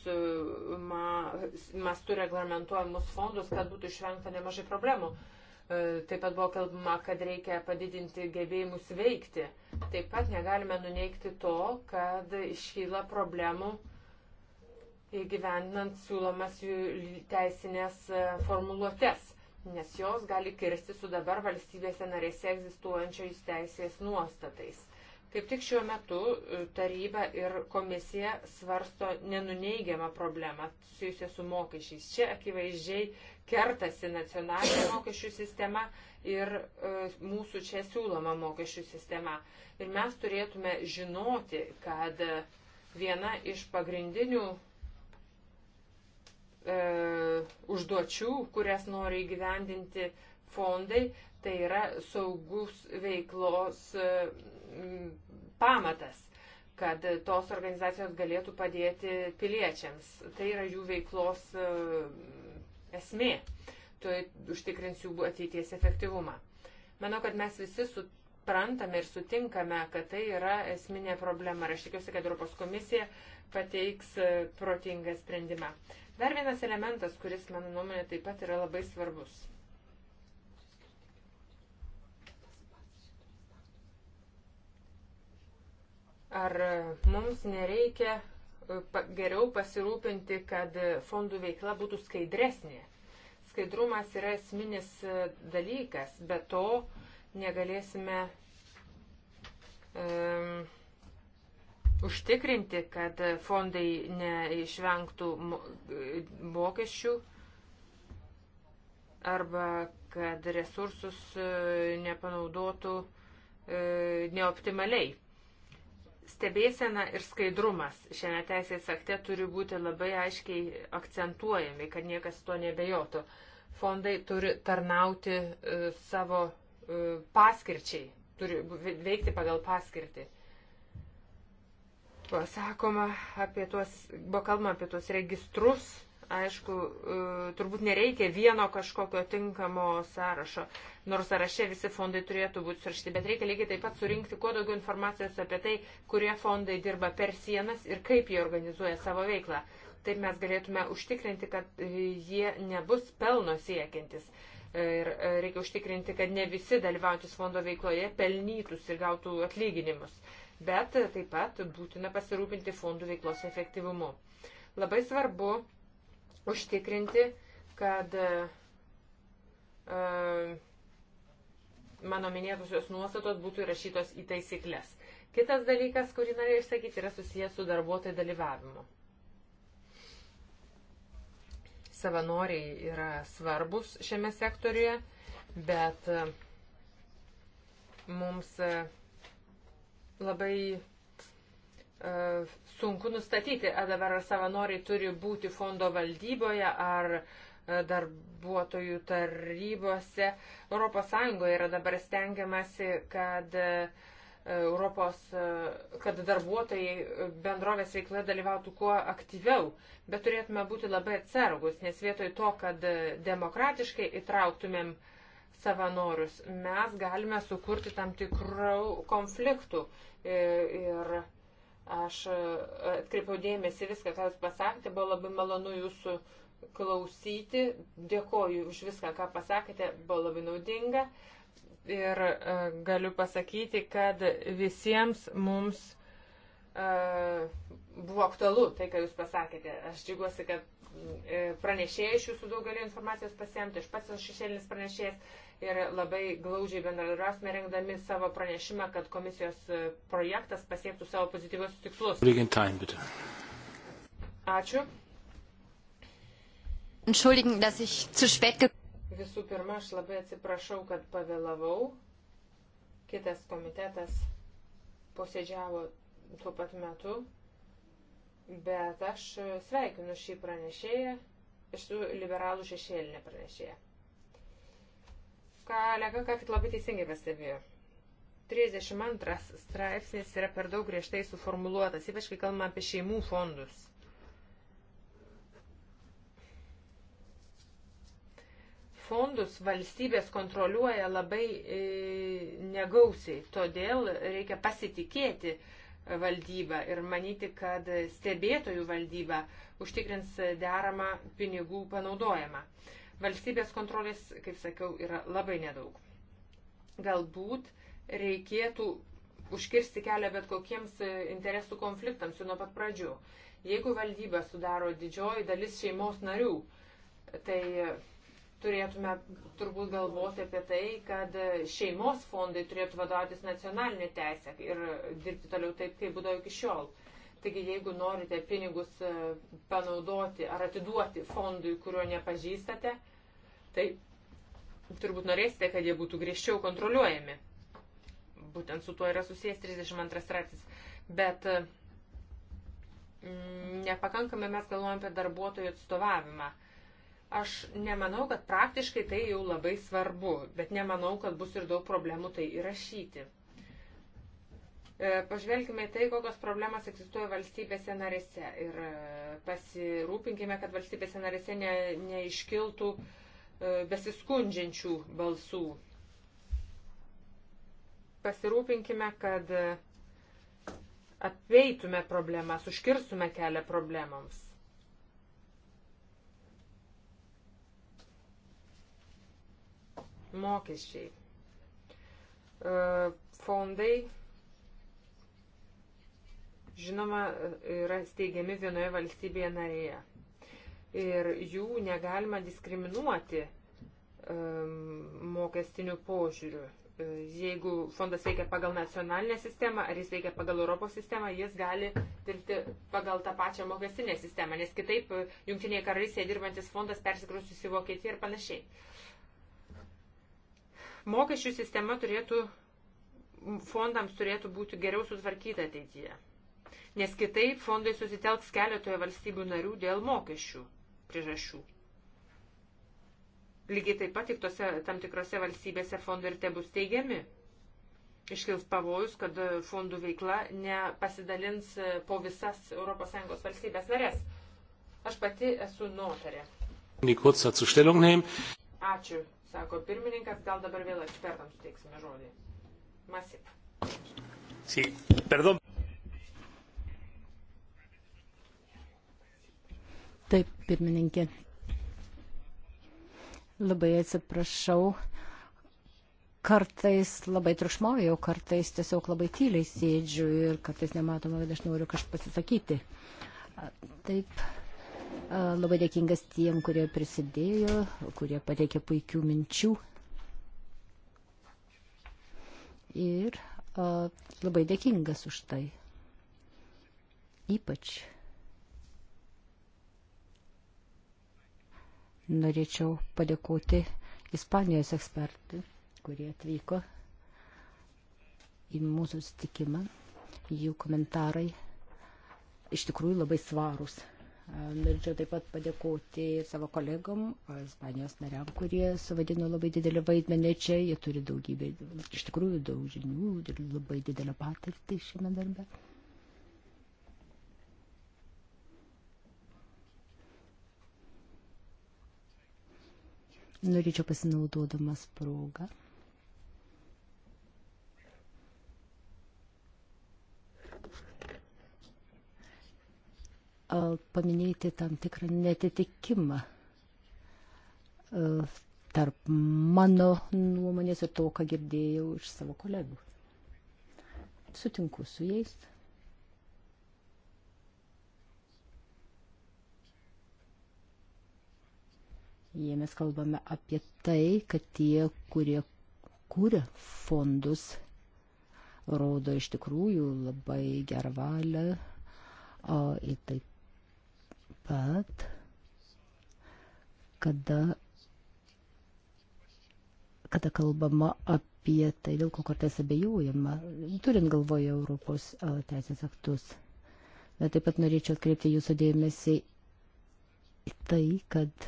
mastų reglamentuojamus fondus, kad būtų išvengta nemažai problemų. E, taip pat buvo kalbama, kad reikia padidinti gebėjimus veikti. Taip pat negalime nuneikti to, kad iškyla problemų įgyvendinant siūlomas jų teisinės e, formuluotės, nes jos gali kirsti su dabar valstybėse narėse egzistuojančiais teisės nuostatais. Kaip tik šiuo metu e, taryba ir komisija svarsto nenuneigiamą problemą susijusią su mokesčiais. Čia akivaizdžiai kertasi nacionalinė mokesčių sistema ir e, mūsų čia siūloma mokesčių sistema. Ir mes turėtume žinoti, kad e, viena iš pagrindinių e, užduočių, kurias nori įgyvendinti fondai, tai yra saugus veiklos e, pamatas, kad tos organizacijos galėtų padėti piliečiams. Tai yra jų veiklos e, esmė. Tai užtikrins jų ateities efektyvumą. Manau, kad mes visi suprantame ir sutinkame, kad tai yra esminė problema. Ir aš tikiuosi, kad Europos komisija pateiks e, protingą sprendimą. Dar vienas elementas, kuris, mano nuomonė, taip pat yra labai svarbus. Ar e, mums nereikia e, geriau pasirūpinti, kad e, fondų veikla būtų skaidresnė? Skaidrumas yra esminis dalykas, be to negalėsime um, užtikrinti, kad fondai neišvengtų mokesčių arba kad resursus nepanaudotų neoptimaliai. Stebėsena ir skaidrumas šiame teisės akte turi būti labai aiškiai akcentuojami, kad niekas tuo nebejotų. Fondai turi tarnauti e, savo e, paskirčiai, turi veikti pagal paskirtį. Buvo sakoma apie tuos, buvo kalbama apie tuos registrus aišku, e, turbūt nereikia vieno kažkokio tinkamo sąrašo, nors sąraše visi fondai turėtų būti surašyti, bet reikia lygiai taip pat surinkti kuo daugiau informacijos apie tai, kurie fondai dirba per sienas ir kaip jie organizuoja savo veiklą. Taip mes galėtume užtikrinti, kad jie nebus pelno siekiantis. E, ir e, reikia užtikrinti, kad ne visi dalyvaujantis fondo veikloje pelnytus ir gautų atlyginimus. Bet taip pat būtina pasirūpinti fondų veiklos efektyvumu labai svarbu užtikrinti, kad e, mano minėtusios nuostatos būtų įrašytos į taisyklės. Kitas dalykas, kurį norėjau išsakyti, yra susijęs su darbuotojų dalyvavimu. Savanoriai yra svarbus šiame sektoriuje, bet e, mums e, labai E, sunku nustatyti, ar dabar ar savanoriai turi būti fondo valdyboje ar e, darbuotojų tarybose. ES yra dabar stengiamasi, kad, e, Europos, kad darbuotojai bendrovės veikloje dalyvautų kuo aktyviau, bet turėtume būti labai atsargus, nes vietoj to, kad demokratiškai įtrauktumėm savanorius, mes galime sukurti tam tikrų konfliktų. Ir, ir Aš e, atkreipiau dėmesį viską, ką Jūs pasakėte, buvo labai malonu Jūsų klausyti, dėkoju už viską, ką pasakėte, buvo labai naudinga ir e, galiu pasakyti, kad visiems mums e, buvo aktualu tai, ką Jūs pasakėte. Aš džiugiuosi, kad E, pranešėjai iš jūsų daugelį informacijos pasiemti, aš pats esu šešėlinis pranešėjas ir labai glaužiai bendradarbiausime rengdami savo pranešimą, kad komisijos e, projektas pasiektų savo pozityvius tikslus. Ačiū. Visų pirma, aš labai atsiprašau, kad pavėlavau. Kitas komitetas posėdžiavo tuo pat metu bet aš sveikinu šį pranešėją, esu liberalų šešėlinė pranešėja. Kolega ką tik labai teisingai pastebėjo. 32 straipsnis yra per daug griežtai suformuluotas, ypač kai kalbame apie šeimų fondus. fondus valstybės kontroliuoja labai e, negausiai, todėl reikia pasitikėti valdyba ir manyti, kad stebėtojų valdyba užtikrins deramą pinigų panaudojimą. Valstybės kontrolės, kaip sakiau, yra labai nedaug. Galbūt reikėtų užkirsti kelią bet kokiems interesų konfliktams jau nuo pat pradžių. Jeigu valdybą sudaro didžioji dalis šeimos narių, tai turėtume turbūt galvoti apie tai, kad šeimos fondai turėtų vadovautis nacionalinė teisė ir dirbti toliau taip, kaip būdavo iki šiol. Taigi, jeigu norite pinigus e, panaudoti ar atiduoti fondui, kurio nepažįstate, tai turbūt norėsite, kad jie būtų griežčiau kontroliuojami. Būtent su tuo yra susijęs 32 straipsnis. Bet e, nepakankamai mes galvojame apie darbuotojų atstovavimą. Aš nemanau, kad praktiškai tai jau labai svarbu, bet nemanau, kad bus ir daug problemų tai įrašyti. E, pažvelkime tai, kokios problemas egzistuoja valstybėse narėse ir e, pasirūpinkime, kad valstybėse narėse ne, neiškiltų e, besiskundžiančių balsų. Pasirūpinkime, kad apeitume problemas, užkirstume kelią problemams mokesčiai. E, fondai, žinoma, yra steigiami vienoje valstybėje narėje. Ir jų negalima diskriminuoti e, mokestiniu požiūriu. E, jeigu fondas veikia pagal nacionalinę sistemą ar jis veikia pagal Europos sistemą, jis gali dirbti pagal tą pačią mokestinę sistemą, nes kitaip jungtinėje karalystėje dirbantis fondas persikrūsius į Vokietiją ir panašiai. Uh, Mokesčių sistema turėtų, fondams turėtų būti geriau sutvarkyta ateityje. Nes kitaip fondai susitelks keletoje valstybių narių dėl mokesčių priežasčių. Lygiai taip pat tik tose, tam tikrose valstybėse fondai ir te bus teigiami. Iškils pavojus, kad e, fondų veikla nepasidalins e, po visas ES valstybės narės. Aš pati esu notarė. Ačiū sako pirmininkas, gal dabar vėl ekspertams teiksime žodį. Masip.
Sí, perdón.
Taip, pirmininkė. Labai atsiprašau. Kartais labai triukšmauju, kartais tiesiog labai tyliai sėdžiu ir kartais nematoma, kad aš noriu kažką pasisakyti. Taip. Labai dėkingas tiem, kurie prisidėjo, kurie pateikė puikių minčių. Ir a, labai dėkingas už tai. Ypač norėčiau padėkoti Ispanijos ekspertui, kurie atvyko į mūsų sutikimą. Jų komentarai iš tikrųjų labai svarūs. Norėčiau taip pat padėkoti savo kolegom, Ispanijos nariam, kurie suvadino labai didelį vaidmenį čia. Jie turi daugybę, iš tikrųjų, daug žinių ir labai didelę patirtį šiame darbe. Norėčiau pasinaudodamas progą paminėti tam tikrą netitikimą tarp mano nuomonės ir to, ką girdėjau iš savo kolegų. Sutinku su jais. Jie mes kalbame apie tai, kad tie, kurie kūrė fondus, rodo iš tikrųjų labai gerą valią, ir taip pat, kada, kada kalbama apie tai, dėl ko kartais abejojama, turint galvoje Europos teisės aktus. Bet taip pat norėčiau atkreipti jūsų dėmesį į tai, kad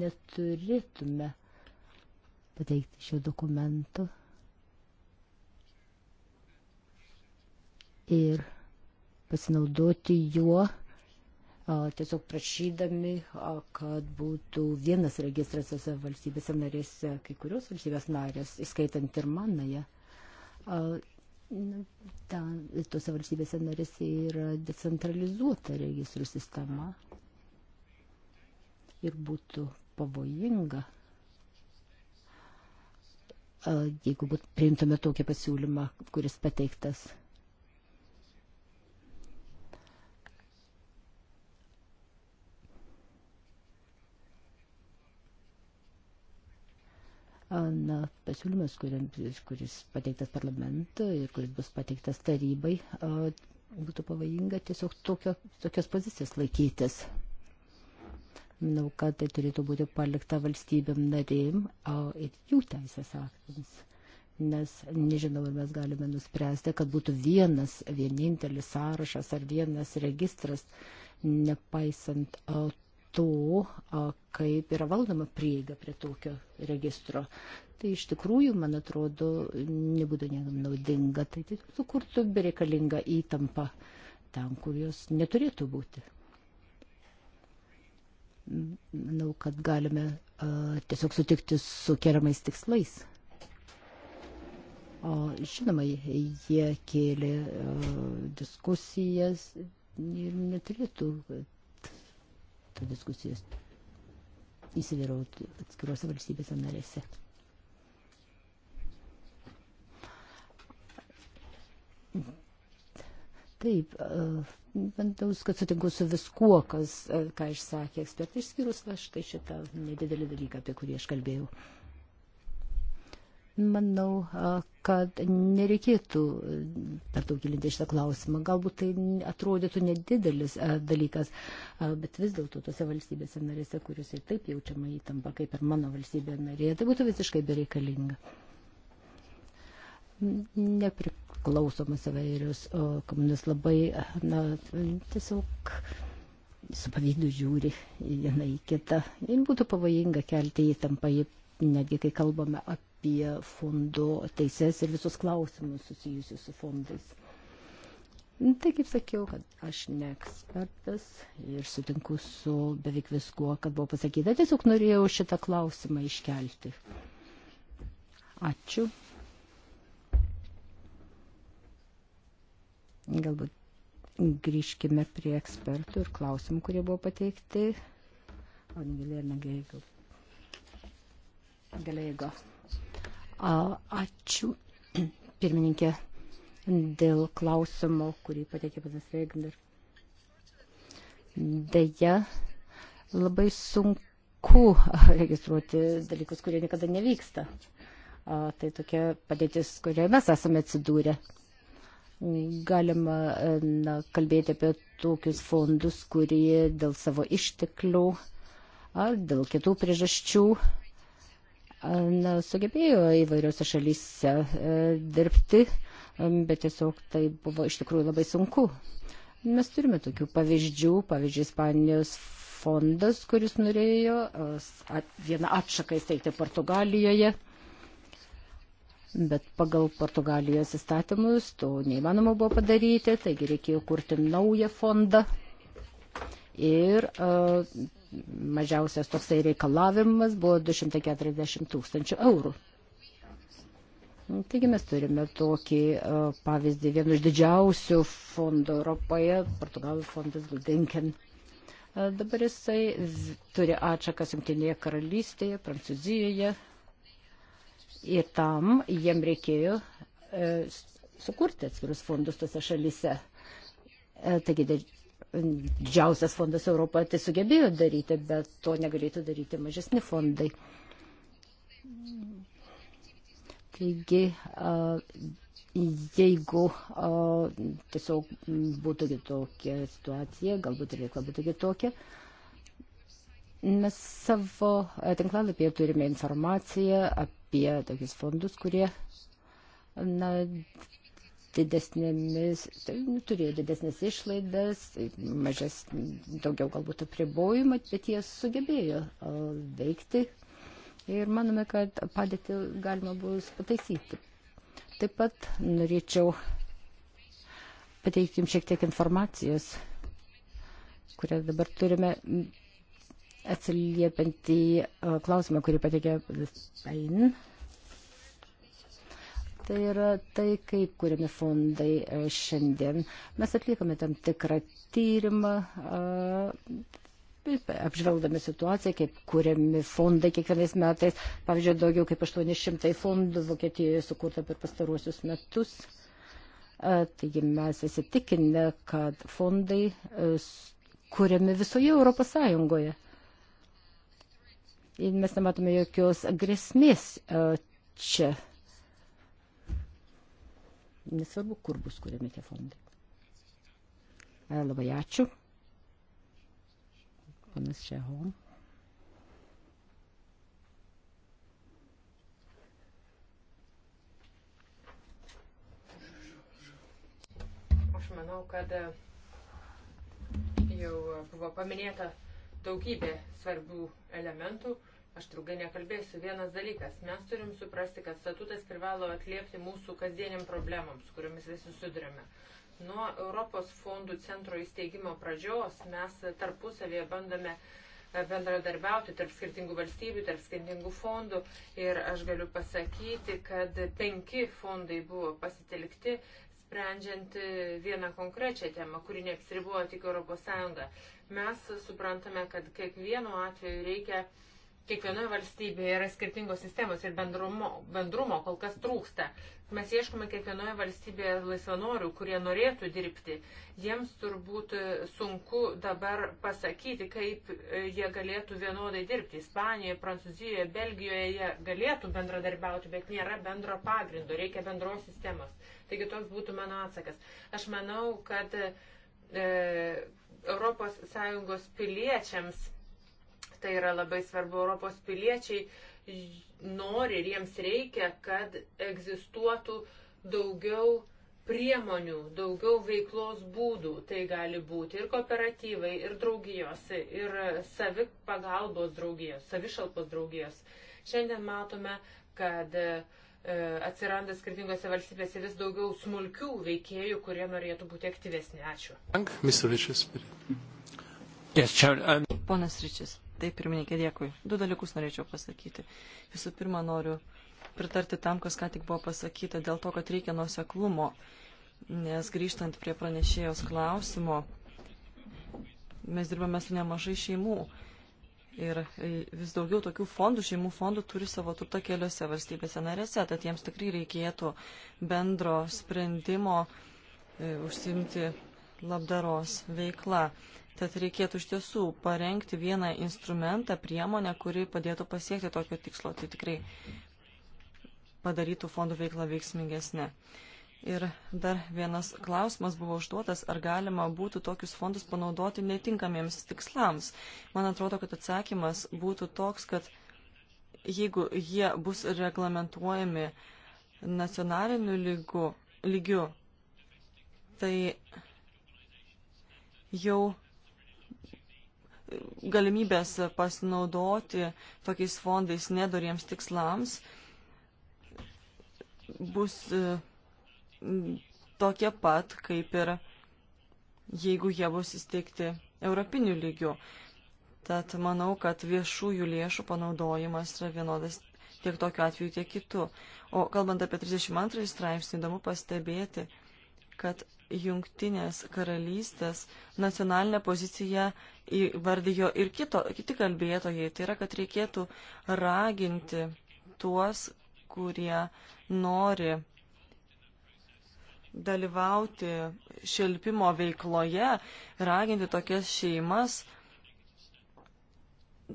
neturėtume pateikti šio dokumento ir pasinaudoti juo, tiesiog prašydami, kad būtų vienas registras visose valstybėse narėse, kai kurios valstybės narės, įskaitant ir manąją. Nu, ten, tose valstybėse narėse yra decentralizuota registrų sistema ir būtų pavojinga, jeigu būt, priimtume tokį pasiūlymą, kuris pateiktas Na, pasiūlymas, kuris, kuris pateiktas parlamentą ir kuris bus pateiktas tarybai, būtų pavojinga tiesiog tokio, tokios pozicijos laikytis. Manau, kad tai turėtų būti palikta valstybėm narėm ir jų teisės aktams. Nes nežinau, ar mes galime nuspręsti, kad būtų vienas, vienintelis sąrašas ar vienas registras, nepaisant to, kaip yra valdoma prieiga prie tokio registro. Tai iš tikrųjų, man atrodo, nebūtų niekam naudinga, tai tik sukurtų bereikalingą įtampą ten, kur jos neturėtų būti. Manau, kad galime uh, tiesiog sutikti su keliamais tikslais. O žinoma, jie kėlė uh, diskusijas ir neturėtų ta diskusijas įsivyrauti atskiruose valstybėse narėse. Taip, e, bandaus, kad sutinku su viskuo, kas, e, ką išsakė ekspertai, išskyrus va štai šitą nedidelį dalyką, apie kurį aš kalbėjau. Manau, kad nereikėtų per daug gilinti šitą klausimą. Galbūt tai atrodytų nedidelis dalykas, bet vis dėlto tose valstybėse narėse, kuriuose ir taip jaučiama įtampa, kaip ir mano valstybė narėje, tai būtų visiškai bereikalinga nepriklausomas įvairius komunis labai, na, tiesiog su pavydu žiūri viena į kitą. Ir būtų pavojinga kelti įtampą, netgi kai kalbame apie apie fondo teises ir visus klausimus susijusius su fondais. Tai kaip sakiau, kad aš ne ekspertas ir sutinku su beveik viskuo, kad buvo pasakyta. Tiesiog norėjau šitą klausimą iškelti. Ačiū. Galbūt grįžkime prie ekspertų ir klausimų, kurie buvo pateikti. Angelė Nageigo. Galėjo. Ačiū, pirmininkė, dėl klausimo, kurį pateikė panas Regner. Deja, labai sunku registruoti dalykus, kurie niekada nevyksta. Tai tokia padėtis, kurioje mes esame atsidūrę galima na, kalbėti apie tokius fondus, kurie dėl savo išteklių ar dėl kitų priežasčių na, sugebėjo įvairiose šalyse e, dirbti, bet tiesiog tai buvo iš tikrųjų labai sunku. Mes turime tokių pavyzdžių, pavyzdžiui, Ispanijos fondas, kuris norėjo e, vieną atšaką įsteigti Portugalijoje. Bet pagal Portugalijos įstatymus to neįmanoma buvo padaryti, taigi reikėjo kurti naują fondą. Ir uh, mažiausias toksai reikalavimas buvo 240 tūkstančių eurų. Taigi mes turime tokį e, pavyzdį, vienu iš didžiausių fondų Europoje, Portugalų fondas Guldenken. E, dabar jisai turi atšakas Junktinėje karalystėje, Prancūzijoje. Ir tam jiem reikėjo e, sukurti atskirus fondus tose šalise. Taigi didžiausias fondas Europoje tai sugebėjo daryti, bet to negalėtų daryti mažesni fondai. Taigi, jeigu tiesiog būtų kitokia situacija, galbūt ir veikla būtų kitokia, mes savo tinklalapyje turime informaciją apie tokius fondus, kurie na, didesnėmis, tai, nu, turėjo didesnės išlaidas, tai mažes, daugiau galbūt apribojimų, bet jie sugebėjo veikti ir manome, kad padėtį galima bus pataisyti. Taip pat norėčiau pateikti jums šiek tiek informacijos, kurią dabar turime atsiliepiant į klausimą, kurį pateikė Pain Tai yra tai, kaip kuriami fondai e, šiandien. Mes atlikome tam tikrą tyrimą, apžvelgdami situaciją, kaip kuriami fondai kiekvienais metais. Pavyzdžiui, daugiau kaip 800 fondų Vokietijoje sukurta per pastaruosius metus. Taigi mes įsitikinę, kad fondai e, kuriami visoje Europos Sąjungoje. Ir mes nematome jokios grėsmės čia nesvarbu, kur bus kuriami tie fondai. Labai ačiū. Panas Šehom.
Aš manau, kad jau buvo paminėta daugybė svarbių elementų, Aš trūkai nekalbėsiu. Vienas dalykas. Mes turim suprasti, kad statutas privalo atliepti mūsų kasdieniam problemams, su kuriomis visi susidurime. Nuo Europos fondų centro įsteigimo pradžios mes tarpusavėje bandome e, bendradarbiauti tarp skirtingų valstybių, tarp skirtingų fondų. Ir aš galiu pasakyti, kad penki fondai buvo pasitelkti, sprendžiant e, vieną konkrečią temą, kuri neapsiribuoja tik ES. Mes suprantame, kad kiekvienu atveju reikia uh, kiekvienoje valstybėje yra skirtingos sistemos ir bendrumo, bendrumo kol kas trūksta. Mes ieškome kiekvienoje valstybėje laisvanorių, kurie norėtų dirbti. Jiems turbūt sunku dabar pasakyti, kaip jie galėtų vienodai dirbti. Ispanijoje, Prancūzijoje, Belgijoje jie galėtų bendradarbiauti, bet nėra bendro pagrindo, reikia bendros sistemos. Taigi toks būtų mano atsakas. Aš manau, kad e, ES piliečiams tai yra labai svarbu. Europos piliečiai nori ir jiems reikia, kad egzistuotų daugiau priemonių, daugiau veiklos būdų. Tai gali būti ir kooperatyvai, ir draugijos, ir savi pagalbos draugijos, savišalpos draugijos. Šiandien matome, kad e, atsiranda skirtingose valstybėse vis daugiau smulkių veikėjų, kurie norėtų būti aktyvesni. Ačiū.
Um, Ponas Ryčis. Taip, pirmininkė, dėkui. Du dalykus norėčiau pasakyti. Visų pirma, noriu pritarti tam, kas ką tik buvo pasakyta, dėl to, kad reikia nuoseklumo, nes grįžtant prie pranešėjos klausimo, mes dirbame su nemažai šeimų. Ir e, vis daugiau tokių fondų, šeimų fondų turi savo turtą keliose valstybėse narėse, tad jiems tikrai reikėtų bendro sprendimo e, užsimti labdaros veiklą. Tad reikėtų iš tiesų parengti vieną instrumentą, priemonę, kuri padėtų pasiekti tokio tikslo. Tai tikrai padarytų fondų veiklą veiksmingesnė. Ir dar vienas klausimas buvo užduotas, ar galima būtų tokius fondus panaudoti netinkamiems tikslams. Man atrodo, kad atsakymas būtų toks, kad jeigu jie bus reglamentuojami nacionaliniu lygu, lygiu, tai jau galimybės pasinaudoti tokiais fondais nedoriems tikslams bus e, tokie pat, kaip ir jeigu jie bus įsteigti europinių lygių. Tad manau, kad viešųjų lėšų panaudojimas yra vienodas tiek tokiu atveju, tiek kitu. O kalbant apie 32 straipsnį, įdomu pastebėti, kad jungtinės karalystės nacionalinę poziciją įvardijo ir kito, kiti kalbėtojai. Tai yra, kad reikėtų raginti tuos, kurie nori dalyvauti šelpimo veikloje, raginti tokias šeimas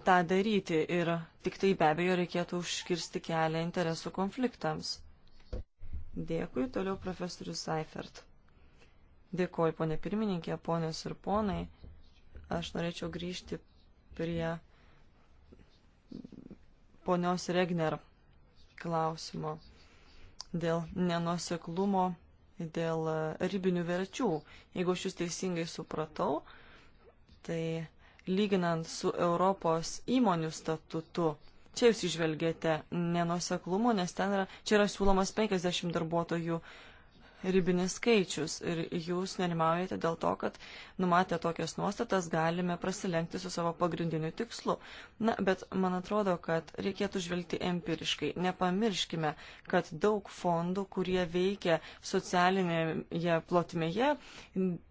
tą daryti ir tik tai be abejo reikėtų užkirsti kelią interesų konfliktams. Dėkui, toliau profesorius Seifert. Dėkuoju, ponė pirmininkė, ponės ir ponai. Aš norėčiau grįžti prie ponios Regner klausimo dėl nenuseklumo, dėl ribinių verčių. Jeigu aš jūs teisingai supratau, tai lyginant su Europos įmonių statutu, čia jūs išvelgėte nenuseklumo, nes ten yra, čia yra siūlomas 50 darbuotojų ribinis skaičius ir jūs nerimaujate dėl to, kad numatę tokias nuostatas galime prasilenkti su savo pagrindiniu tikslu. Na, bet man atrodo, kad reikėtų žvelgti empiriškai. Nepamirškime, kad daug fondų, kurie veikia socialinėje plotmėje,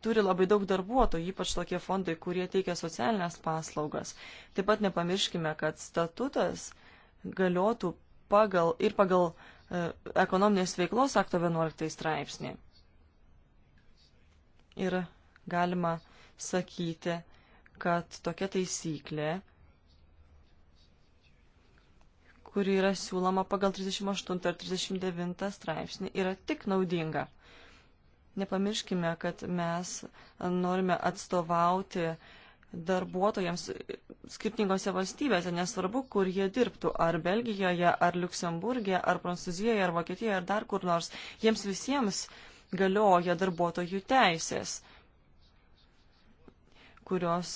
turi labai daug darbuotojų, ypač tokie fondai, kurie teikia socialinės paslaugas. Taip pat nepamirškime, kad statutas galiotų pagal ir pagal E, ekonominės veiklos akto 11 straipsnį. Ir galima sakyti, kad tokia taisyklė, kuri yra siūloma pagal 38 ar 39 straipsnį, yra tik naudinga. Nepamirškime, kad mes norime atstovauti uh, darbuotojams skirtingose valstybėse, nesvarbu, kur jie dirbtų, ar Belgijoje, ar Luksemburgė, ar Prancūzijoje, ar Vokietijoje, ar dar kur nors, jiems visiems galioja darbuotojų teisės, kurios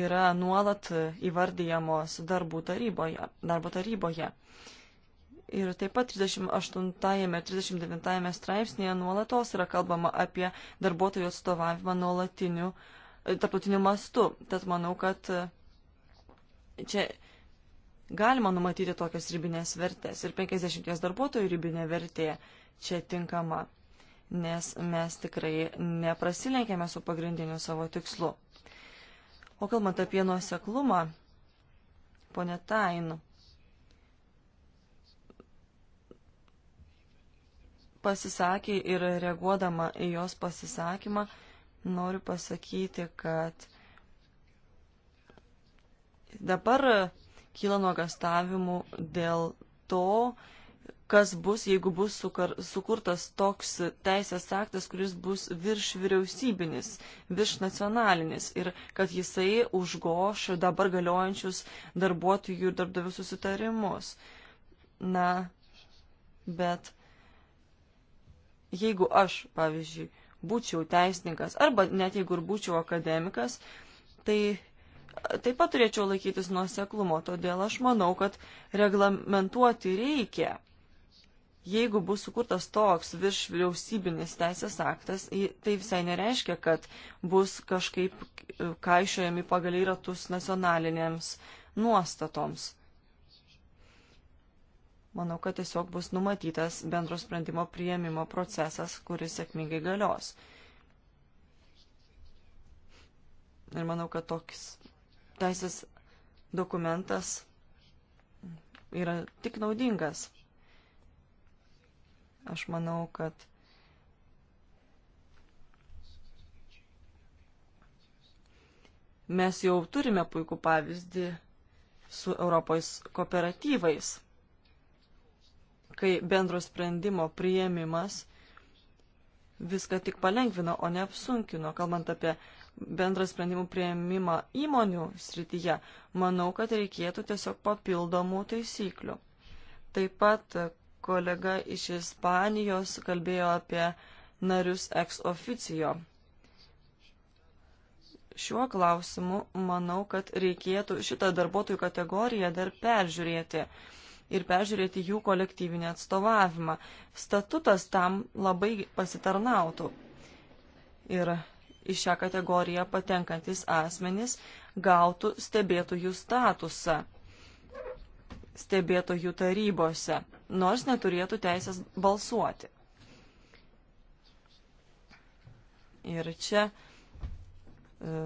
yra nuolat įvardyjamos darbų taryboje, darbo taryboje. Ir taip pat 38-39 straipsnėje nuolatos yra kalbama apie darbuotojų atstovavimą nuolatiniu uh, tarptautiniu mastu. Tad manau, kad e, čia galima numatyti tokias ribinės vertės ir 50 darbuotojų ribinė vertė čia tinkama, nes mes tikrai neprasilenkėme su pagrindiniu savo tikslu. O kalbant apie nuoseklumą, ponė Tain pasisakė ir reaguodama į jos pasisakymą, noriu pasakyti, kad dabar kyla nuogastavimų dėl to, kas bus, jeigu bus sukar, sukurtas toks teisės aktas, kuris bus virš vyriausybinis, virš nacionalinis ir kad jisai užgoš dabar galiojančius darbuotojų ir darbdavių susitarimus. Na, bet jeigu aš, pavyzdžiui, būčiau teisininkas, arba net jeigu ir būčiau akademikas, tai taip pat turėčiau laikytis nuoseklumo. Todėl aš manau, kad reglamentuoti reikia. Jeigu bus sukurtas toks virš vyriausybinis teisės aktas, tai visai nereiškia, kad bus kažkaip kaišojami pagaliai ratus nacionalinėms nuostatoms manau, kad tiesiog bus numatytas bendro sprendimo prieimimo procesas, kuris sėkmingai galios. Ir manau, kad toks teisės dokumentas yra tik naudingas. Aš manau, kad mes jau turime puikų pavyzdį su Europos kooperatyvais kai bendro sprendimo prieimimas viską tik palengvino, o ne apsunkino, kalbant apie bendrą sprendimų prieimimą įmonių srityje, manau, kad reikėtų tiesiog papildomų taisyklių. Taip pat kolega iš Ispanijos kalbėjo apie narius ex officio. Šiuo klausimu manau, kad reikėtų šitą darbuotojų kategoriją dar peržiūrėti ir peržiūrėti jų kolektyvinį atstovavimą. Statutas tam labai pasitarnautų. Ir į šią kategoriją patenkantis asmenys gautų stebėtojų statusą stebėtojų tarybose, nors neturėtų teisės balsuoti. Ir čia e,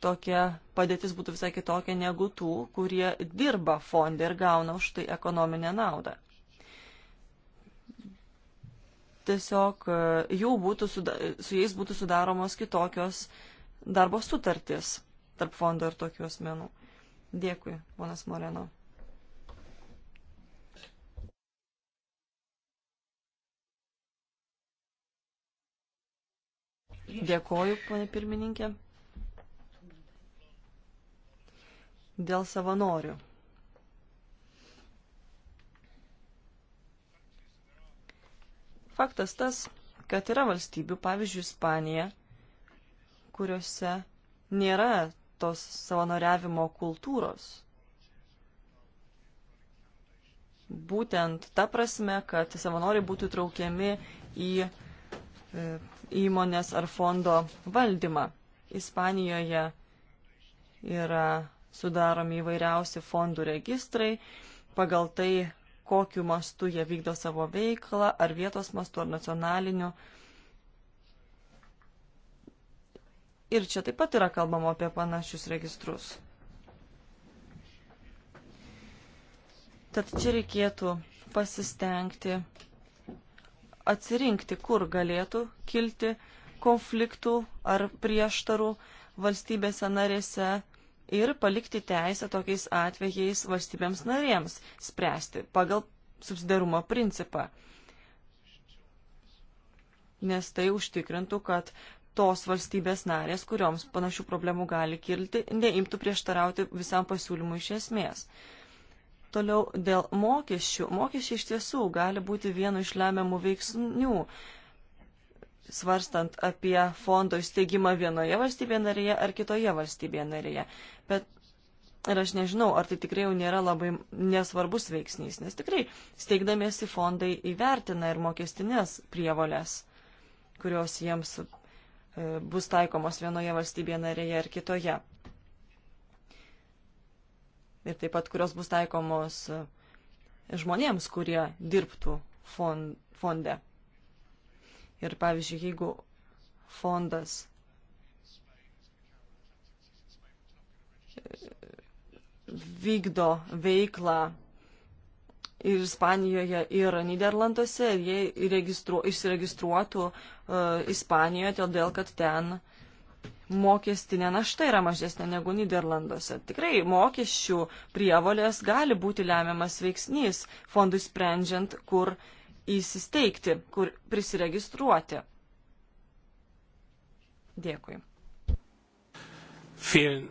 tokia padėtis būtų visai kitokia negu tų, kurie dirba fonde ir gauna už tai ekonominę naudą. Tiesiog e, jų būtų, su jais būtų sudaromos kitokios darbo sutartys tarp fondo ir tokių asmenų. Dėkui, ponas Moreno. Dėkoju, ponė pirmininkė. dėl savanorių. Faktas tas, kad yra valstybių, pavyzdžiui, Ispanija, kuriuose nėra tos savanoriavimo kultūros. Būtent ta prasme, kad savanoriai būtų traukiami į e, įmonės ar fondo valdymą. Ispanijoje yra sudaromi įvairiausi fondų registrai, pagal tai, kokiu mastu jie vykdo savo veiklą, ar vietos mastu, ar nacionaliniu. Ir čia taip pat yra kalbama apie panašius registrus. Tad čia reikėtų pasistengti atsirinkti, kur galėtų kilti konfliktų ar prieštarų valstybėse narėse ir palikti teisę tokiais atvejais valstybėms narėms spręsti pagal subsidarumo principą. Nes tai užtikrintų, kad tos valstybės narės, kurioms panašių problemų gali kilti, neimtų prieštarauti visam pasiūlymui iš esmės. Toliau dėl mokesčių. Mokesčiai iš tiesų gali būti vienu iš lemiamų veiksnių, svarstant apie fondo įsteigimą vienoje valstybėje narėje ar kitoje valstybėje narėje. Bet ir aš nežinau, ar tai tikrai jau nėra labai nesvarbus veiksnys, nes tikrai steigdamiesi fondai įvertina ir mokestinės prievolės, kurios jiems e, bus taikomos vienoje valstybėje narėje ar kitoje. Ir taip pat, kurios bus taikomos e, žmonėms, kurie dirbtų fonde. Ir pavyzdžiui, jeigu fondas e, vykdo veiklą ir Ispanijoje, ir Niderlanduose, ir jie registru, išsiregistruotų uh, Ispanijoje, todėl kad ten mokestinė našta yra mažesnė negu Niderlanduose. Tikrai mokesčių prievolės gali būti lemiamas veiksnys fondui sprendžiant, kur uh, įsisteigti, kur prisiregistruoti. Dėkui.
Vielen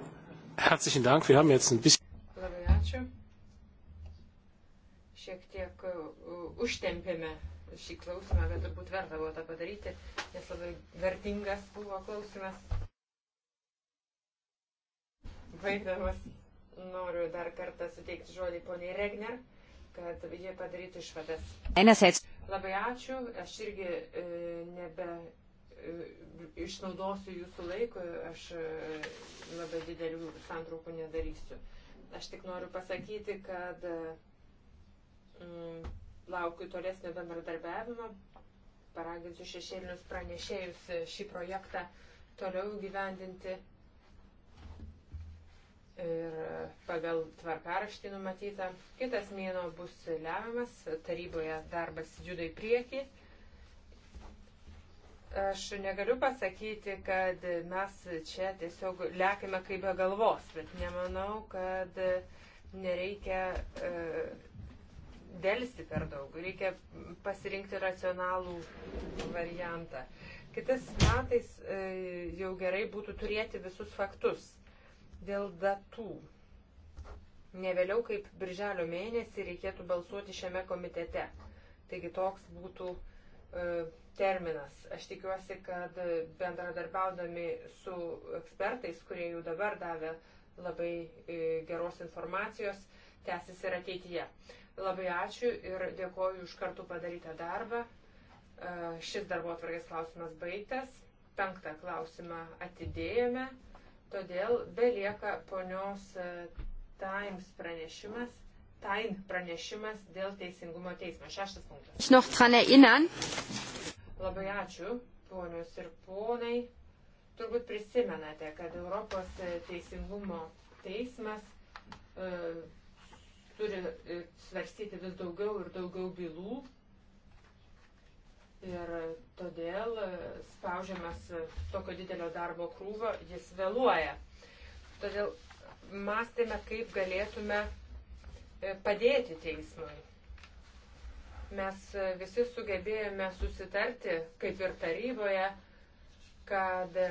herzlichen Dank. Wir haben jetzt ein bisschen.
Labai
ačiū. Šiek tiek užtempėme šį klausimą, bet turbūt verta buvo tą padaryti, nes labai vertingas buvo klausimas. Baigdamas noriu dar kartą suteikti žodį poniai Regner kad jie padarytų išvadas. NSS. Labai ačiū, aš irgi e, nebe e, išnaudosiu jūsų laiko, aš e, labai didelių santraukų nedarysiu. Aš tik noriu pasakyti, kad mm, laukiu tolesnio bendradarbiavimo, paraginsiu šešėlinius pranešėjus šį projektą toliau gyvendinti ir pagal tvarkaraštį numatytą. Kitas mėno bus lemiamas, taryboje darbas juda į priekį. Aš negaliu pasakyti, kad mes čia tiesiog lekime kaip be galvos, bet nemanau, kad nereikia e, dėlsti per daug, reikia pasirinkti racionalų variantą. Kitas metais e, jau gerai būtų turėti visus faktus Dėl datų. Ne vėliau kaip birželio mėnesį reikėtų balsuoti šiame komitete. Taigi toks būtų e, terminas. Aš tikiuosi, kad bendradarbiaudami su ekspertais, kurie jau dabar davė labai e, geros informacijos, tęsis ir ateityje. Labai ačiū ir dėkoju už kartu padarytą darbą. E, šis darbo atvarkės klausimas baigtas. Penktą klausimą atidėjome. Todėl belieka ponios e, Times pranešimas. Tain pranešimas dėl teisingumo teismo. Šeštas punktas. Labai ačiū, ponios ir ponai. Turbūt prisimenate, kad Europos e, teisingumo teismas e, turi e, svarstyti vis daugiau ir daugiau bylų Ir todėl spaudžiamas tokio didelio darbo krūvio jis vėluoja. Todėl mąstėme, kaip galėtume e, padėti teismui. Mes e, visi sugebėjome susitarti, kaip ir taryboje, kad e,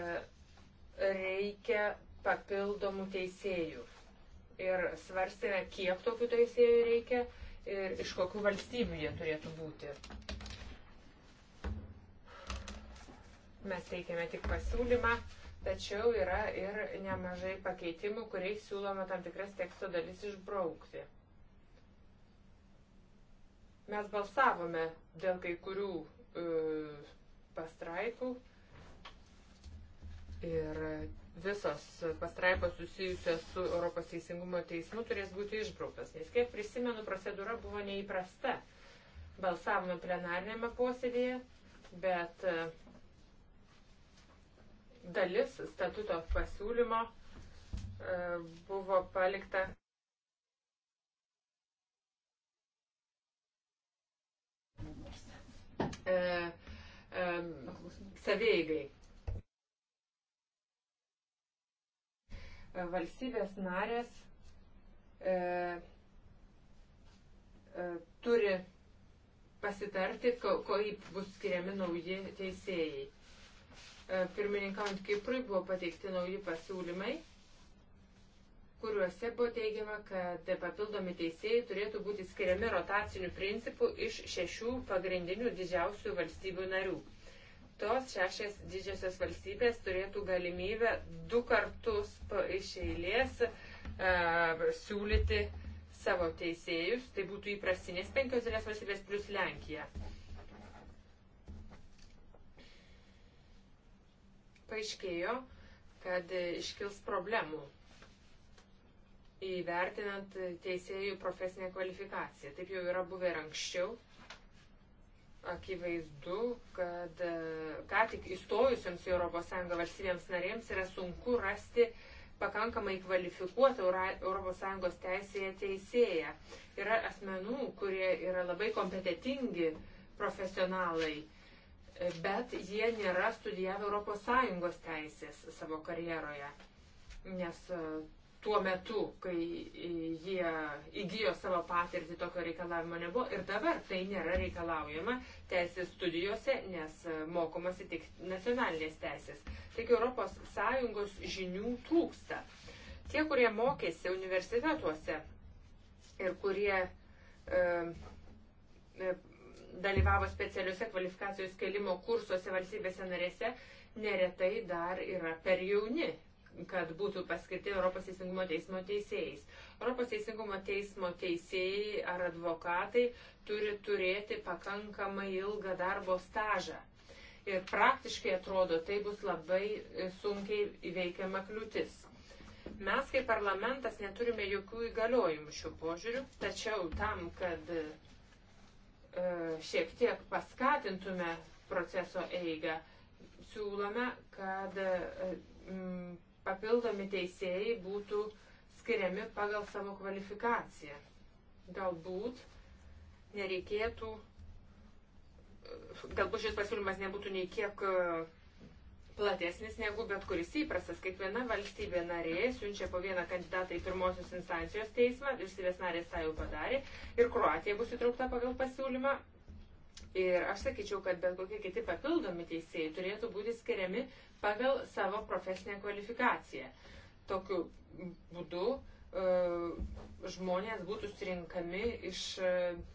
reikia papildomų teisėjų. Ir svarstėme, kiek tokių teisėjų reikia ir iš kokių valstybių jie turėtų būti. Mes teikiame tik pasiūlymą, tačiau yra ir nemažai pakeitimų, kuriais siūloma tam tikras teksto dalis išbraukti. Mes balsavome dėl kai kurių uh, pastraipų ir visos pastraipos susijusios su Europos Teisingumo teismu turės būti išbrauktos, nes kiek prisimenu, procedūra buvo neįprasta. Balsavome plenarnėme posėdėje, bet uh, dalis statuto pasiūlymo e, buvo palikta. E, e, Savėgai. Valstybės narės e, e, turi pasitarti, kaip bus skiriami nauji teisėjai. E, pirmininkant Kiprui buvo pateikti nauji pasiūlymai, kuriuose buvo teigiama, kad papildomi teisėjai turėtų būti skiriami rotacinių principų iš šešių pagrindinių didžiausių valstybių narių. Tos šešias didžiosios valstybės turėtų galimybę du kartus iš eilės e, siūlyti savo teisėjus. Tai būtų įprastinės penkios dėlės valstybės plus Lenkija. paaiškėjo, kad iškils problemų įvertinant teisėjų profesinę kvalifikaciją. Taip jau yra buvę ir anksčiau. Akivaizdu, kad e, ką tik įstojusiams į ES valstybėms narėms yra sunku rasti pakankamai kvalifikuotą ES teisėje teisėją. Yra asmenų, kurie yra labai kompetitingi profesionalai bet jie nėra studijavę ES teisės savo karjeroje, nes e, tuo metu, kai jie įgyjo savo patirtį, tokio reikalavimo nebuvo ir dabar tai nėra reikalaujama teisės studijose, nes e, mokomasi tik nacionalinės teisės. Taigi ES žinių trūksta. Tie, kurie mokėsi universitetuose ir kurie e, e, dalyvavo specialiuose kvalifikacijos kelimo kursuose valstybėse narėse, neretai dar yra per jauni kad būtų paskirti Europos Teisingumo teismo teisėjais. Europos Teisingumo teismo teisėjai ar advokatai turi turėti pakankamai ilgą darbo stažą. Ir praktiškai atrodo, tai bus labai sunkiai įveikiama kliūtis. Mes kaip parlamentas neturime jokių įgaliojimų šiuo požiūriu, tačiau tam, kad E, šiek tiek paskatintume proceso eigą, siūlome, kad e, papildomi teisėjai būtų skiriami pagal savo kvalifikaciją. Galbūt nereikėtų, e, galbūt šis pasiūlymas nebūtų nei kiek platesnis negu bet kuris įprastas. Kiekviena valstybė narė siunčia po vieną kandidatą į pirmosios instancijos teismą, valstybės narės tą jau padarė ir Kroatija bus įtraukta pagal pasiūlymą. Ir aš sakyčiau, kad bet kokie kiti papildomi teisėjai turėtų būti skiriami pagal savo profesinę kvalifikaciją. Tokiu būdu e, žmonės būtų surinkami iš e,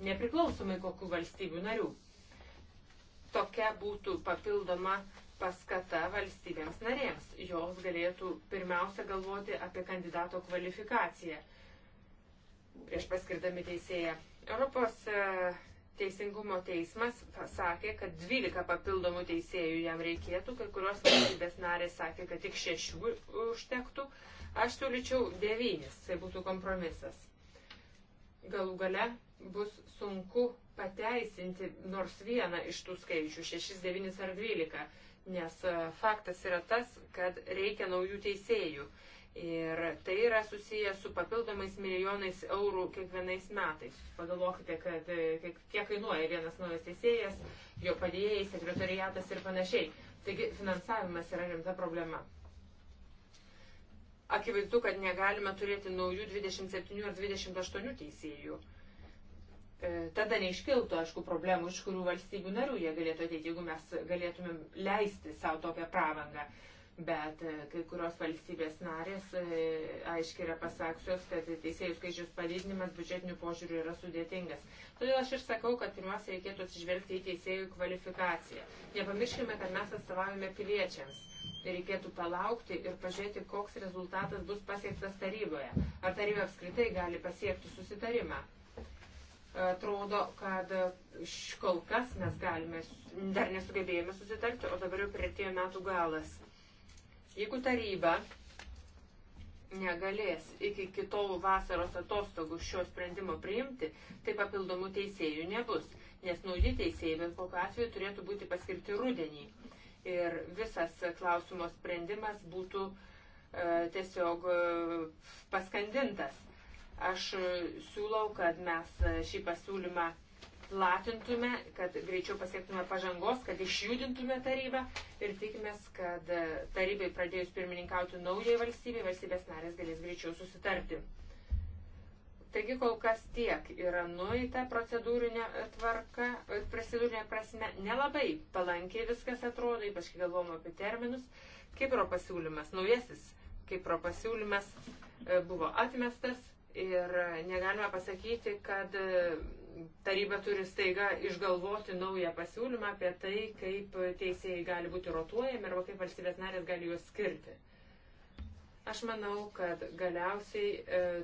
nepriklausomai kokių valstybių narių. Tokia būtų papildoma paskata valstybėms narėms. Jos galėtų pirmiausia galvoti apie kandidato kvalifikaciją prieš paskirdami teisėją. Europos e, Teisingumo teismas sakė, kad 12 papildomų teisėjų jam reikėtų, kai kurios valstybės narės sakė, kad tik 6 užtektų. Aš siūlyčiau 9, tai būtų kompromisas. Galų gale bus sunku pateisinti nors vieną iš tų skaičių - 6, 9 ar 12 nes e, faktas yra tas, kad reikia naujų teisėjų. Ir tai yra susiję su papildomais milijonais eurų kiekvienais metais. Pagalvokite, kad e, kiek kainuoja vienas naujas teisėjas, jo padėjėjai, sekretariatas ir panašiai. Taigi finansavimas yra rimta problema. Akivaizdu, kad negalime turėti naujų 27 ar 28 teisėjų E, tada neiškiltų, aišku, problemų, iš kurių valstybių narių jie galėtų ateiti, jeigu mes galėtumėm leisti savo tokią pravangą. Bet e, kai kurios valstybės narės e, aiškiai yra pasakusios, kad teisėjų skaičius padidinimas biudžetinių požiūrių yra sudėtingas. Todėl aš ir sakau, kad pirmiausia reikėtų atsižvelgti į teisėjų kvalifikaciją. Nepamirškime, kad mes atstovaujame piliečiams. Reikėtų palaukti ir pažiūrėti, koks rezultatas bus pasiektas taryboje. Ar taryba apskritai gali pasiekti susitarimą. Atrodo, kad kol kas mes galime, dar nesugebėjome susitarti, o dabar jau prieartėjo metų galas. Jeigu taryba negalės iki kitol vasaros atostogų šio sprendimo priimti, tai papildomų teisėjų nebus, nes nauji teisėjai bet kokiu atveju turėtų būti paskirti rudenį. Ir visas klausimo sprendimas būtų e, tiesiog e, paskandintas. Aš e, siūlau, kad mes e, šį pasiūlymą platintume, kad greičiau pasiektume pažangos, kad išjudintume tarybą ir tikimės, kad e, tarybai pradėjus pirmininkauti naujai valstybei, valstybės narės galės greičiau susitarti. Taigi kol kas tiek yra nuita procedūrinė tvarka, procedūrinė prasme nelabai palankiai viskas atrodo, ypač kai galvom apie terminus. Kipro pasiūlymas, naujasis Kipro pasiūlymas buvo atmestas Ir negalime pasakyti, kad taryba turi staiga išgalvoti naują pasiūlymą apie tai, kaip teisėjai gali būti rotuojami arba kaip valstybės narės gali juos skirti. Aš manau, kad galiausiai e,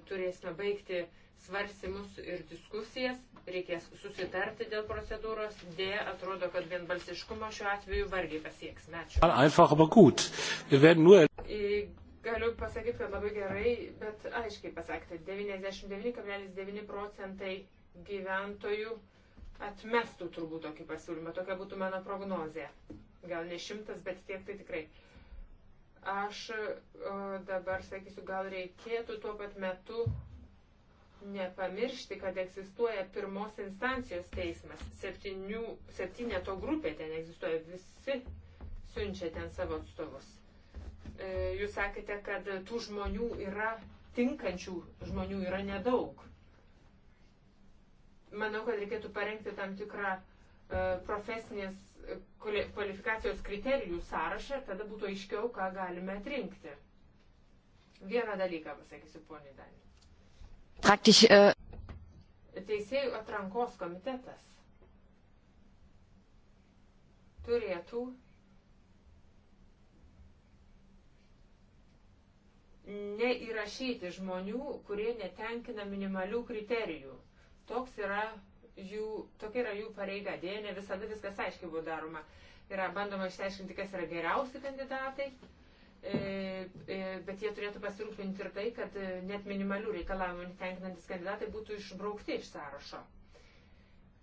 turėsime baigti svarstymus ir diskusijas, reikės susitarti dėl procedūros, dėja atrodo, kad vienbalsiškumo šiuo atveju vargiai pasieksime. Ačiū. Galiu pasakyti, kad labai gerai, bet aiškiai pasakėte, 99,9 procentai gyventojų atmestų turbūt tokį pasiūlymą. Tokia būtų mano prognozija. Gal ne šimtas, bet tiek tai tikrai. Aš e, dabar sakysiu, gal reikėtų tuo pat metu nepamiršti, kad egzistuoja pirmos instancijos teismas. Septynių, septyneto grupė ten egzistuoja, visi siunčia ten savo atstovus. E, jūs sakėte, kad tų žmonių yra, tinkančių žmonių yra nedaug. Manau, kad reikėtų parengti tam tikrą e, profesinės e, kvalifikacijos kriterijų sąrašą, tada būtų aiškiau, ką galime atrinkti. Vieną dalyką pasakysiu, poniai Dani.
Praktiš. Uh...
Teisėjų atrankos komitetas turėtų neįrašyti žmonių, kurie netenkina minimalių kriterijų. Toks yra jų, tokia yra jų pareiga. Dėja, ne visada viskas aiškiai buvo daroma. Yra bandoma išsiaiškinti, kas yra geriausi kandidatai, e, e, bet jie turėtų pasirūpinti ir tai, kad e, net minimalių reikalavimų netenkinantis kandidatai būtų išbraukti iš sąrašo.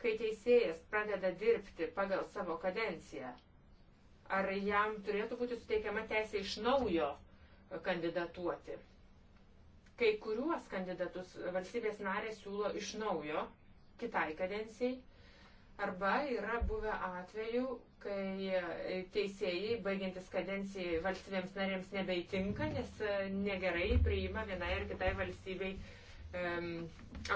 Kai teisėjas pradeda dirbti pagal savo kadenciją, ar jam turėtų būti suteikiama teisė iš naujo kandidatuoti. Kai kuriuos kandidatus valstybės narės siūlo iš naujo kitai kadencijai. Arba yra buvę atvejų, kai teisėjai, baigiantis kadencijai, valstybėms narėms nebeitinka, nes e, negerai priima vienai ar kitai valstybei um,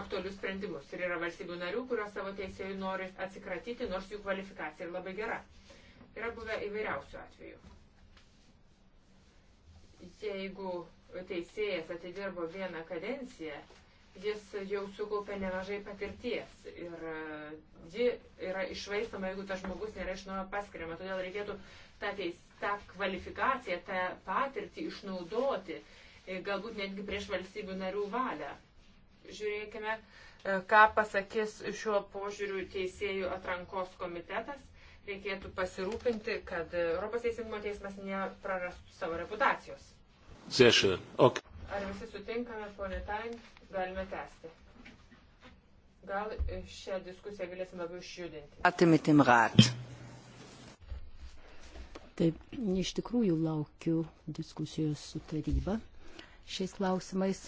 aktualius sprendimus. Ir yra valstybių narių, kurios savo teisėjų nori atsikratyti, nors jų kvalifikacija yra labai gera. Yra buvę įvairiausių atvejų jeigu teisėjas atidirbo vieną kadenciją, jis jau sukaupė nemažai patirties ir e, ji yra išvaistoma, jeigu tas žmogus nėra iš naujo paskiriama. Todėl reikėtų tą, teis, tą kvalifikaciją, tą patirtį išnaudoti, e, galbūt netgi prieš valstybių narių valią. Žiūrėkime, e, ką pasakys šiuo požiūriu teisėjų atrankos komitetas. Reikėtų pasirūpinti, kad Europos Teisingumo teismas neprarastų savo reputacijos.
Okay.
Ar visi sutinkame, ponė Tain, galime tęsti. Gal šią diskusiją galėsime labiau išjudinti.
Atimitim rat. Taip, iš tikrųjų laukiu diskusijos su taryba šiais klausimais.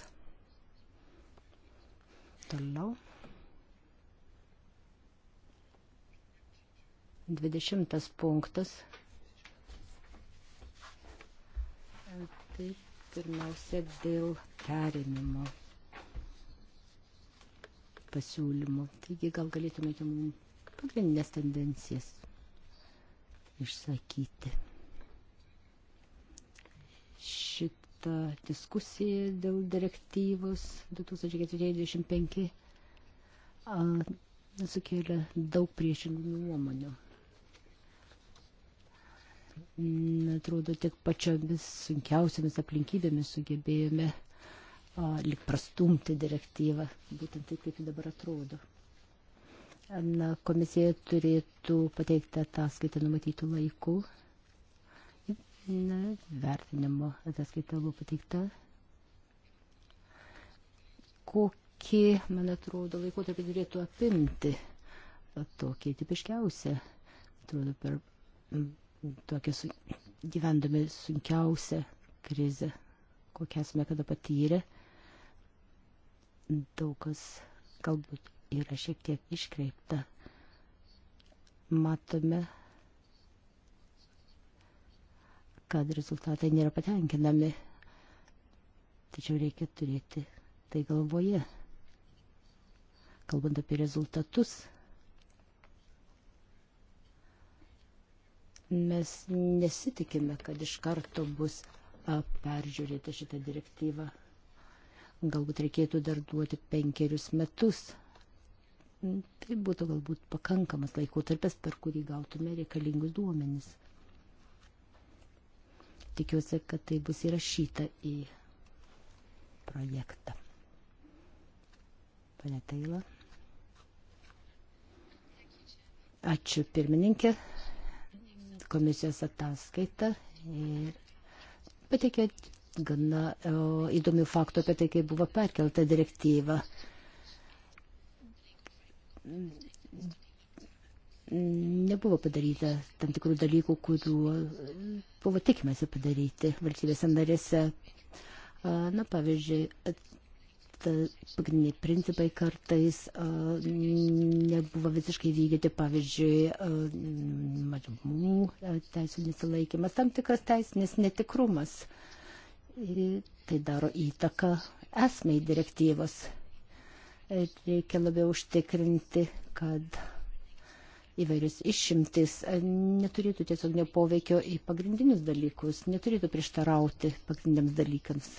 Toliau. 20 punktas Pirmiausia, dėl perinimo pasiūlymų. Taigi gal galėtumėte mums pagrindinės tendencijas išsakyti. Šitą diskusiją dėl direktyvos 2025 sukėlė daug priešingų nuomonių. Mm, atrodo, tik pačiomis sunkiausiamis aplinkybėmis sugebėjome lik prastumti direktyvą, būtent taip, kaip ji dabar atrodo. Na, komisija turėtų pateikti ataskaitą numatytų laikų. Na, vertinimo ataskaita buvo pateikta. Kokį, man atrodo, laikotarpį turėtų apimti tokį tipiškiausią, atrodo, per tokią su, gyvendami sunkiausią krizę, kokią esame kada patyrę. Daug kas galbūt yra šiek tiek iškreipta. Matome, kad rezultatai nėra patenkinami. Tačiau reikia turėti tai galvoje. Kalbant apie rezultatus, Mes nesitikime, kad iš karto bus peržiūrėta šitą direktyvą. Galbūt reikėtų dar duoti penkerius metus. Mm, tai būtų galbūt pakankamas laikotarpis, per kurį gautume reikalingus duomenis. Tikiuosi, kad tai bus įrašyta į projektą. Pane Taila. Ačiū pirmininkė komisijos ataskaitą ir pateikė gana e, įdomių faktų apie tai, kaip buvo perkelta direktyva. Nebuvo padaryta tam tikrų dalykų, kurių buvo tikimasi padaryti valstybėse narėse. E, na, pavyzdžiui, ta, pagrindiniai principai kartais a, nebuvo visiškai vykdyti, pavyzdžiui, mažumų teisų nesilaikimas, tam tikras teisinis netikrumas. Ir tai daro įtaką esmei direktyvos. Ir reikia labiau užtikrinti, kad įvairius išimtis neturėtų tiesiog nepoveikio į pagrindinius dalykus, neturėtų prieštarauti pagrindiniams dalykams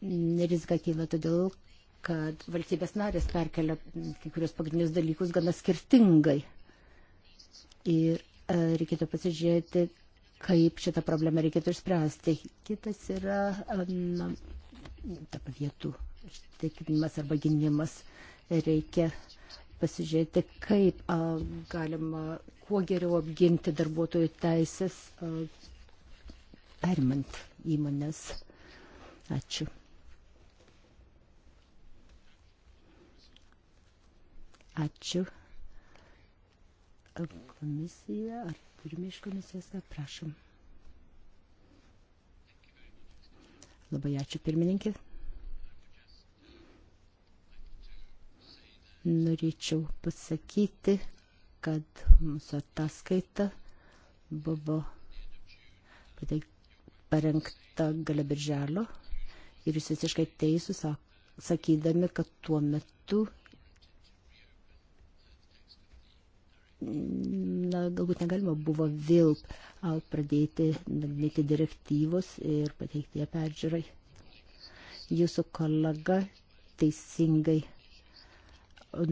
rizika kyla todėl, kad valstybės narės perkelia kai kurios pagrindinius dalykus gana skirtingai. Ir e, reikėtų pasižiūrėti, kaip šitą problemą reikėtų išspręsti. Kitas yra e, na, ta vietų ištikinimas arba gynimas. Reikia pasižiūrėti, kaip a, e, galima kuo geriau apginti darbuotojų teisės, a, perimant įmonės. Ačiū. Ačiū. Komisija, ar turime iš komisijos, prašom. Labai ačiū pirmininkė. Norėčiau pasakyti, kad mūsų ataskaita buvo parengta gale birželio ir jūs visiškai teisūs sakydami, kad tuo metu na, galbūt negalima buvo vėl pradėti nagrinėti direktyvos ir pateikti ją peržiūrai. Jūsų kolega teisingai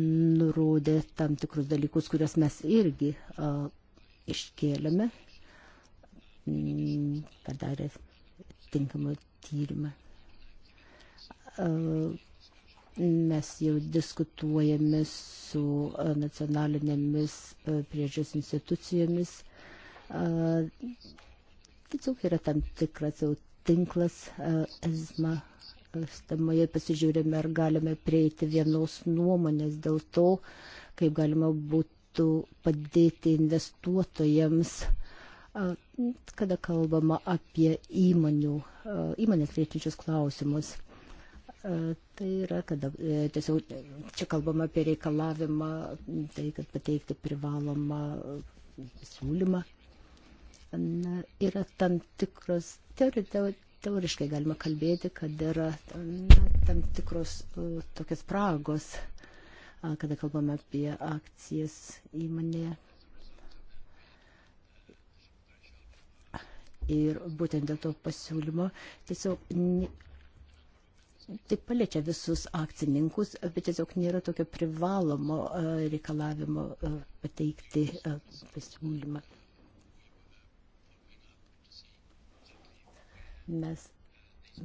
nurodė tam tikrus dalykus, kuriuos mes irgi a, iškėlėme, padarė tinkamą tyrimą. A, Mes jau diskutuojame su e, nacionalinėmis e, priežios institucijomis. E, Tiesiog yra tam tikras jau tinklas ESMA sistemoje pasižiūrime, ar galime prieiti vienos nuomonės dėl to, kaip galima būtų padėti investuotojams, kada kalbama apie įmonių, įmonės reitinčius klausimus. E, tai yra, kad e, tiesiog čia kalbama apie reikalavimą, tai kad pateikti privalomą siūlymą. Na, yra tam tikros, teori, teoriškai galima kalbėti, kad yra na, tam tikros uh, tokios pragos, uh, kada kalbame apie akcijas įmonėje. Ir būtent dėl to pasiūlymo tiesiog tai paliečia visus akcininkus, bet tiesiog nėra tokio privalomo e, reikalavimo e, pateikti e, pasiūlymą. Mes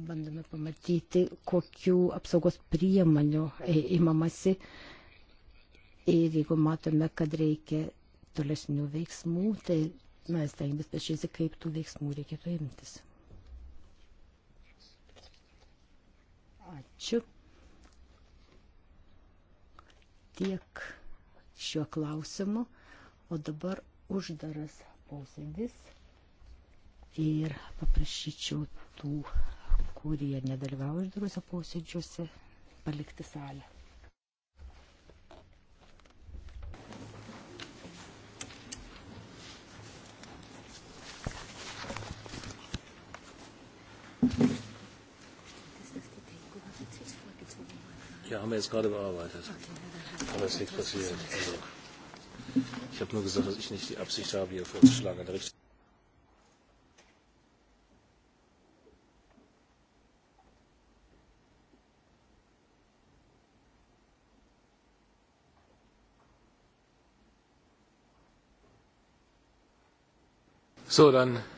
bandome pamatyti, kokiu apsaugos priemonių įmamasi ir jeigu matome, kad reikia tolesnių veiksmų, tai mes tengiamės pažiūrėti, kaip tų veiksmų reikėtų imtis. Ačiū. Tiek šiuo klausimu. O dabar uždaras posėdis. Ir paprašyčiau tų, kurie nedalyvauja uždaruose posėdžiuose, palikti salę.
Ja, haben wir jetzt gerade bearbeitet. Aber ist nichts passiert. Also, ich habe nur gesagt, dass ich nicht die Absicht habe, hier vorzuschlagen. So, dann